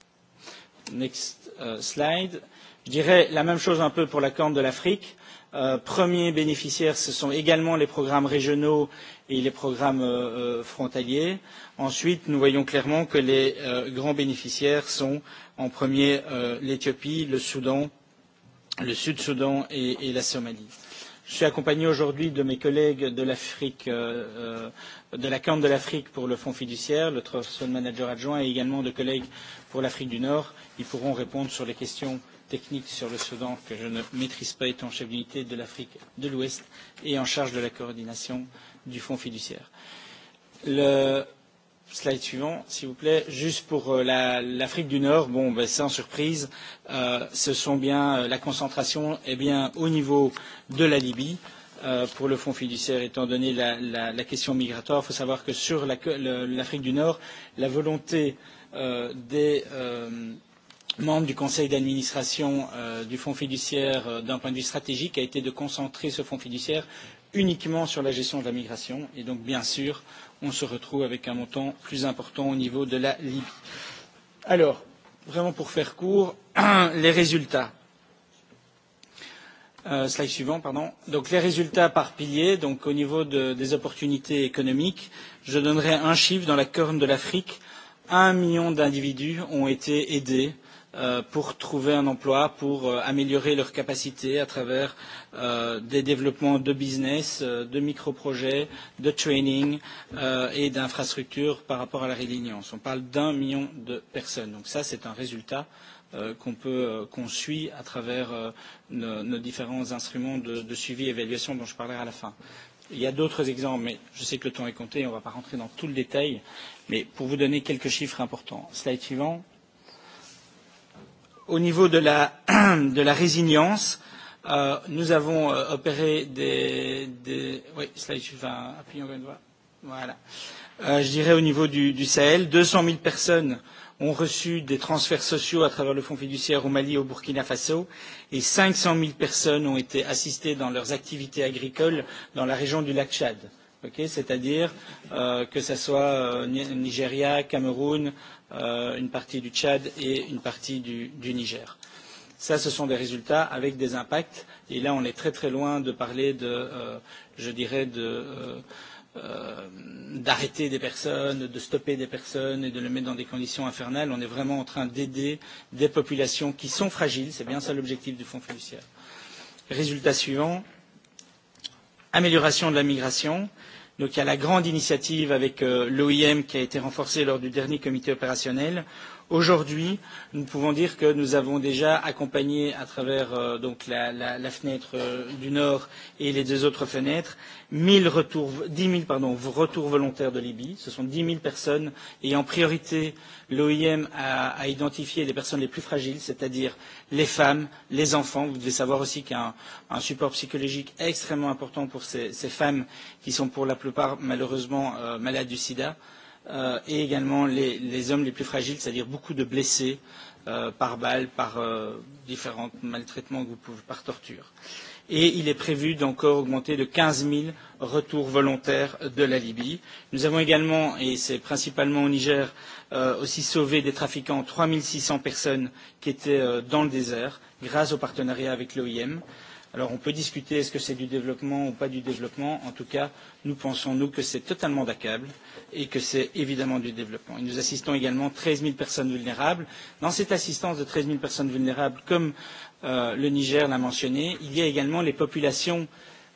Next euh, slide. Je dirais la même chose un peu pour la Corne de l'Afrique. Euh, premiers bénéficiaires, ce sont également les programmes régionaux et les programmes euh, euh frontaliers. Ensuite, nous voyons clairement que les euh, grands bénéficiaires sont en premier euh, l'Éthiopie, le Soudan, le Sud-Soudan et, et la Somalie. Je suis accompagné aujourd'hui de mes collègues de l'Afrique, euh, euh de la Corne de l'Afrique pour le Fonds fiduciaire, le Trust Fund Manager adjoint, et également de collègues pour l'Afrique du Nord. Ils pourront répondre sur les questions techniques sur le Soudan que je ne maîtrise pas étant chef d'unité de l'Afrique de l'Ouest et en charge de la coordination du Fonds fiduciaire. Le, Slide suivant, s'il vous plaît. Juste pour euh, l'Afrique la, du Nord, bon, ben, sans surprise, euh, ce sont bien euh, la concentration eh bien, au niveau de la Libye. Euh, pour le fonds fiduciaire, étant donné la, la, la question migratoire, il faut savoir que sur l'Afrique la, du Nord, la volonté euh, des euh, membres du conseil d'administration euh, du fonds fiduciaire euh, d'un point de vue stratégique a été de concentrer ce fonds fiduciaire uniquement sur la gestion de la migration. Et donc, bien sûr, euh, on se retrouve avec un montant plus important au niveau de la Libye. Alors, vraiment pour faire court, les résultats. Euh, slide suivant, pardon. Donc les résultats par pilier, donc au niveau de, des opportunités économiques, je donnerai un chiffre dans la corne de l'Afrique. Un million d'individus ont été aidés euh, Euh, pour trouver un emploi, pour euh, améliorer leurs capacités à travers euh, des développements de business, euh, de micro-projets, de training euh, et d'infrastructures par rapport à la résilience. On parle d'un million de personnes. Donc ça, c'est un résultat euh, qu'on euh, qu suit à travers euh, nos, nos différents instruments de, de suivi et évaluation dont je parlerai à la fin. Il y a d'autres exemples, mais je sais que le temps est compté et on ne va pas rentrer dans tout le détail. Mais pour vous donner quelques chiffres importants, slide suivant. Au niveau de la, de la résilience, euh, nous avons euh, opéré des, des. Oui, slide suivant, appuyons une fois. Voilà. Euh, je dirais au niveau du, du Sahel, 200 000 personnes ont reçu des transferts sociaux à travers le Fonds fiduciaire au Mali et au Burkina Faso et 500 000 personnes ont été assistées dans leurs activités agricoles dans la région du lac Tchad. Euh, Okay, c'est-à-dire euh, que ce soit euh, Nigeria, Cameroun, euh, une partie du Tchad et une partie du, du Niger. Ça, ce sont des résultats avec des impacts. Et là, on est très très loin de parler de, euh, je dirais, d'arrêter de, euh, euh des personnes, de stopper des personnes et de les mettre dans des conditions infernales. On est vraiment en train d'aider des populations qui sont fragiles. C'est bien ça l'objectif du Fonds fiduciaire. Résultat suivant. Amélioration de la migration. Euh, Donc il y a la grande initiative avec euh, l'OIM qui a été renforcée lors du dernier comité opérationnel. Aujourd'hui, nous pouvons dire que nous avons déjà accompagné à travers euh, donc la, la, la fenêtre euh, du Nord et les deux autres fenêtres 1000 retours, 10 000 pardon, retours volontaires de Libye. Ce sont 10 000 personnes et en priorité, l'OIM a, a identifié les personnes les plus fragiles, c'est-à-dire les femmes, les enfants. Vous devez savoir aussi qu'il y a un, un support psychologique extrêmement important pour ces, ces femmes qui sont pour la plupart malheureusement euh, malades du sida euh, et également les, les hommes les plus fragiles, c'est-à-dire beaucoup de blessés euh, par balles, par euh, différents maltraitements que vous pouvez, par torture. Et il est prévu d'encore augmenter de 15 000 retours volontaires de la Libye. Nous avons également, et c'est principalement au Niger, euh, aussi sauvé des trafiquants 3 600 personnes qui étaient euh, dans le désert grâce au partenariat avec l'OIM. Euh, Alors on peut discuter est-ce que c'est du développement ou pas du développement. En tout cas, nous pensons, nous, que c'est totalement d'accable et que c'est évidemment du développement. Et nous assistons également 13 000 personnes vulnérables. Dans cette assistance de 13 000 personnes vulnérables, comme euh, le Niger l'a mentionné, il y a également les populations,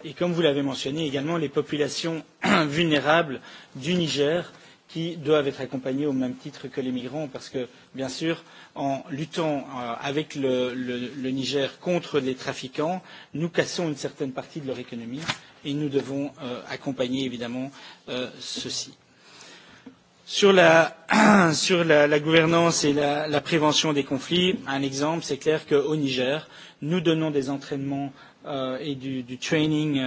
et comme vous l'avez mentionné, également les populations vulnérables du Niger. Euh, qui doivent être accompagnés au même titre que les migrants, parce que, bien sûr, en luttant euh, avec le, le, le Niger contre les trafiquants, nous cassons une certaine partie de leur économie et nous devons euh, accompagner, évidemment, euh, ceci. Sur la, sur la, la gouvernance et la, la prévention des conflits, un exemple, c'est clair qu'au Niger, nous donnons des entraînements euh, et du, du training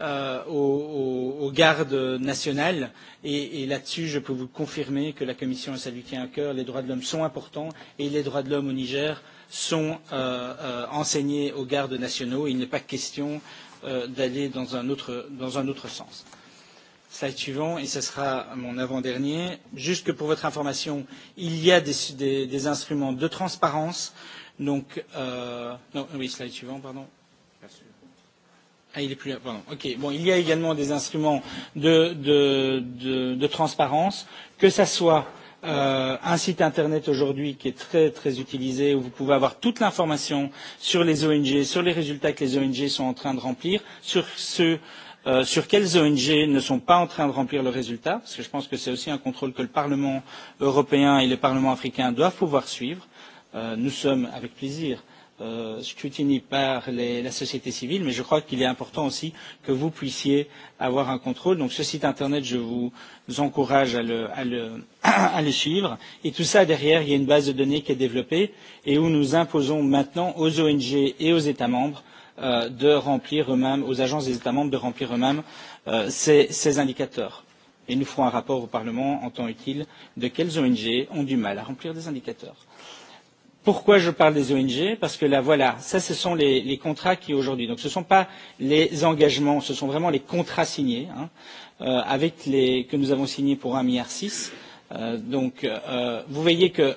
euh, aux, aux gardes nationales. Et, et là-dessus, je peux vous confirmer que la Commission a ça lui tient à cœur. Les droits de l'homme sont importants et les droits de l'homme au Niger sont euh, euh, enseignés aux gardes nationaux. Il n'est pas question euh, d'aller dans, dans un autre sens. Slide suivant, et ce sera mon avant-dernier. Juste que pour votre information, il y a des, des, des instruments de transparence. Donc, euh, non, oui, slide suivant, pardon. Euh, Ah, il est plus là. Pardon. Ok. Bon, il y a également des instruments de, de, de, de transparence, que ça soit euh, un site internet aujourd'hui qui est très très utilisé où vous pouvez avoir toute l'information sur les ONG, sur les résultats que les ONG sont en train de remplir, sur ce euh, sur quelles ONG ne sont pas en train de remplir le résultat, parce que je pense que c'est aussi un contrôle que le Parlement européen et le Parlement africain doivent pouvoir suivre. Euh, nous sommes avec plaisir euh, euh, scrutiné par les, la société civile, mais je crois qu'il est important aussi que vous puissiez avoir un contrôle. Donc ce site Internet, je vous encourage à le, à le, à le suivre. Et tout ça, derrière, il y a une base de données qui est développée et où nous imposons maintenant aux ONG et aux États membres euh, de remplir eux-mêmes, aux agences des États membres de remplir eux-mêmes euh, ces, ces indicateurs. Et nous ferons un rapport au Parlement en temps utile de quelles ONG ont du mal à remplir des indicateurs. Pourquoi je parle des ONG Parce que là, voilà, ça, ce sont les, les contrats qui aujourd'hui. Donc, ce ne sont pas les engagements, ce sont vraiment les contrats signés hein, euh, avec les que nous avons signés pour un milliard six. Euh, donc, euh, vous voyez que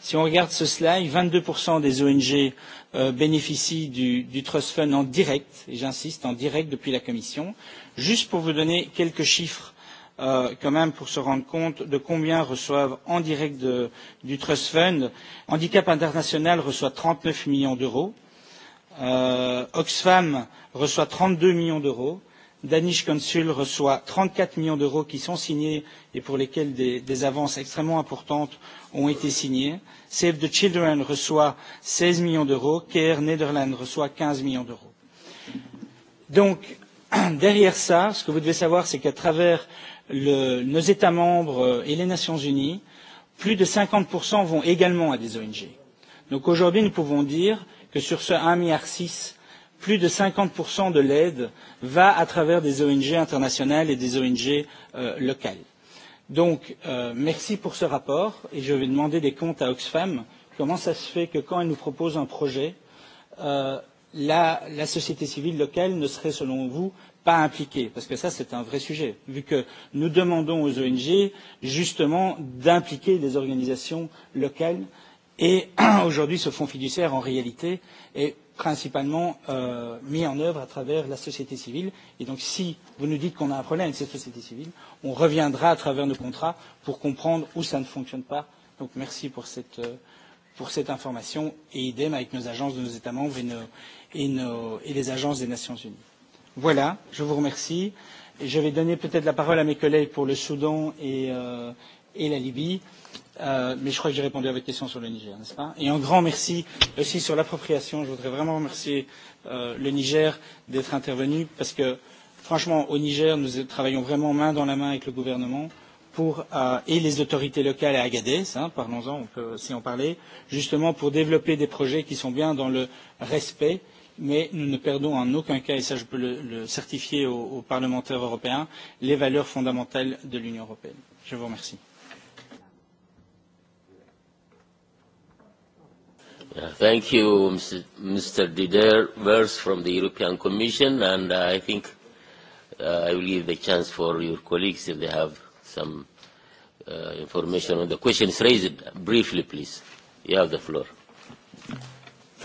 si on regarde ce slide, 22 des ONG euh, bénéficient du, du trust fund en direct. Et j'insiste, en direct depuis la Commission. Juste pour vous donner quelques chiffres euh, quand même pour se rendre compte de combien reçoivent en direct de, du Trust Fund. Handicap International reçoit 39 millions d'euros. Euh, Oxfam reçoit 32 millions d'euros. Danish Council reçoit 34 millions d'euros qui sont signés et pour lesquels des, des avances extrêmement importantes ont été signées. Save the Children reçoit 16 millions d'euros. Care Netherlands reçoit 15 millions d'euros. Donc, derrière ça, ce que vous devez savoir, c'est qu'à travers le, nos États membres euh, et les Nations Unies, plus de 50 vont également à des ONG. Donc aujourd'hui, nous pouvons dire que sur ce 1,6 milliard, plus de 50 de l'aide va à travers des ONG internationales et des ONG euh, locales. Donc, euh, merci pour ce rapport et je vais demander des comptes à Oxfam. Comment ça se fait que quand elle nous propose un projet, euh, la, la société civile locale ne serait, selon vous, pas appliquées Parce que ça, c'est un vrai sujet, vu que nous demandons aux ONG, justement, d'impliquer des organisations locales. Et aujourd'hui, ce fonds fiduciaire, en réalité, est principalement euh, mis en œuvre à travers la société civile. Et donc, si vous nous dites qu'on a un problème avec cette société civile, on reviendra à travers nos contrats pour comprendre où ça ne fonctionne pas. Donc, merci pour cette, euh, pour cette information et idem avec nos agences de nos États membres et, nos, et, nos, et les agences des Nations Unies. Voilà, je vous remercie. Je vais donner peut-être la parole à mes collègues pour le Soudan et, euh, et la Libye, euh, mais je crois que j'ai répondu à votre question sur le Niger, n'est-ce pas Et un grand merci aussi sur l'appropriation. Je voudrais vraiment remercier euh, le Niger d'être intervenu parce que, franchement, au Niger, nous travaillons vraiment main dans la main avec le gouvernement pour, euh, et les autorités locales à Agadez, hein, parlons-en, on peut aussi en parler, justement pour développer des projets qui sont bien dans le respect mais nous ne perdons en aucun cas, et ça je peux le, le certifier aux, aux parlementaires européens, les valeurs fondamentales de l'Union européenne. Je vous remercie. Uh, thank you, Mr. Dider, verse from the European Commission, and uh, I think uh, I will give the chance for your colleagues if they have some uh, information on the questions raised. Briefly, please. You have the floor.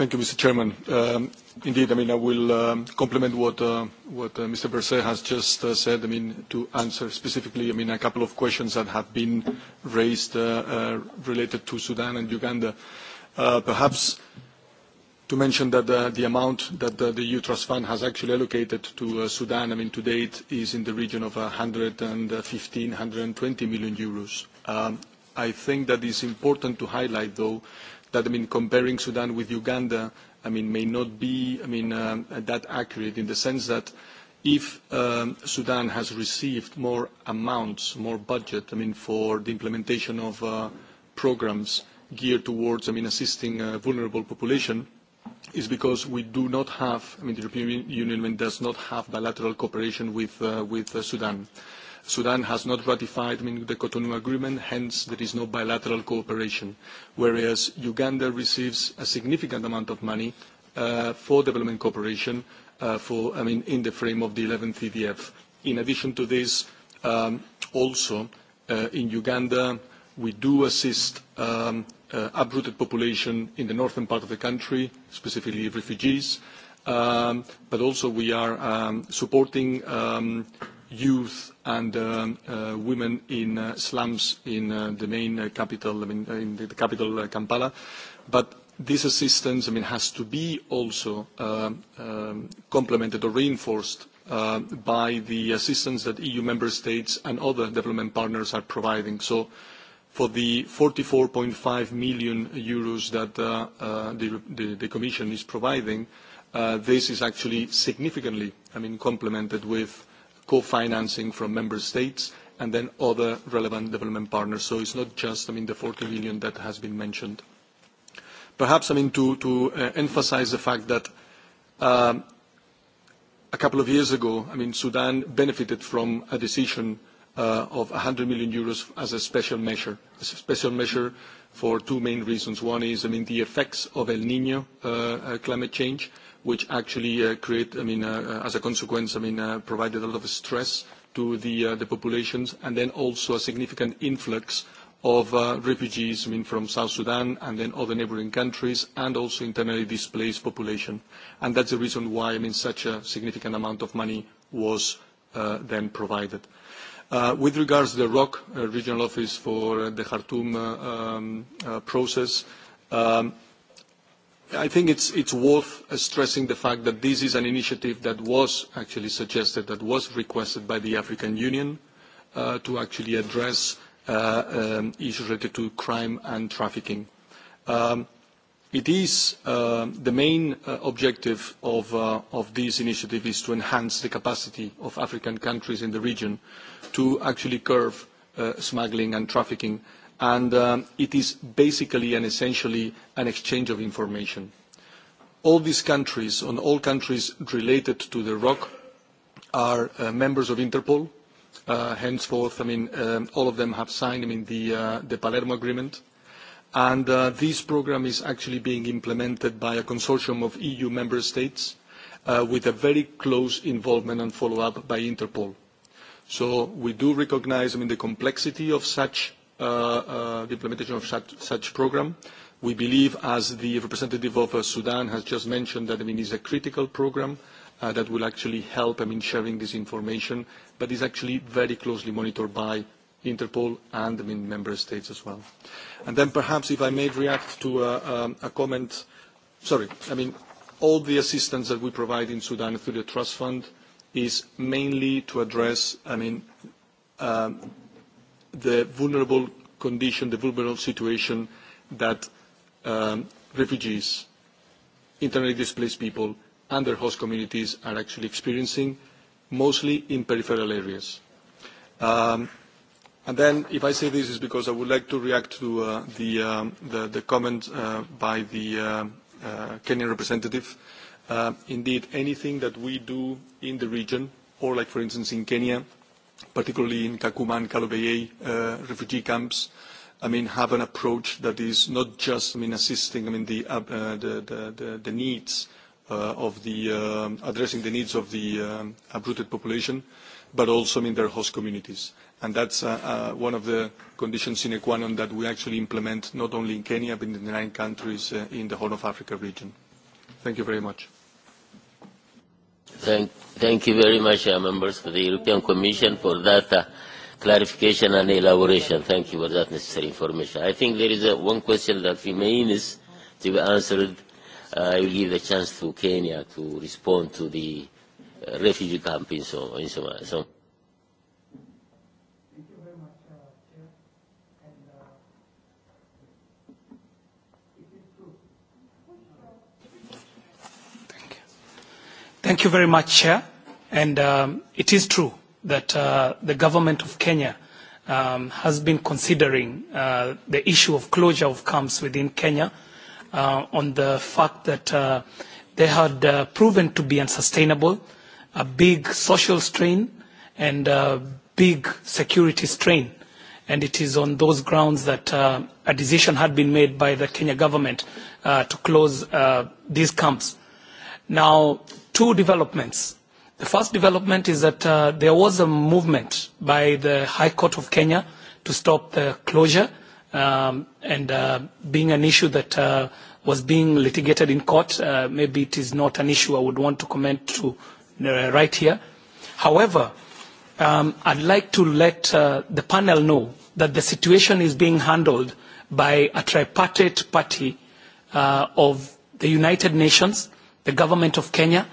Thank you, Mr. Chairman. Um, indeed, I mean, I will um, complement what uh, uh, Mr. Berset has just uh, said, I mean, to answer specifically, I mean, a couple of questions that have been raised related to Sudan and Uganda. Perhaps to mention that the amount that the EU-Trust Fund has actually allocated to Sudan, I mean, to date, is in the region of 115-120 million euros. Um, I think that it's important to highlight, though, that, I mean, comparing Sudan with Uganda, I mean, may not be, I mean, uh, that accurate in the sense that if um, Sudan has received more amounts, more budget, I mean, for the implementation of uh, programs geared towards, I mean, assisting a uh, vulnerable population, is because we do not have, I mean, the European Union does not have bilateral cooperation with Sudan. Sudan has not ratified I mean, the Cotonou Agreement, hence there is no bilateral cooperation, whereas Uganda receives a significant amount of money uh, for development cooperation uh, for, I mean, in the frame of the 11th EDF. In addition to this, um, also uh, in Uganda, we do assist um, uh, uprooted population in the northern part of the country, specifically refugees, um, but also we are um, supporting um, youth and um, uh, women in uh, slums in uh, the main capital, I mean, in the capital, Kampala. This assistance, I mean, has to be also um, um, complemented or reinforced by the assistance that EU member states and other development partners are providing. For the 44.5 million euros that the commission is providing, this is actually significantly, I mean, complemented with co-financing from member states and then other relevant development partners. It's not just, I mean, the 40 million that has been mentioned. Perhaps, I mean, to uh, emphasize the fact that um, a couple of years ago, I mean, Sudan benefited from a decision uh, of 100 million euros as a special measure. A special measure for two main reasons. One is, I mean, the effects of El Niño uh, climate change, which actually uh, create, I mean, uh, uh, as a consequence, I mean, provided a lot of stress to the populations, and then also a significant influx of refugees, I mean, from South Sudan and then other neighboring countries, and also internally displaced population. That's the reason why, I mean, such a significant amount of money was then provided. With regards to the ROC, regional office for the Khartoum um, process, um, I think it's, it's worth uh, stressing the fact that this is an initiative that was actually suggested, that was requested by the African Union uh, to actually address uh, um, issues related to crime and trafficking. Um, it is uh, the main uh, objective of, uh, of this initiative is to enhance the capacity of African countries in the region to actually curb uh, smuggling and trafficking uh, and um, it is basically and essentially an exchange of information. All these countries, and all countries related to the ROC, are uh, members of Interpol. Uh, henceforth, I mean, um, all of them have signed I mean, the, uh, the Palermo Agreement. And uh, this program is actually being implemented by a consortium of EU member states uh, with a very close involvement and follow-up by Interpol. So we do recognize I mean, the complexity of such Uh, uh, the implementation of such program. We believe, as the representative of uh, Sudan has just mentioned, that, I mean, it's a critical program that will actually help, I mean, sharing this information, but is actually very closely monitored by Interpol and, I mean, member states as well. And then perhaps if I may react to um, a comment. Sorry. I mean, all the assistance that we provide in Sudan through the trust fund is mainly to address, I mean, um, the vulnerable condition, the vulnerable situation that um, refugees, internally displaced people, and their host communities are actually experiencing, mostly in peripheral areas. Um, and then, if I say this, is because I would like to react to uh, the, um, the, the comment uh, by the uh, uh, Kenyan representative. Uh, indeed, anything that we do in the region, or like, for instance, in Kenya, particularly in Kakuma and Kalobeye uh, refugee camps, I mean, have an approach that is not just, I mean, assisting, I mean, the, uh, the, the, the, the needs uh, of the, uh, addressing the needs of the um, uprooted population, but also, I mean, their host communities. And that's uh, uh, one of the conditions sine qua non that we actually implement not only in Kenya, but in the nine countries uh, in the Horn of Africa region. Thank you very much. Thank, thank you very much, uh, members of the European Commission, for that uh, clarification and elaboration. Thank you for that necessary information. I think there is uh, one question that remains to be answered. Uh, I will give the chance to Kenya to respond to the uh, refugee camp in, so, in Somalia. So, Thank you very much, Chair. And um, it is true that uh, the government of Kenya um, has been considering uh, the issue of closure of camps within Kenya uh, on the fact that uh, they had uh, proven to be unsustainable, a big social strain and a big security strain. And it is on those grounds that uh, a decision had been made by the Kenya government uh, to close uh, these camps. Now, two developments. The first development is that uh, there was a movement by the High Court of Kenya to stop the closure um, and uh, being an issue that uh, was being litigated in court. Uh, maybe it is not an issue I would want to comment to uh, right here. However, um, I'd like to let uh, the panel know that the situation is being handled by a tripartite party uh, of the United Nations, the government of Kenya,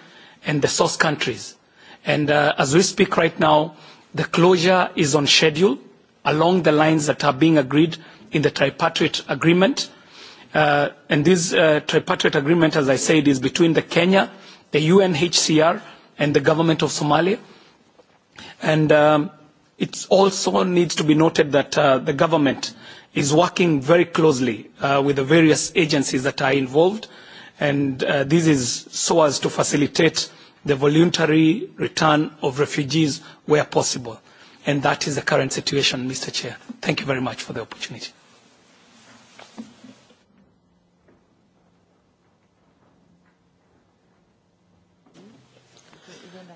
and the source countries. And uh, as we speak right now, the closure is on schedule along the lines that are being agreed in the tripartite agreement. Uh, and this uh, tripartite agreement, as I said, is between the Kenya, the UNHCR, and the government of Somalia. And um, it also needs to be noted that uh, the government is working very closely uh, with the various agencies that are involved uh, and uh, this is so as to facilitate the voluntary return of refugees where possible. And that is the current situation, Mr. Chair. Thank you very much for the opportunity.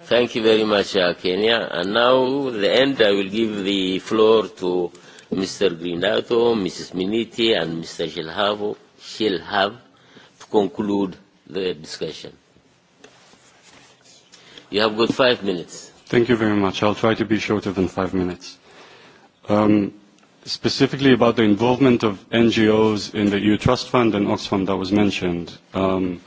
Thank you very much, uh, Kenya. And now, the end, I will give the floor to Mr. Grindato, Mrs. Miniti, and Mr. Shilhavo. Shilhavo conclude the discussion. You have got five minutes. Thank you very much. I'll try to be shorter than five minutes. Um, specifically about the involvement of NGOs in the EU Trust Fund and Oxfam that was mentioned. Um,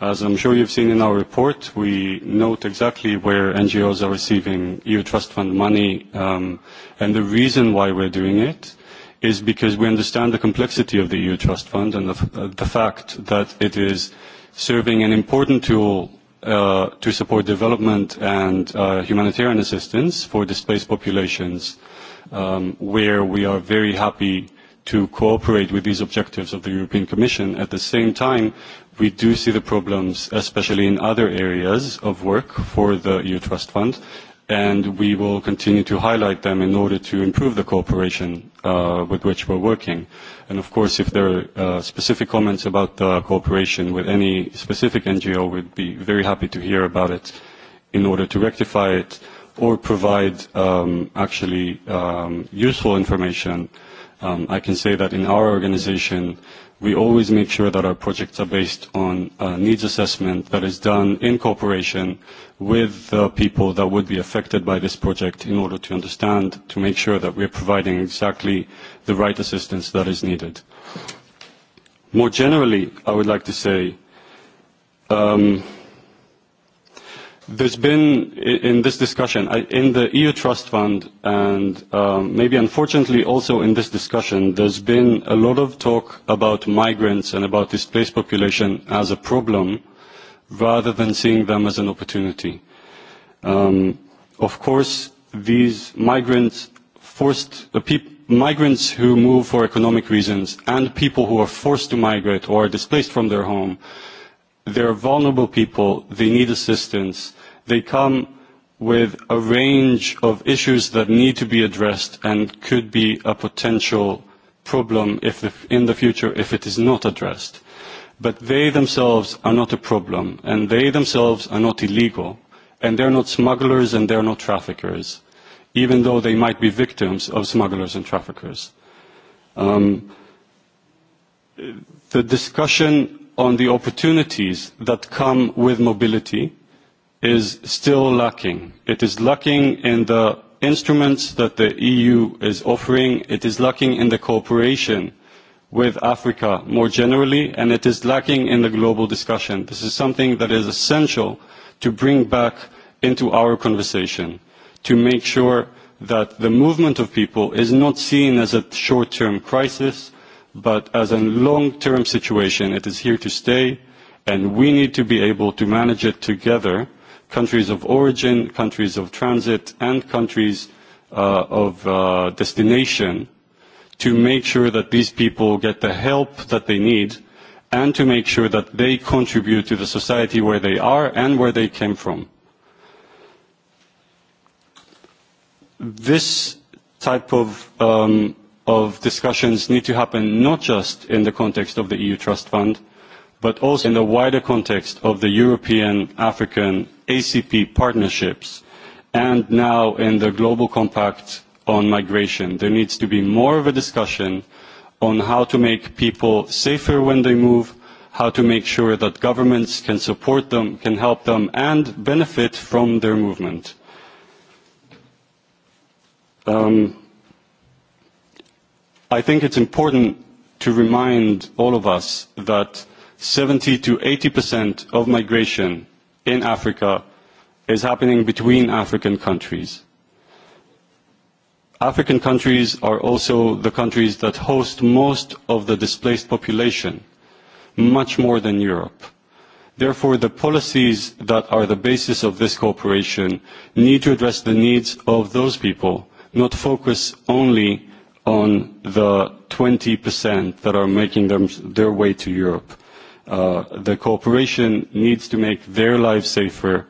as I'm sure you've seen in our report, we note exactly where NGOs are receiving EU Trust Fund money um, and the reason why we're doing it is because we understand the complexity of the EU Trust Fund and the, uh, the fact that it is serving an important tool uh, to support development and uh, humanitarian assistance for displaced populations, um, where we are very happy to cooperate with these objectives of the European Commission. At the same time, we do see the problems, especially in other areas of work for the EU Trust Fund, and we will continue to highlight them in order to improve the cooperation uh, with which we're working. Of course, if there are uh, specific comments about the cooperation with any specific NGO, we'd be very happy to hear about it in order to rectify it or provide um, actually um, useful information. Um, I can say that in our organization, we always make sure that our projects are based on a needs assessment that is done in cooperation with the people that would be affected by this project in order to understand, to make sure that we're providing exactly the right assistance that is needed. More generally, I would like to say um, there's been in this discussion in the EU Trust Fund, and um, maybe unfortunately also in this discussion, there's been a lot of talk about migrants and about displaced population as a problem, rather than seeing them as an opportunity. Um, of course, these migrants forced the peop- migrants who move for economic reasons and people who are forced to migrate or are displaced from their home. They're vulnerable people. They need assistance they come with a range of issues that need to be addressed and could be a potential problem if the, in the future if it is not addressed. But they themselves are not a problem, and they themselves are not illegal, and they're not smugglers and they're not traffickers, even though they might be victims of smugglers and traffickers. Um, the discussion on the opportunities that come with mobility is still lacking. It is lacking in the instruments that the EU is offering. It is lacking in the cooperation with Africa more generally, and it is lacking in the global discussion. This is something that is essential to bring back into our conversation, to make sure that the movement of people is not seen as a short-term crisis, but as a long-term situation. It is here to stay, and we need to be able to manage it together countries of origin, countries of transit, and countries uh, of uh, destination to make sure that these people get the help that they need and to make sure that they contribute to the society where they are and where they came from. This type of, um, of discussions need to happen not just in the context of the EU Trust Fund, uh, but also in the wider context of the European African ACP partnerships and now in the Global Compact on Migration. There needs to be more of a discussion on how to make people safer when they move, how to make sure that governments can support them, can help them, and benefit from their movement. Um, I think it's important to remind all of us that. 70%-80% of migration in Africa is happening between African countries. African countries are also the countries that host most of the displaced population, much more than Europe. Therefore, the policies that are the basis of this cooperation need to address the needs of those people, not focus only on the 20% that are making their way to Europe. Uh, the cooperation needs to make their lives safer.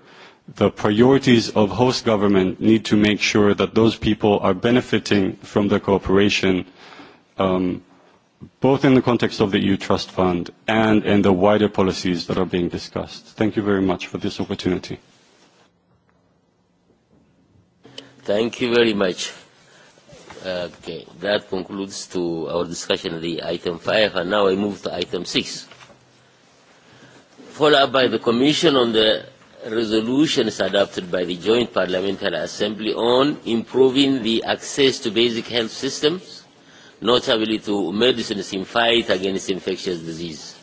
The priorities of host government need to make sure that those people are benefiting from the cooperation, um, both in the context of the EU Trust Fund and in the wider policies that are being discussed. Thank you very much for this opportunity. Thank you very much. Okay, that concludes to our discussion of the item 5, and now I move to item 6 followed by the Commission on the resolutions adopted by the Joint Parliamentary Assembly on improving the access to basic health systems, notably to medicines in fight against infectious disease.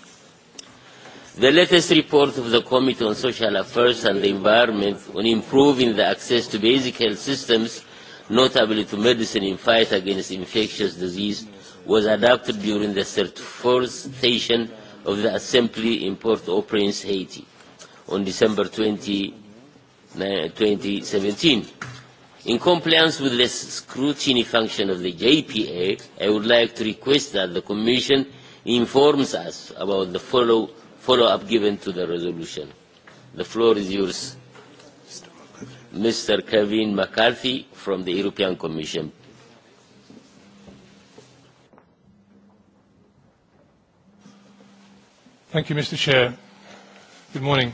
The latest report of the Committee on Social Affairs and the Environment on improving the access to basic health systems, notably to medicine in fight against infectious disease, was adopted during the 34th session of the assembly in Port-au-Prince, Haiti, on December 20, 2017. In compliance with the scrutiny function of the JPA, I would like to request that the Commission informs us about the follow-up follow given to the resolution. The floor is yours. Mr. Kevin McCarthy from the European Commission. Thank you, Mr. Chair. Good morning.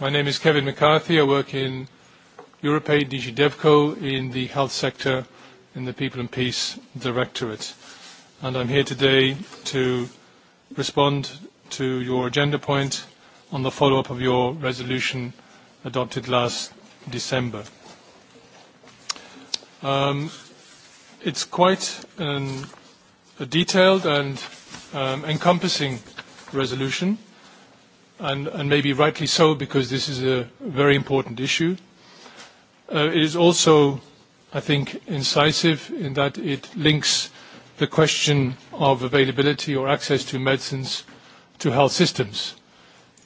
My name is Kevin McCarthy. I work in EuropeAid DG DevCo in the health sector in the People and Peace Directorate. And I'm here today to respond to your agenda point on the follow-up of your resolution adopted last December. Um, it's quite um, a detailed and um, encompassing resolution, and, and maybe rightly so, because this is a very important issue. Uh, it is also, I think, incisive in that it links the question of availability or access to medicines to health systems,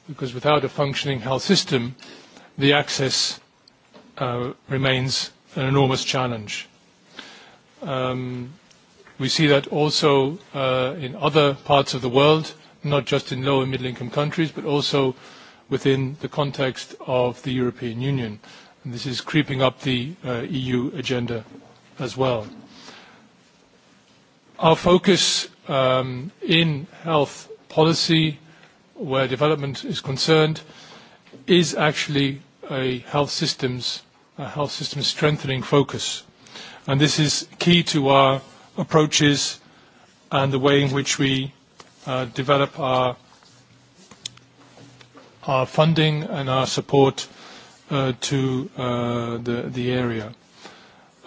because without a functioning health system, the access uh, remains an enormous challenge. Um, we see that also uh, in other parts of the world, not just in low and middle income countries, but also within the context of the European Union. And this is creeping up the uh, EU agenda as well. Our focus um, in health policy, where development is concerned, is actually a health systems, a health systems strengthening focus. And this is key to our approaches and the way in which we Uh, develop our our funding and our support uh, to uh, the the area.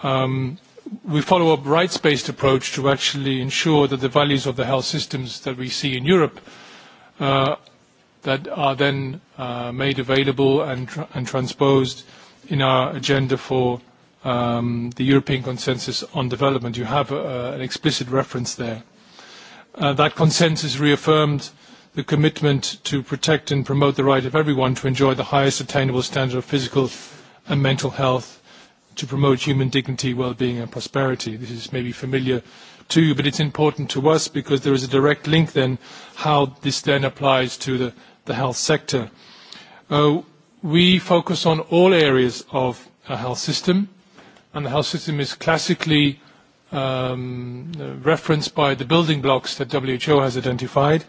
Um, we follow a rights-based approach to actually ensure that the values of the health systems that we see in Europe uh, that are then uh, made available and, tr and transposed in our agenda for um, the European Consensus on Development. You have a, uh, a, an explicit reference there. Uh, that consensus reaffirmed the commitment to protect and promote the right of everyone to enjoy the highest attainable standard of physical and mental health to promote human dignity, well-being and prosperity. This is maybe familiar to you, but it's important to us because there is a direct link then how this then applies to the, the health sector. Uh, we focus on all areas of a health system, and the health system is classically uh, Um, referenced by the building blocks that WHO has identified.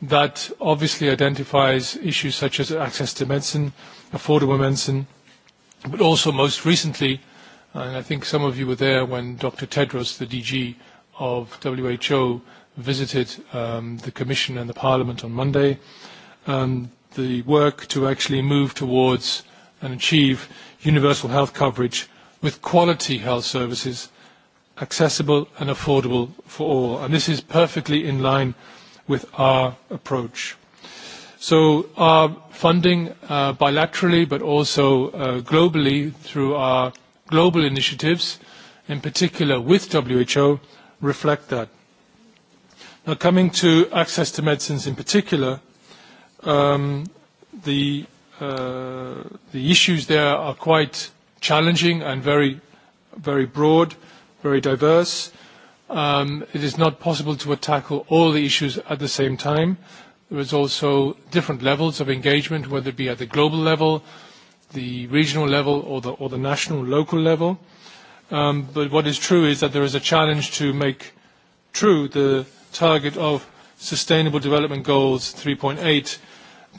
That obviously identifies issues such as access to medicine, affordable medicine, but also most recently, and I think some of you were there when Dr. Tedros, the DG of WHO, visited um, the Commission and the Parliament on Monday, um, the work to actually move towards and achieve universal health coverage with quality health services accessible and affordable for all. And this is perfectly in line with our approach. So our funding uh, bilaterally, but also uh, globally through our global initiatives, in particular with WHO, reflect that. Now coming to access to medicines in particular, um, the, uh, the issues there are quite challenging and very, very broad very diverse. Um, it is not possible to tackle all the issues at the same time. There is also different levels of engagement, whether it be at the global level, the regional level, or the, or the national, local level. Um, but what is true is that there is a challenge to make true the target of Sustainable Development Goals 3.8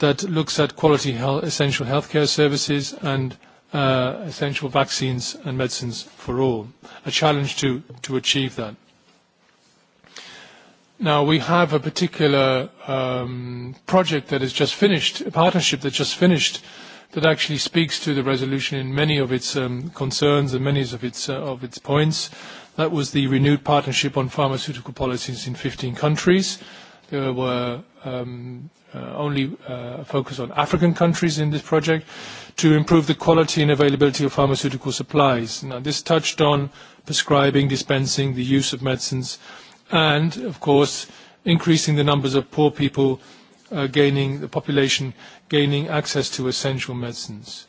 that looks at quality health, essential healthcare services and uh, essential vaccines and medicines for all. A challenge to, to achieve that. Now we have a particular um, project that has just finished, a partnership that just finished, that actually speaks to the resolution in many of its um, concerns and many of its, uh, of its points. That was the renewed partnership on pharmaceutical policies in 15 countries. There were um, uh, only uh, focus on African countries in this project to improve the quality and availability of pharmaceutical supplies. Now, this touched on prescribing, dispensing, the use of medicines, and of course, increasing the numbers of poor people, uh, gaining the population, gaining access to essential medicines.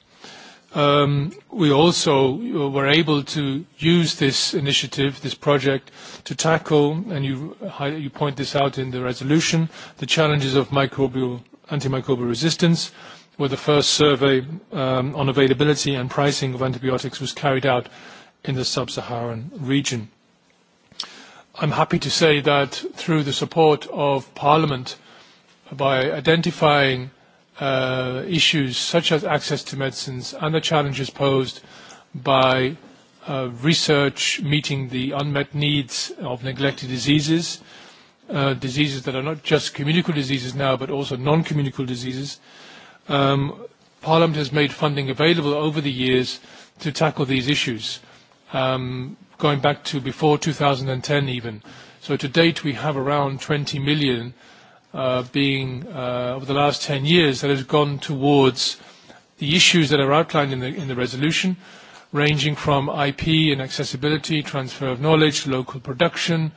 Um, we also were able to use this initiative, this project, to tackle, and you, you point this out in the resolution, the challenges of microbial, antimicrobial resistance, where the first survey um, on availability and pricing of antibiotics was carried out in the sub-Saharan region. I'm happy to say that through the support of Parliament, by identifying uh, issues such as access to medicines and the challenges posed by uh, research meeting the unmet needs of neglected diseases, uh, diseases that are not just communicable diseases now but also non-communicable diseases. Um, Parliament has made funding available over the years to tackle these issues, um, going back to before 2010 even. So to date we have around 20 million uh, Uh, being uh, over the last 10 years that has gone towards the issues that are outlined in the resolution, ranging from IP and accessibility, transfer of knowledge, local production,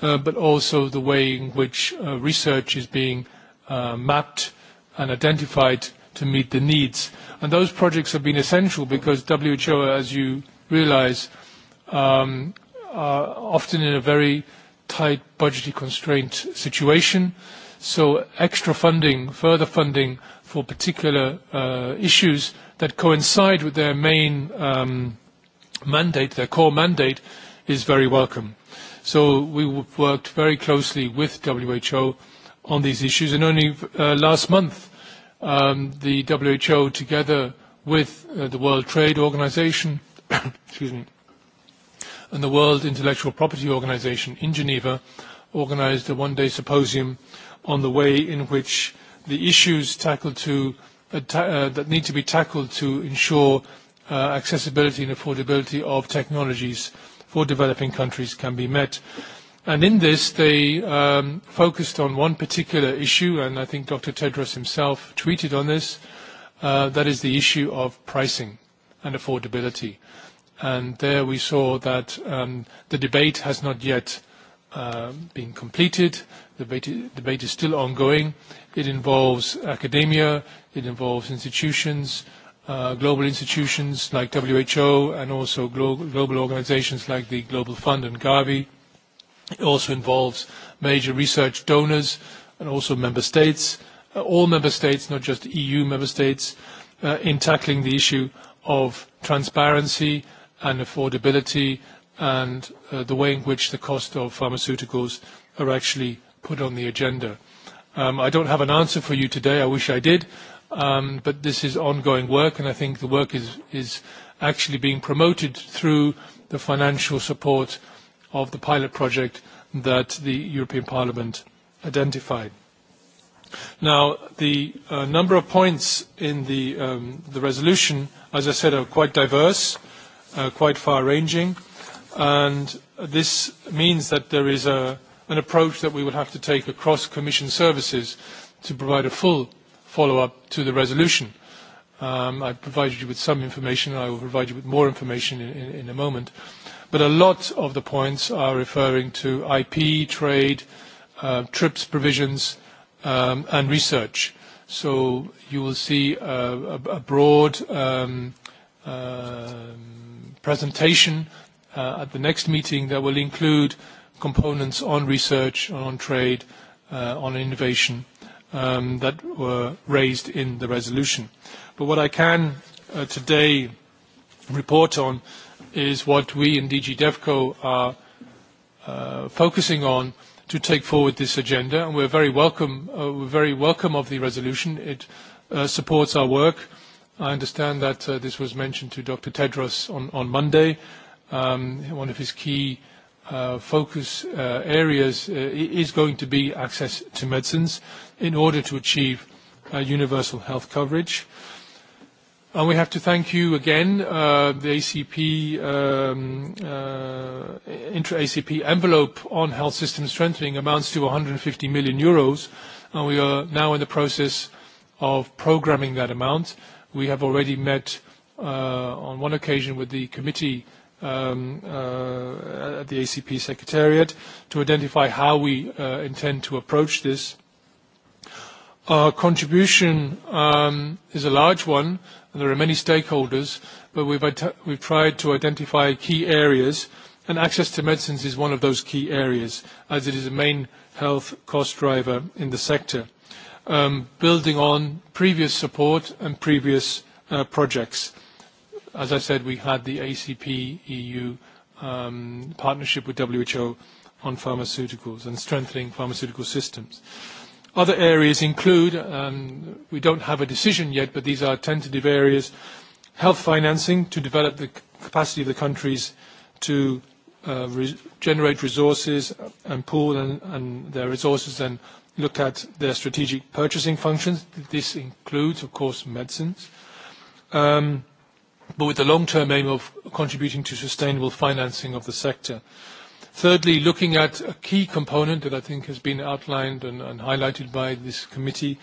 uh, but also the way in which research is being mapped and identified to meet the needs. Those projects have been essential because WHO, as you realize, um, are often in a very tight budgetary constraint situation so extra funding, further funding for particular uh, issues that coincide with their main um, mandate, their core mandate, is very welcome. So we worked very closely with WHO on these issues, and only uh, last month um, the WHO, together with uh, the World Trade Organization, excuse me, and the World Intellectual Property Organization in Geneva, organized a one-day symposium uh, on the way in which the issues tackled to, uh, ta- uh, that need to be tackled to ensure uh, accessibility and affordability of technologies for developing countries can be met. And in this, they um, focused on one particular issue, and I think Dr. Tedros himself tweeted on this, uh, that is the issue of pricing and affordability. And there we saw that um, the debate has not yet uh, been completed, debate, debate is still ongoing. It involves academia, it involves institutions, uh, global institutions like WHO and also glo global organizations like the Global Fund and Gavi. It also involves major research donors and also member states, uh, all member states, not just EU member states, uh, in tackling the issue of transparency and affordability and uh, the way in which the cost of pharmaceuticals are actually uh, put on the agenda. Um, I don't have an answer for you today. I wish I did. Um, but this is ongoing work, and I think the work is, is actually being promoted through the financial support of the pilot project that the European Parliament identified. Now, the uh, number of points in the, um, the resolution, as I said, are quite diverse, uh, quite far-ranging, and this means that there is a, an approach that we will have to take across commission services to provide a full follow-up to the resolution. Um, I've provided you with some information, and I will provide you with more information in, in, in a moment. But a lot of the points are referring to IP, trade, uh, TRIPS provisions, um, and research. So you will see a, a, a broad um, uh, presentation uh, at the next meeting that will include uh, components on research, on trade, uh, on innovation um, that were raised in the resolution. What I can uh, today report on is what we in DG DevCo are uh, focusing on to take forward this agenda. We're very welcome of the resolution. It supports our work. I understand that this was mentioned to Dr. Tedros on Monday. Um, one of his key Uh, focus uh, areas uh, is going to be access to medicines in order to achieve universal health coverage. We have to thank you again. The um, intra-ACP envelope on health system strengthening amounts to 150 million euros, and we are now in the process of programming that amount. We have already met on one occasion with the committee Um, uh, the ECP Secretariat to identify how we uh, intend to approach this. Our contribution um, is a large one, and there are many stakeholders, but we've tried to identify key areas, and access to medicines is one of those key areas, as it is a main health cost driver in the sector, um, building on previous support and previous uh, projects. As I said, we had the ACP EU um, partnership with WHO on pharmaceuticals and strengthening pharmaceutical systems. Other areas include, um, we don't have a decision yet, but these are tentative areas, health financing to develop the capacity of the countries to uh, regenerate resources and pool and their resources and look at their strategic purchasing functions. This includes, of course, medicines. Um, but with the long-term aim of contributing to sustainable financing of the sector. Thirdly, looking at a key component that I think has been outlined and highlighted by this committee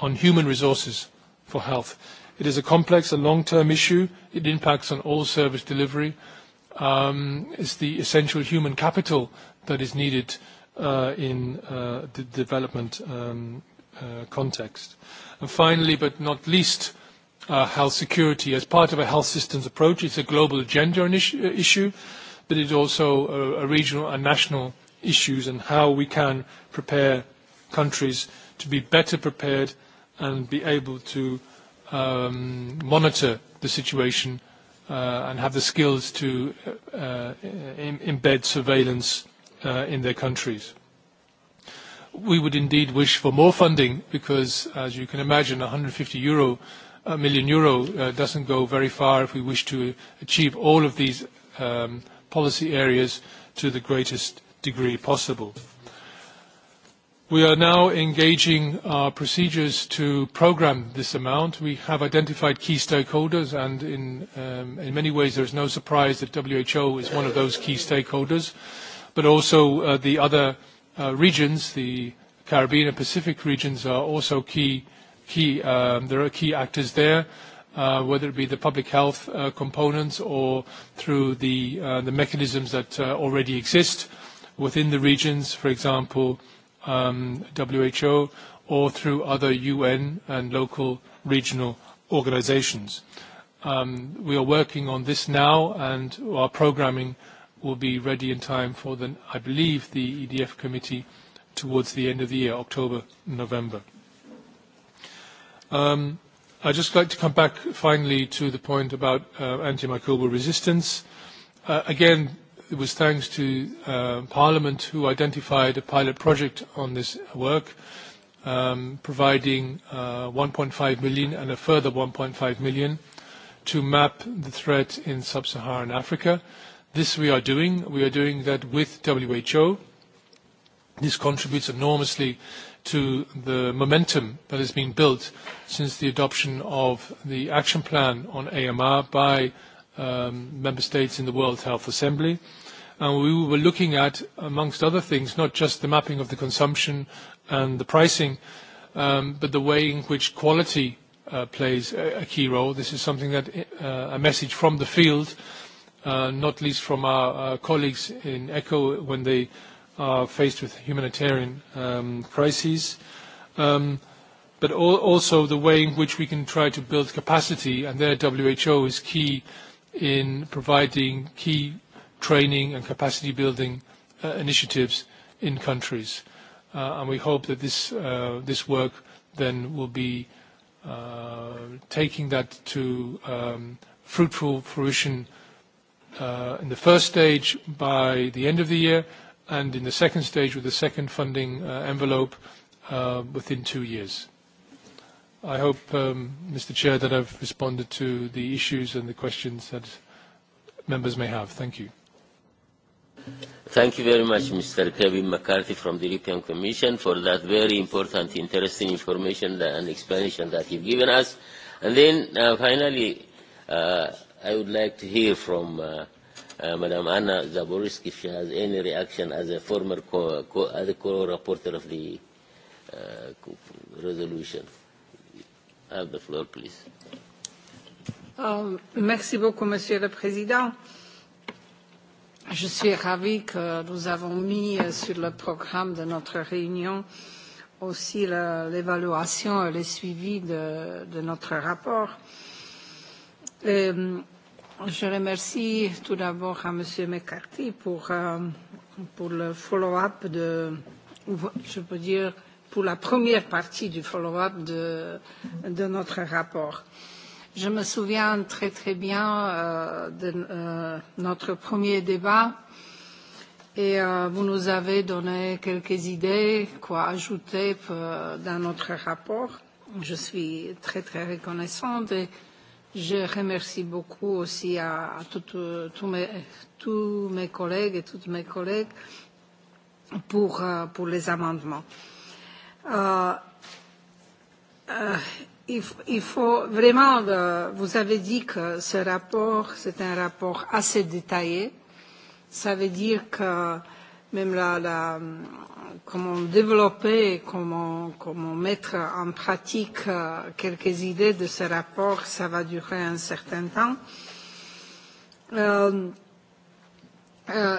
on human resources for health. It is a complex and long-term issue. It impacts on all service delivery. Um, it's the essential human capital that is needed uh, in uh, the development um, uh, context. Finally, but not least, uh, health security as part of a health systems approach. It's a global gender uh, issue, but it's also a, a regional and national issues and how we can prepare countries to be better prepared and be able to um, monitor the situation uh, and have the skills to uh, uh embed surveillance uh, in their countries. We would indeed wish for more funding because, as you can imagine, 150 euro million euro uh, doesn't go very far if we wish to achieve all of these um, policy areas to the greatest degree possible. We are now engaging our procedures to program this amount. We have identified key stakeholders, and in um, many ways, there is no surprise that WHO is one of those key stakeholders, but also uh, the other uh, regions, the Caribbean and Pacific regions, are also key key, um, there are key actors there, uh, whether it be the public health uh, components or through the uh, mechanisms that already exist within the regions, for example, um, WHO, or through other UN and local regional organizations. Um, we are working on this now, and our programming will be ready in time for the, I believe, the EDF committee towards the end of the year, October, November. Um, I'd just like to come back finally to the point about uh, antimicrobial resistance. Uh, again, it was thanks to uh, Parliament who identified a pilot project on this work, um, providing 1.5 million and a further 1.5 million to map the threat in sub-Saharan Africa. This we are doing. We are doing that with WHO. This contributes enormously to the momentum that has been built since the adoption of the action plan on AMR by um, member states in the World Health Assembly. We were looking at, amongst other things, not just the mapping of the consumption and the pricing, um, but the way in which quality uh, plays a key role. This is something that uh, a message from the field, uh, not least from our colleagues in Echo when they are faced with humanitarian um, crises, um, but al also the way in which we can try to build capacity, and there WHO is key in providing key training and capacity building uh, initiatives in countries. Uh, and we hope that this, uh, this work then will be uh, taking that to um, fruitful fruition uh, in the first stage by the end of the year, and in the second stage with the second funding uh, envelope uh, within two years. I hope, um, Mr. Chair, that I've responded to the issues and the questions that members may have. Thank you. Thank you very much, Mr. Kevin McCarthy from the European Commission for that very important, interesting information and explanation that you've given us. And then, uh, finally, uh, I would like to hear from uh, Uh, Madame Anna Zaborowski, she has any reaction as a former co-reporter co co of the uh, resolution. I have the floor, please. Uh, merci beaucoup, Monsieur le Président. Je suis ravi que nous avons mis euh, sur le programme de notre réunion aussi l'évaluation et le suivi de, de notre rapport. Et, euh, Je remercie tout d'abord à Monsieur McCarthy pour, euh, pour le follow-up de, je peux dire, pour la première partie du follow-up de, de notre rapport. Je me souviens très très bien euh, de euh, notre premier débat et euh, vous nous avez donné quelques idées, quoi ajouter euh, dans notre rapport. Je suis très très reconnaissante. Et, euh, Je remercie beaucoup aussi à, à tout, euh, tout mes, tous mes collègues et toutes mes collègues pour, euh, pour les amendements. Euh, euh, il, il faut vraiment, euh, vous avez dit que ce rapport, c'est un rapport assez détaillé. Ça veut dire que même la, la, comment développer, comment, comment mettre en pratique euh, quelques idées de ce rapport, ça va durer un certain temps. Euh, euh,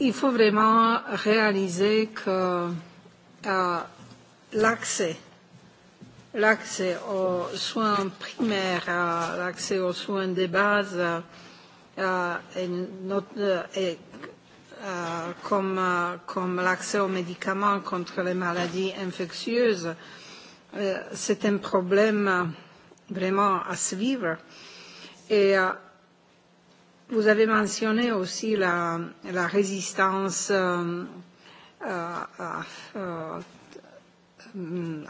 il faut vraiment réaliser que euh, l'accès l'accès aux soins primaires, euh, l'accès aux soins de base euh, est, notre, euh, est Euh, comme, euh, comme l'accès aux médicaments contre les maladies infectieuses, euh, c'est un problème vraiment à suivre. Et vous avez mentionné aussi la, la résistance euh, euh, euh,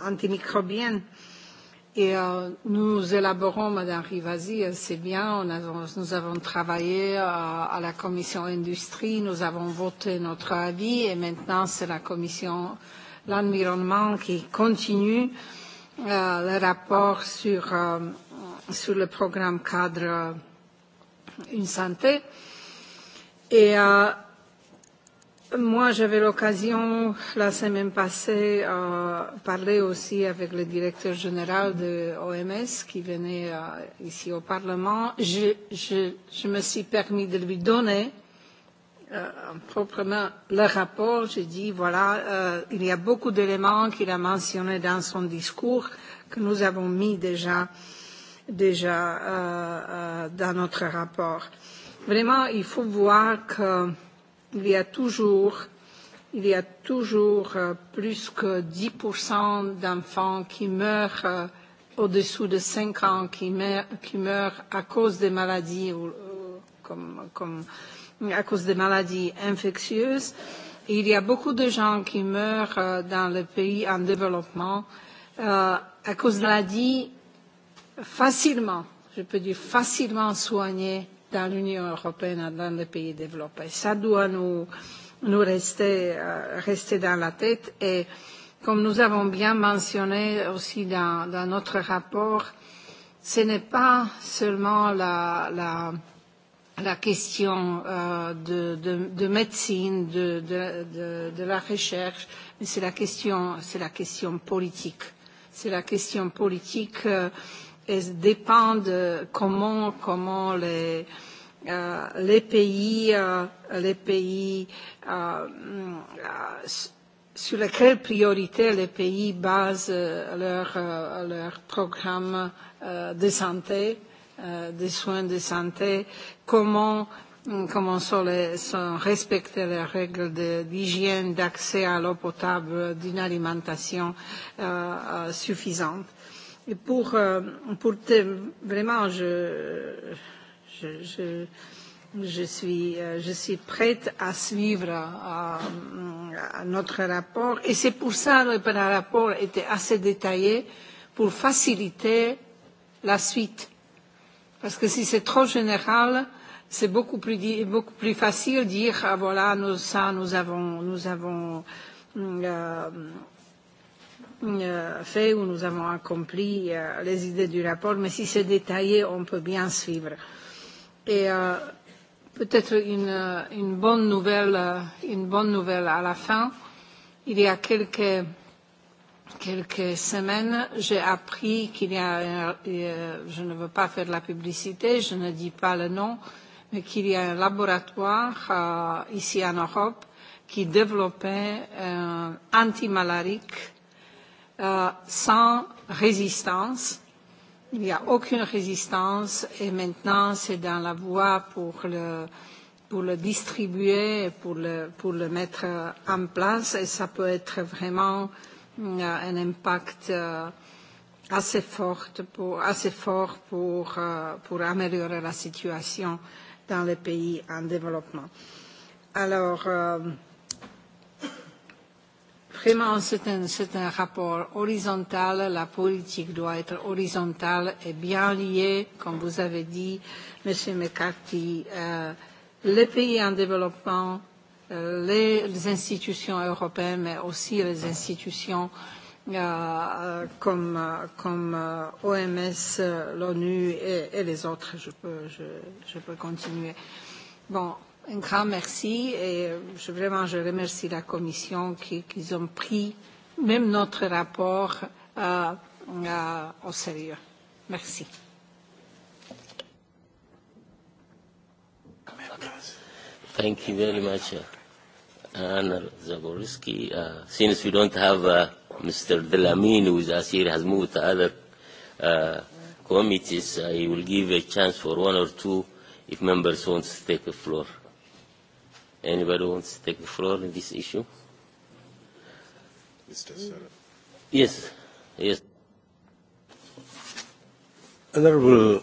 antimicrobienne. Et euh, nous élaborons, Madame Rivasi, c'est bien, on a, nous avons travaillé euh, à la commission industrie, nous avons voté notre avis et maintenant c'est la commission l'environnement qui continue euh, le rapport sur, euh, sur le programme cadre euh, une santé. Et euh, Moi, j'avais l'occasion la semaine passée à euh, parler aussi avec le directeur général de OMS qui venait euh, ici au Parlement. Je, je, je me suis permis de lui donner euh, en propre main le rapport. J'ai dit, voilà, euh, il y a beaucoup d'éléments qu'il a mentionnés dans son discours que nous avons mis déjà, déjà euh, euh, dans notre rapport. Vraiment, il faut voir que il y a toujours, il y a toujours euh, plus que 10% d'enfants qui meurent euh, au-dessous de 5 ans, qui meurent, qui meurent à cause des maladies, ou, euh, comme, comme, à cause des maladies infectieuses. Et il y a beaucoup de gens qui meurent dans les pays en développement euh, à cause de maladies facilement, je peux dire facilement soignées dans l'Union européenne dans les pays développés. Ça doit nous, nous rester, euh, rester dans la tête. Et comme nous avons bien mentionné aussi dans, dans notre rapport, ce n'est pas seulement la, la, la question euh, de, de, de médecine, de, de, de, de la recherche, mais c'est la, la question politique. C'est la question politique. Euh, et dépend de comment comment les euh, les pays euh, les pays euh, euh, sur lesquels priorité les pays basent euh, leur euh, leur programme euh, de santé euh, des soins de santé comment comment sont les sont respectées les règles d'hygiène d'accès à l'eau potable d'une alimentation euh, euh suffisante pour, euh, pour te, vraiment, je, je, je, je, suis, euh, je suis prête à suivre à, euh, à notre rapport. Et c'est pour ça que le rapport était assez détaillé pour faciliter la suite. Parce que si c'est trop général, c'est beaucoup plus, beaucoup plus facile de dire, ah, voilà, nous, ça, nous avons, nous avons euh, Euh, fait ou nous avons accompli euh, les idées du rapport, mais si c'est détaillé, on peut bien suivre. Et euh, peut-être une, euh, une bonne nouvelle, euh, une bonne nouvelle à la fin. Il y a quelques quelques semaines, j'ai appris qu'il y a, euh, je ne veux pas faire de la publicité, je ne dis pas le nom, mais qu'il y a un laboratoire euh, ici en Europe qui développait un euh, antimalarique euh, Euh, sans résistance. Il n'y a aucune résistance et maintenant c'est dans la voie pour le, pour le distribuer, pour le, pour le mettre en place et ça peut être vraiment euh, un impact euh, assez, forte pour, assez fort pour, euh, pour améliorer la situation dans les pays en développement. Alors, euh, Vraiment, c'est un, c'est un rapport horizontal. La politique doit être horizontale et bien liée, comme vous avez dit, Monsieur McCarthy. Euh, les pays en développement, euh, les, les institutions européennes, mais aussi les institutions euh, comme, euh, comme euh, OMS, euh, euh, l'ONU et, et les autres, je peux, je, je peux continuer. Bon, Un grand merci et euh, je, vraiment je remercie la Commission qu'ils ont pris même notre rapport euh, euh, au sérieux. Merci. Thank you very much, uh, Anna Zaborski. Uh, since we don't have uh, Mr. Delamin who is us here, has moved to other uh, committees, I will give a chance for one or two if members want to take the floor. Anybody wants to take the floor in this issue? Mr. Sarah. Yes, yes. Honorable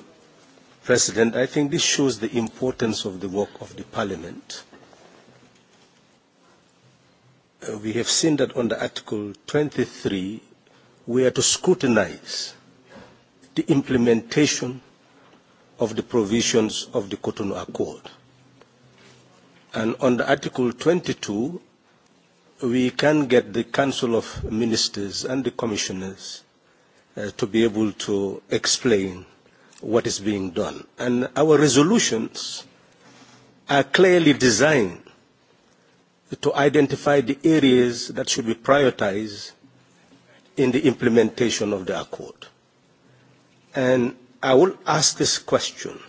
President, I think this shows the importance of the work of the Parliament. Uh, we have seen that under Article 23, we are to scrutinize the implementation of the provisions of the Cotonou Accord. And under Article 22, we can get the Council of Ministers and the Commissioners uh, to be able to explain what is being done. And our resolutions are clearly designed to identify the areas that should be prioritized in the implementation of the Accord. And I will ask this question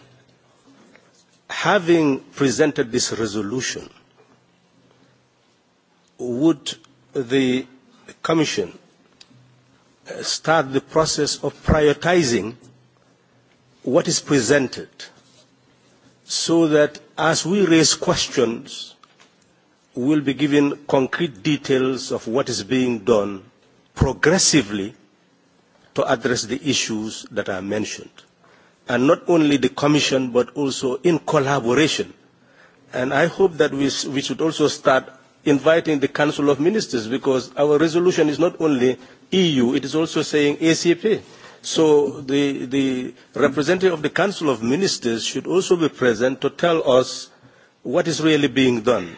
having presented this resolution, would the Commission uh, start the process of prioritizing what is presented so that as we raise questions, we'll be given concrete details of what is being done progressively to address the issues that are mentioned and not only the Commission but also in collaboration. And I hope that we, we should also start inviting the Council of Ministers because our resolution is not only EU, it is also saying ACP. So the, the representative of the Council of Ministers should also be present to tell us what is really being done.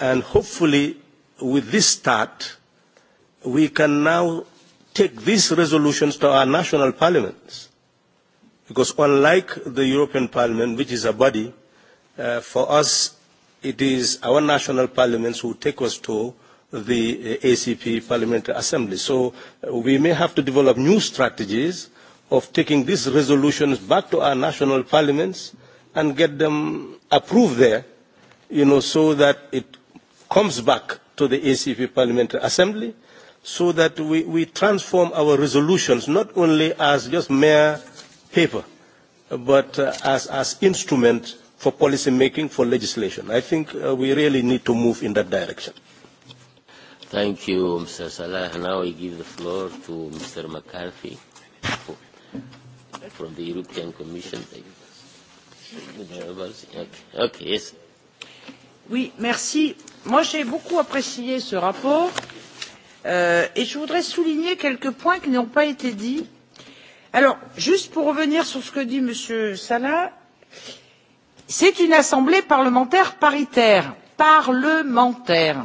And hopefully with this start, we can now take these resolutions to our national parliaments because unlike the European Parliament, which is a body, uh, for us it is our national parliaments who take us to the uh, ACP Parliamentary Assembly. So uh, we may have to develop new strategies of taking these resolutions back to our national parliaments and get them approved there, you know, so that it comes back to the ACP Parliamentary Assembly, so that we, we transform our resolutions not only as just mere paper, but uh, as, as instrument for policy making, for legislation. I think uh, we really need to move in that direction. Thank you, Mr. Salah. Now I give the floor to Mr. McCarthy from the European Commission. Okay, yes. Oui, merci. Moi, j'ai beaucoup apprécié ce rapport euh, et je voudrais souligner quelques points qui n'ont pas été dits euh, alors juste pour revenir sur ce que dit m. salah c'est une assemblée parlementaire paritaire parlementaire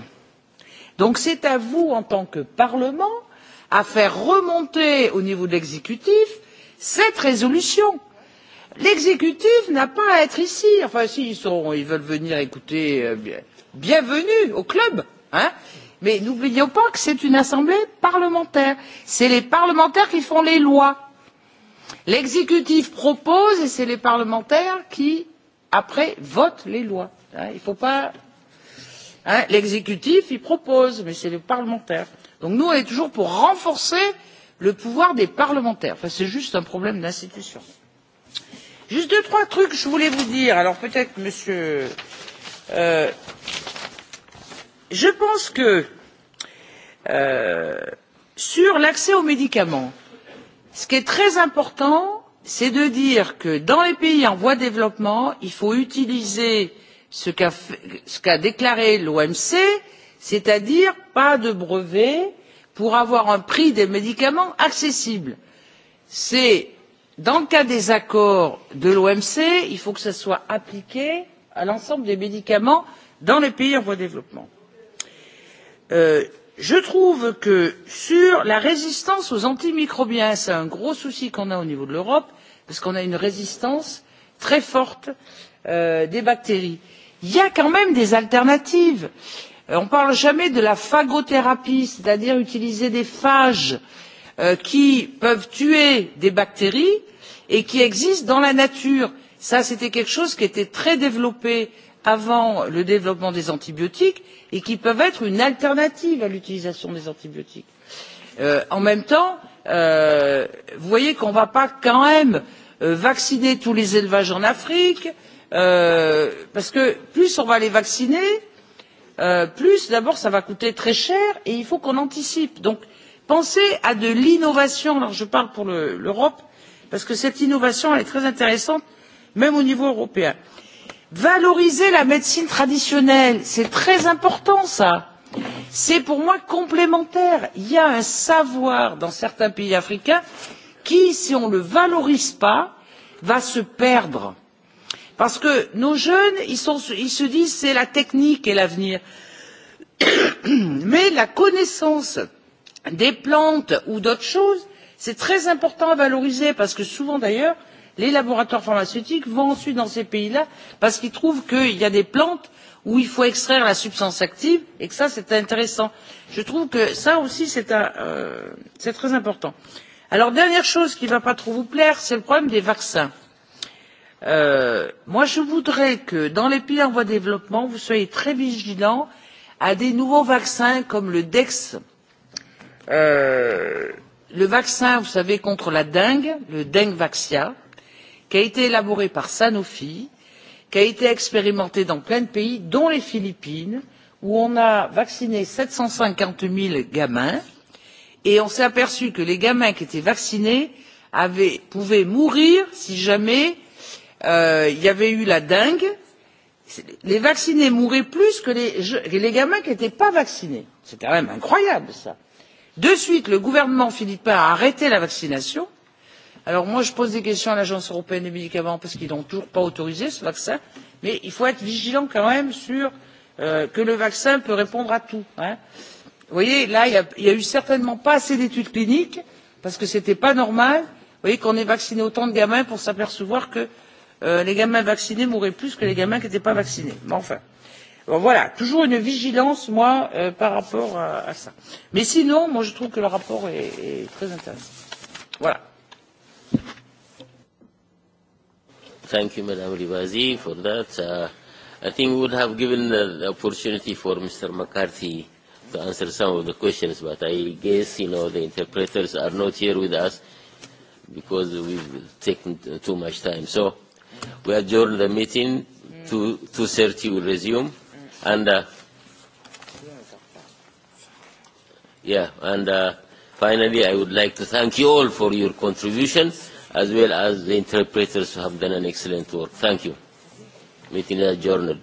donc c'est à vous en tant que parlement à faire remonter au niveau de l'exécutif cette résolution L'exécutif n'a pas à être ici. Enfin, s'ils sont, ils veulent venir écouter, euh, bienvenue au club, hein. Mais n'oublions pas que c'est une assemblée parlementaire. C'est les parlementaires qui font les lois l'exécutif propose et c'est les parlementaires qui après votent les lois. il ne faut pas l'exécutif propose mais c'est les parlementaires. donc nous on est toujours pour renforcer le pouvoir des parlementaires. enfin c'est juste un problème d'institution. juste deux trois trucs que je voulais vous dire. alors peut être monsieur euh, je pense que euh, sur l'accès aux médicaments ce qui est très important c'est de dire que dans les pays en voie de développement il faut utiliser ce qu'a déclaré l'omc c'est à dire pas de brevet pour avoir un prix des médicaments accessible. dans le cas des accords de l'omc il faut que ce soit appliqué à l'ensemble des médicaments dans les pays en voie de développement. Euh, je trouve que sur la résistance aux antimicrobiens c'est un gros souci qu'on a au niveau de l'europe parce qu'on a une résistance très forte euh, des bactéries il y a quand même des alternatives euh, on ne parle jamais de la phagothérapie c'est à dire utiliser des phages euh, qui peuvent tuer des bactéries et qui existent dans la nature. c'était quelque chose qui était très développé avant le développement des antibiotiques et qui peuvent être une alternative à l'utilisation des antibiotiques. Euh, en même temps euh, vous voyez qu'on ne va pas quand même euh, vacciner tous les élevages en afrique parce que plus on va les vacciner plus d'abord cela va coûter très cher et il faut qu'on anticipe. donc pensez à de l'innovation je parle pour l'europe parce que cette innovation est très intéressante même au niveau européen valoriser la médecine traditionnelle c'est très important c'est pour moi complémentaire il y a un savoir dans certains pays africains qui si on ne le valorise pas va se perdre parce que nos jeunes ils, sont, ils se disent c'est la technique et l'avenir mais la connaissance des plantes ou d'autres choses c'est très important à valoriser parce que souvent d'ailleurs les laboratoires pharmaceutiques vont ensuite dans ces pays là parce qu'ils trouvent qu'il y a des plantes où il faut extraire la substance active et que ça c'est intéressant. je trouve que ça aussi c'est euh, très important. alors dernière chose qui ne va pas trop vous plaire c'est le problème des vaccins. Euh, moi je voudrais que dans les pays en voie de développement vous soyez très vigilants à des nouveaux vaccins comme le dex euh, le vaccin, vous savez, contre la dengue, le dengue vaccia. Euh, qui a été élaboré par sanofi qui a été expérimenté dans plein de pays dont les philippines où on a vacciné sept cent cinquante zéro gamins et on s'est aperçu que les gamins qui étaient vaccinés pouvaient mourir si jamais euh, il y avait eu la dengue les vaccinés mouraient plus que les gamins qui n'étaient pas vaccinés c'est quand même incroyable ça. de suite le gouvernement philippin a arrêté la vaccination moi je pose des questions à l'agence européenne des médicaments parce qu'ils n'ont toujours pas autorisé ce vaccin mais il faut être vigilant quand même sur le euh, fait que le vaccin peut répondre à tout. vous voyez là il n'y a eu certainement pas assez d'études cliniques parce que ce n'était pas normal qu'on ait vacciné autant de gamins pour s'apercevoir que euh, les gamins vaccinés mouraient plus que les gamins qui n'étaient pas vaccinés. mais enfin voilà toujours une vigilance moi euh, par rapport à ça. mais sinon moi je trouve que le rapport est très intéressant. voilà. Thank you, Madam Rivazi, for that. Uh, I think we would have given the, the opportunity for Mr. McCarthy to answer some of the questions, but I guess, you know, the interpreters are not here with us because we've taken too much time. So we adjourn the meeting. Two thirty will resume. And, uh, yeah, and... Uh, Finally, I would like to thank you all for your contribution, as well as the interpreters who have done an excellent work. Thank you. Meeting adjourned.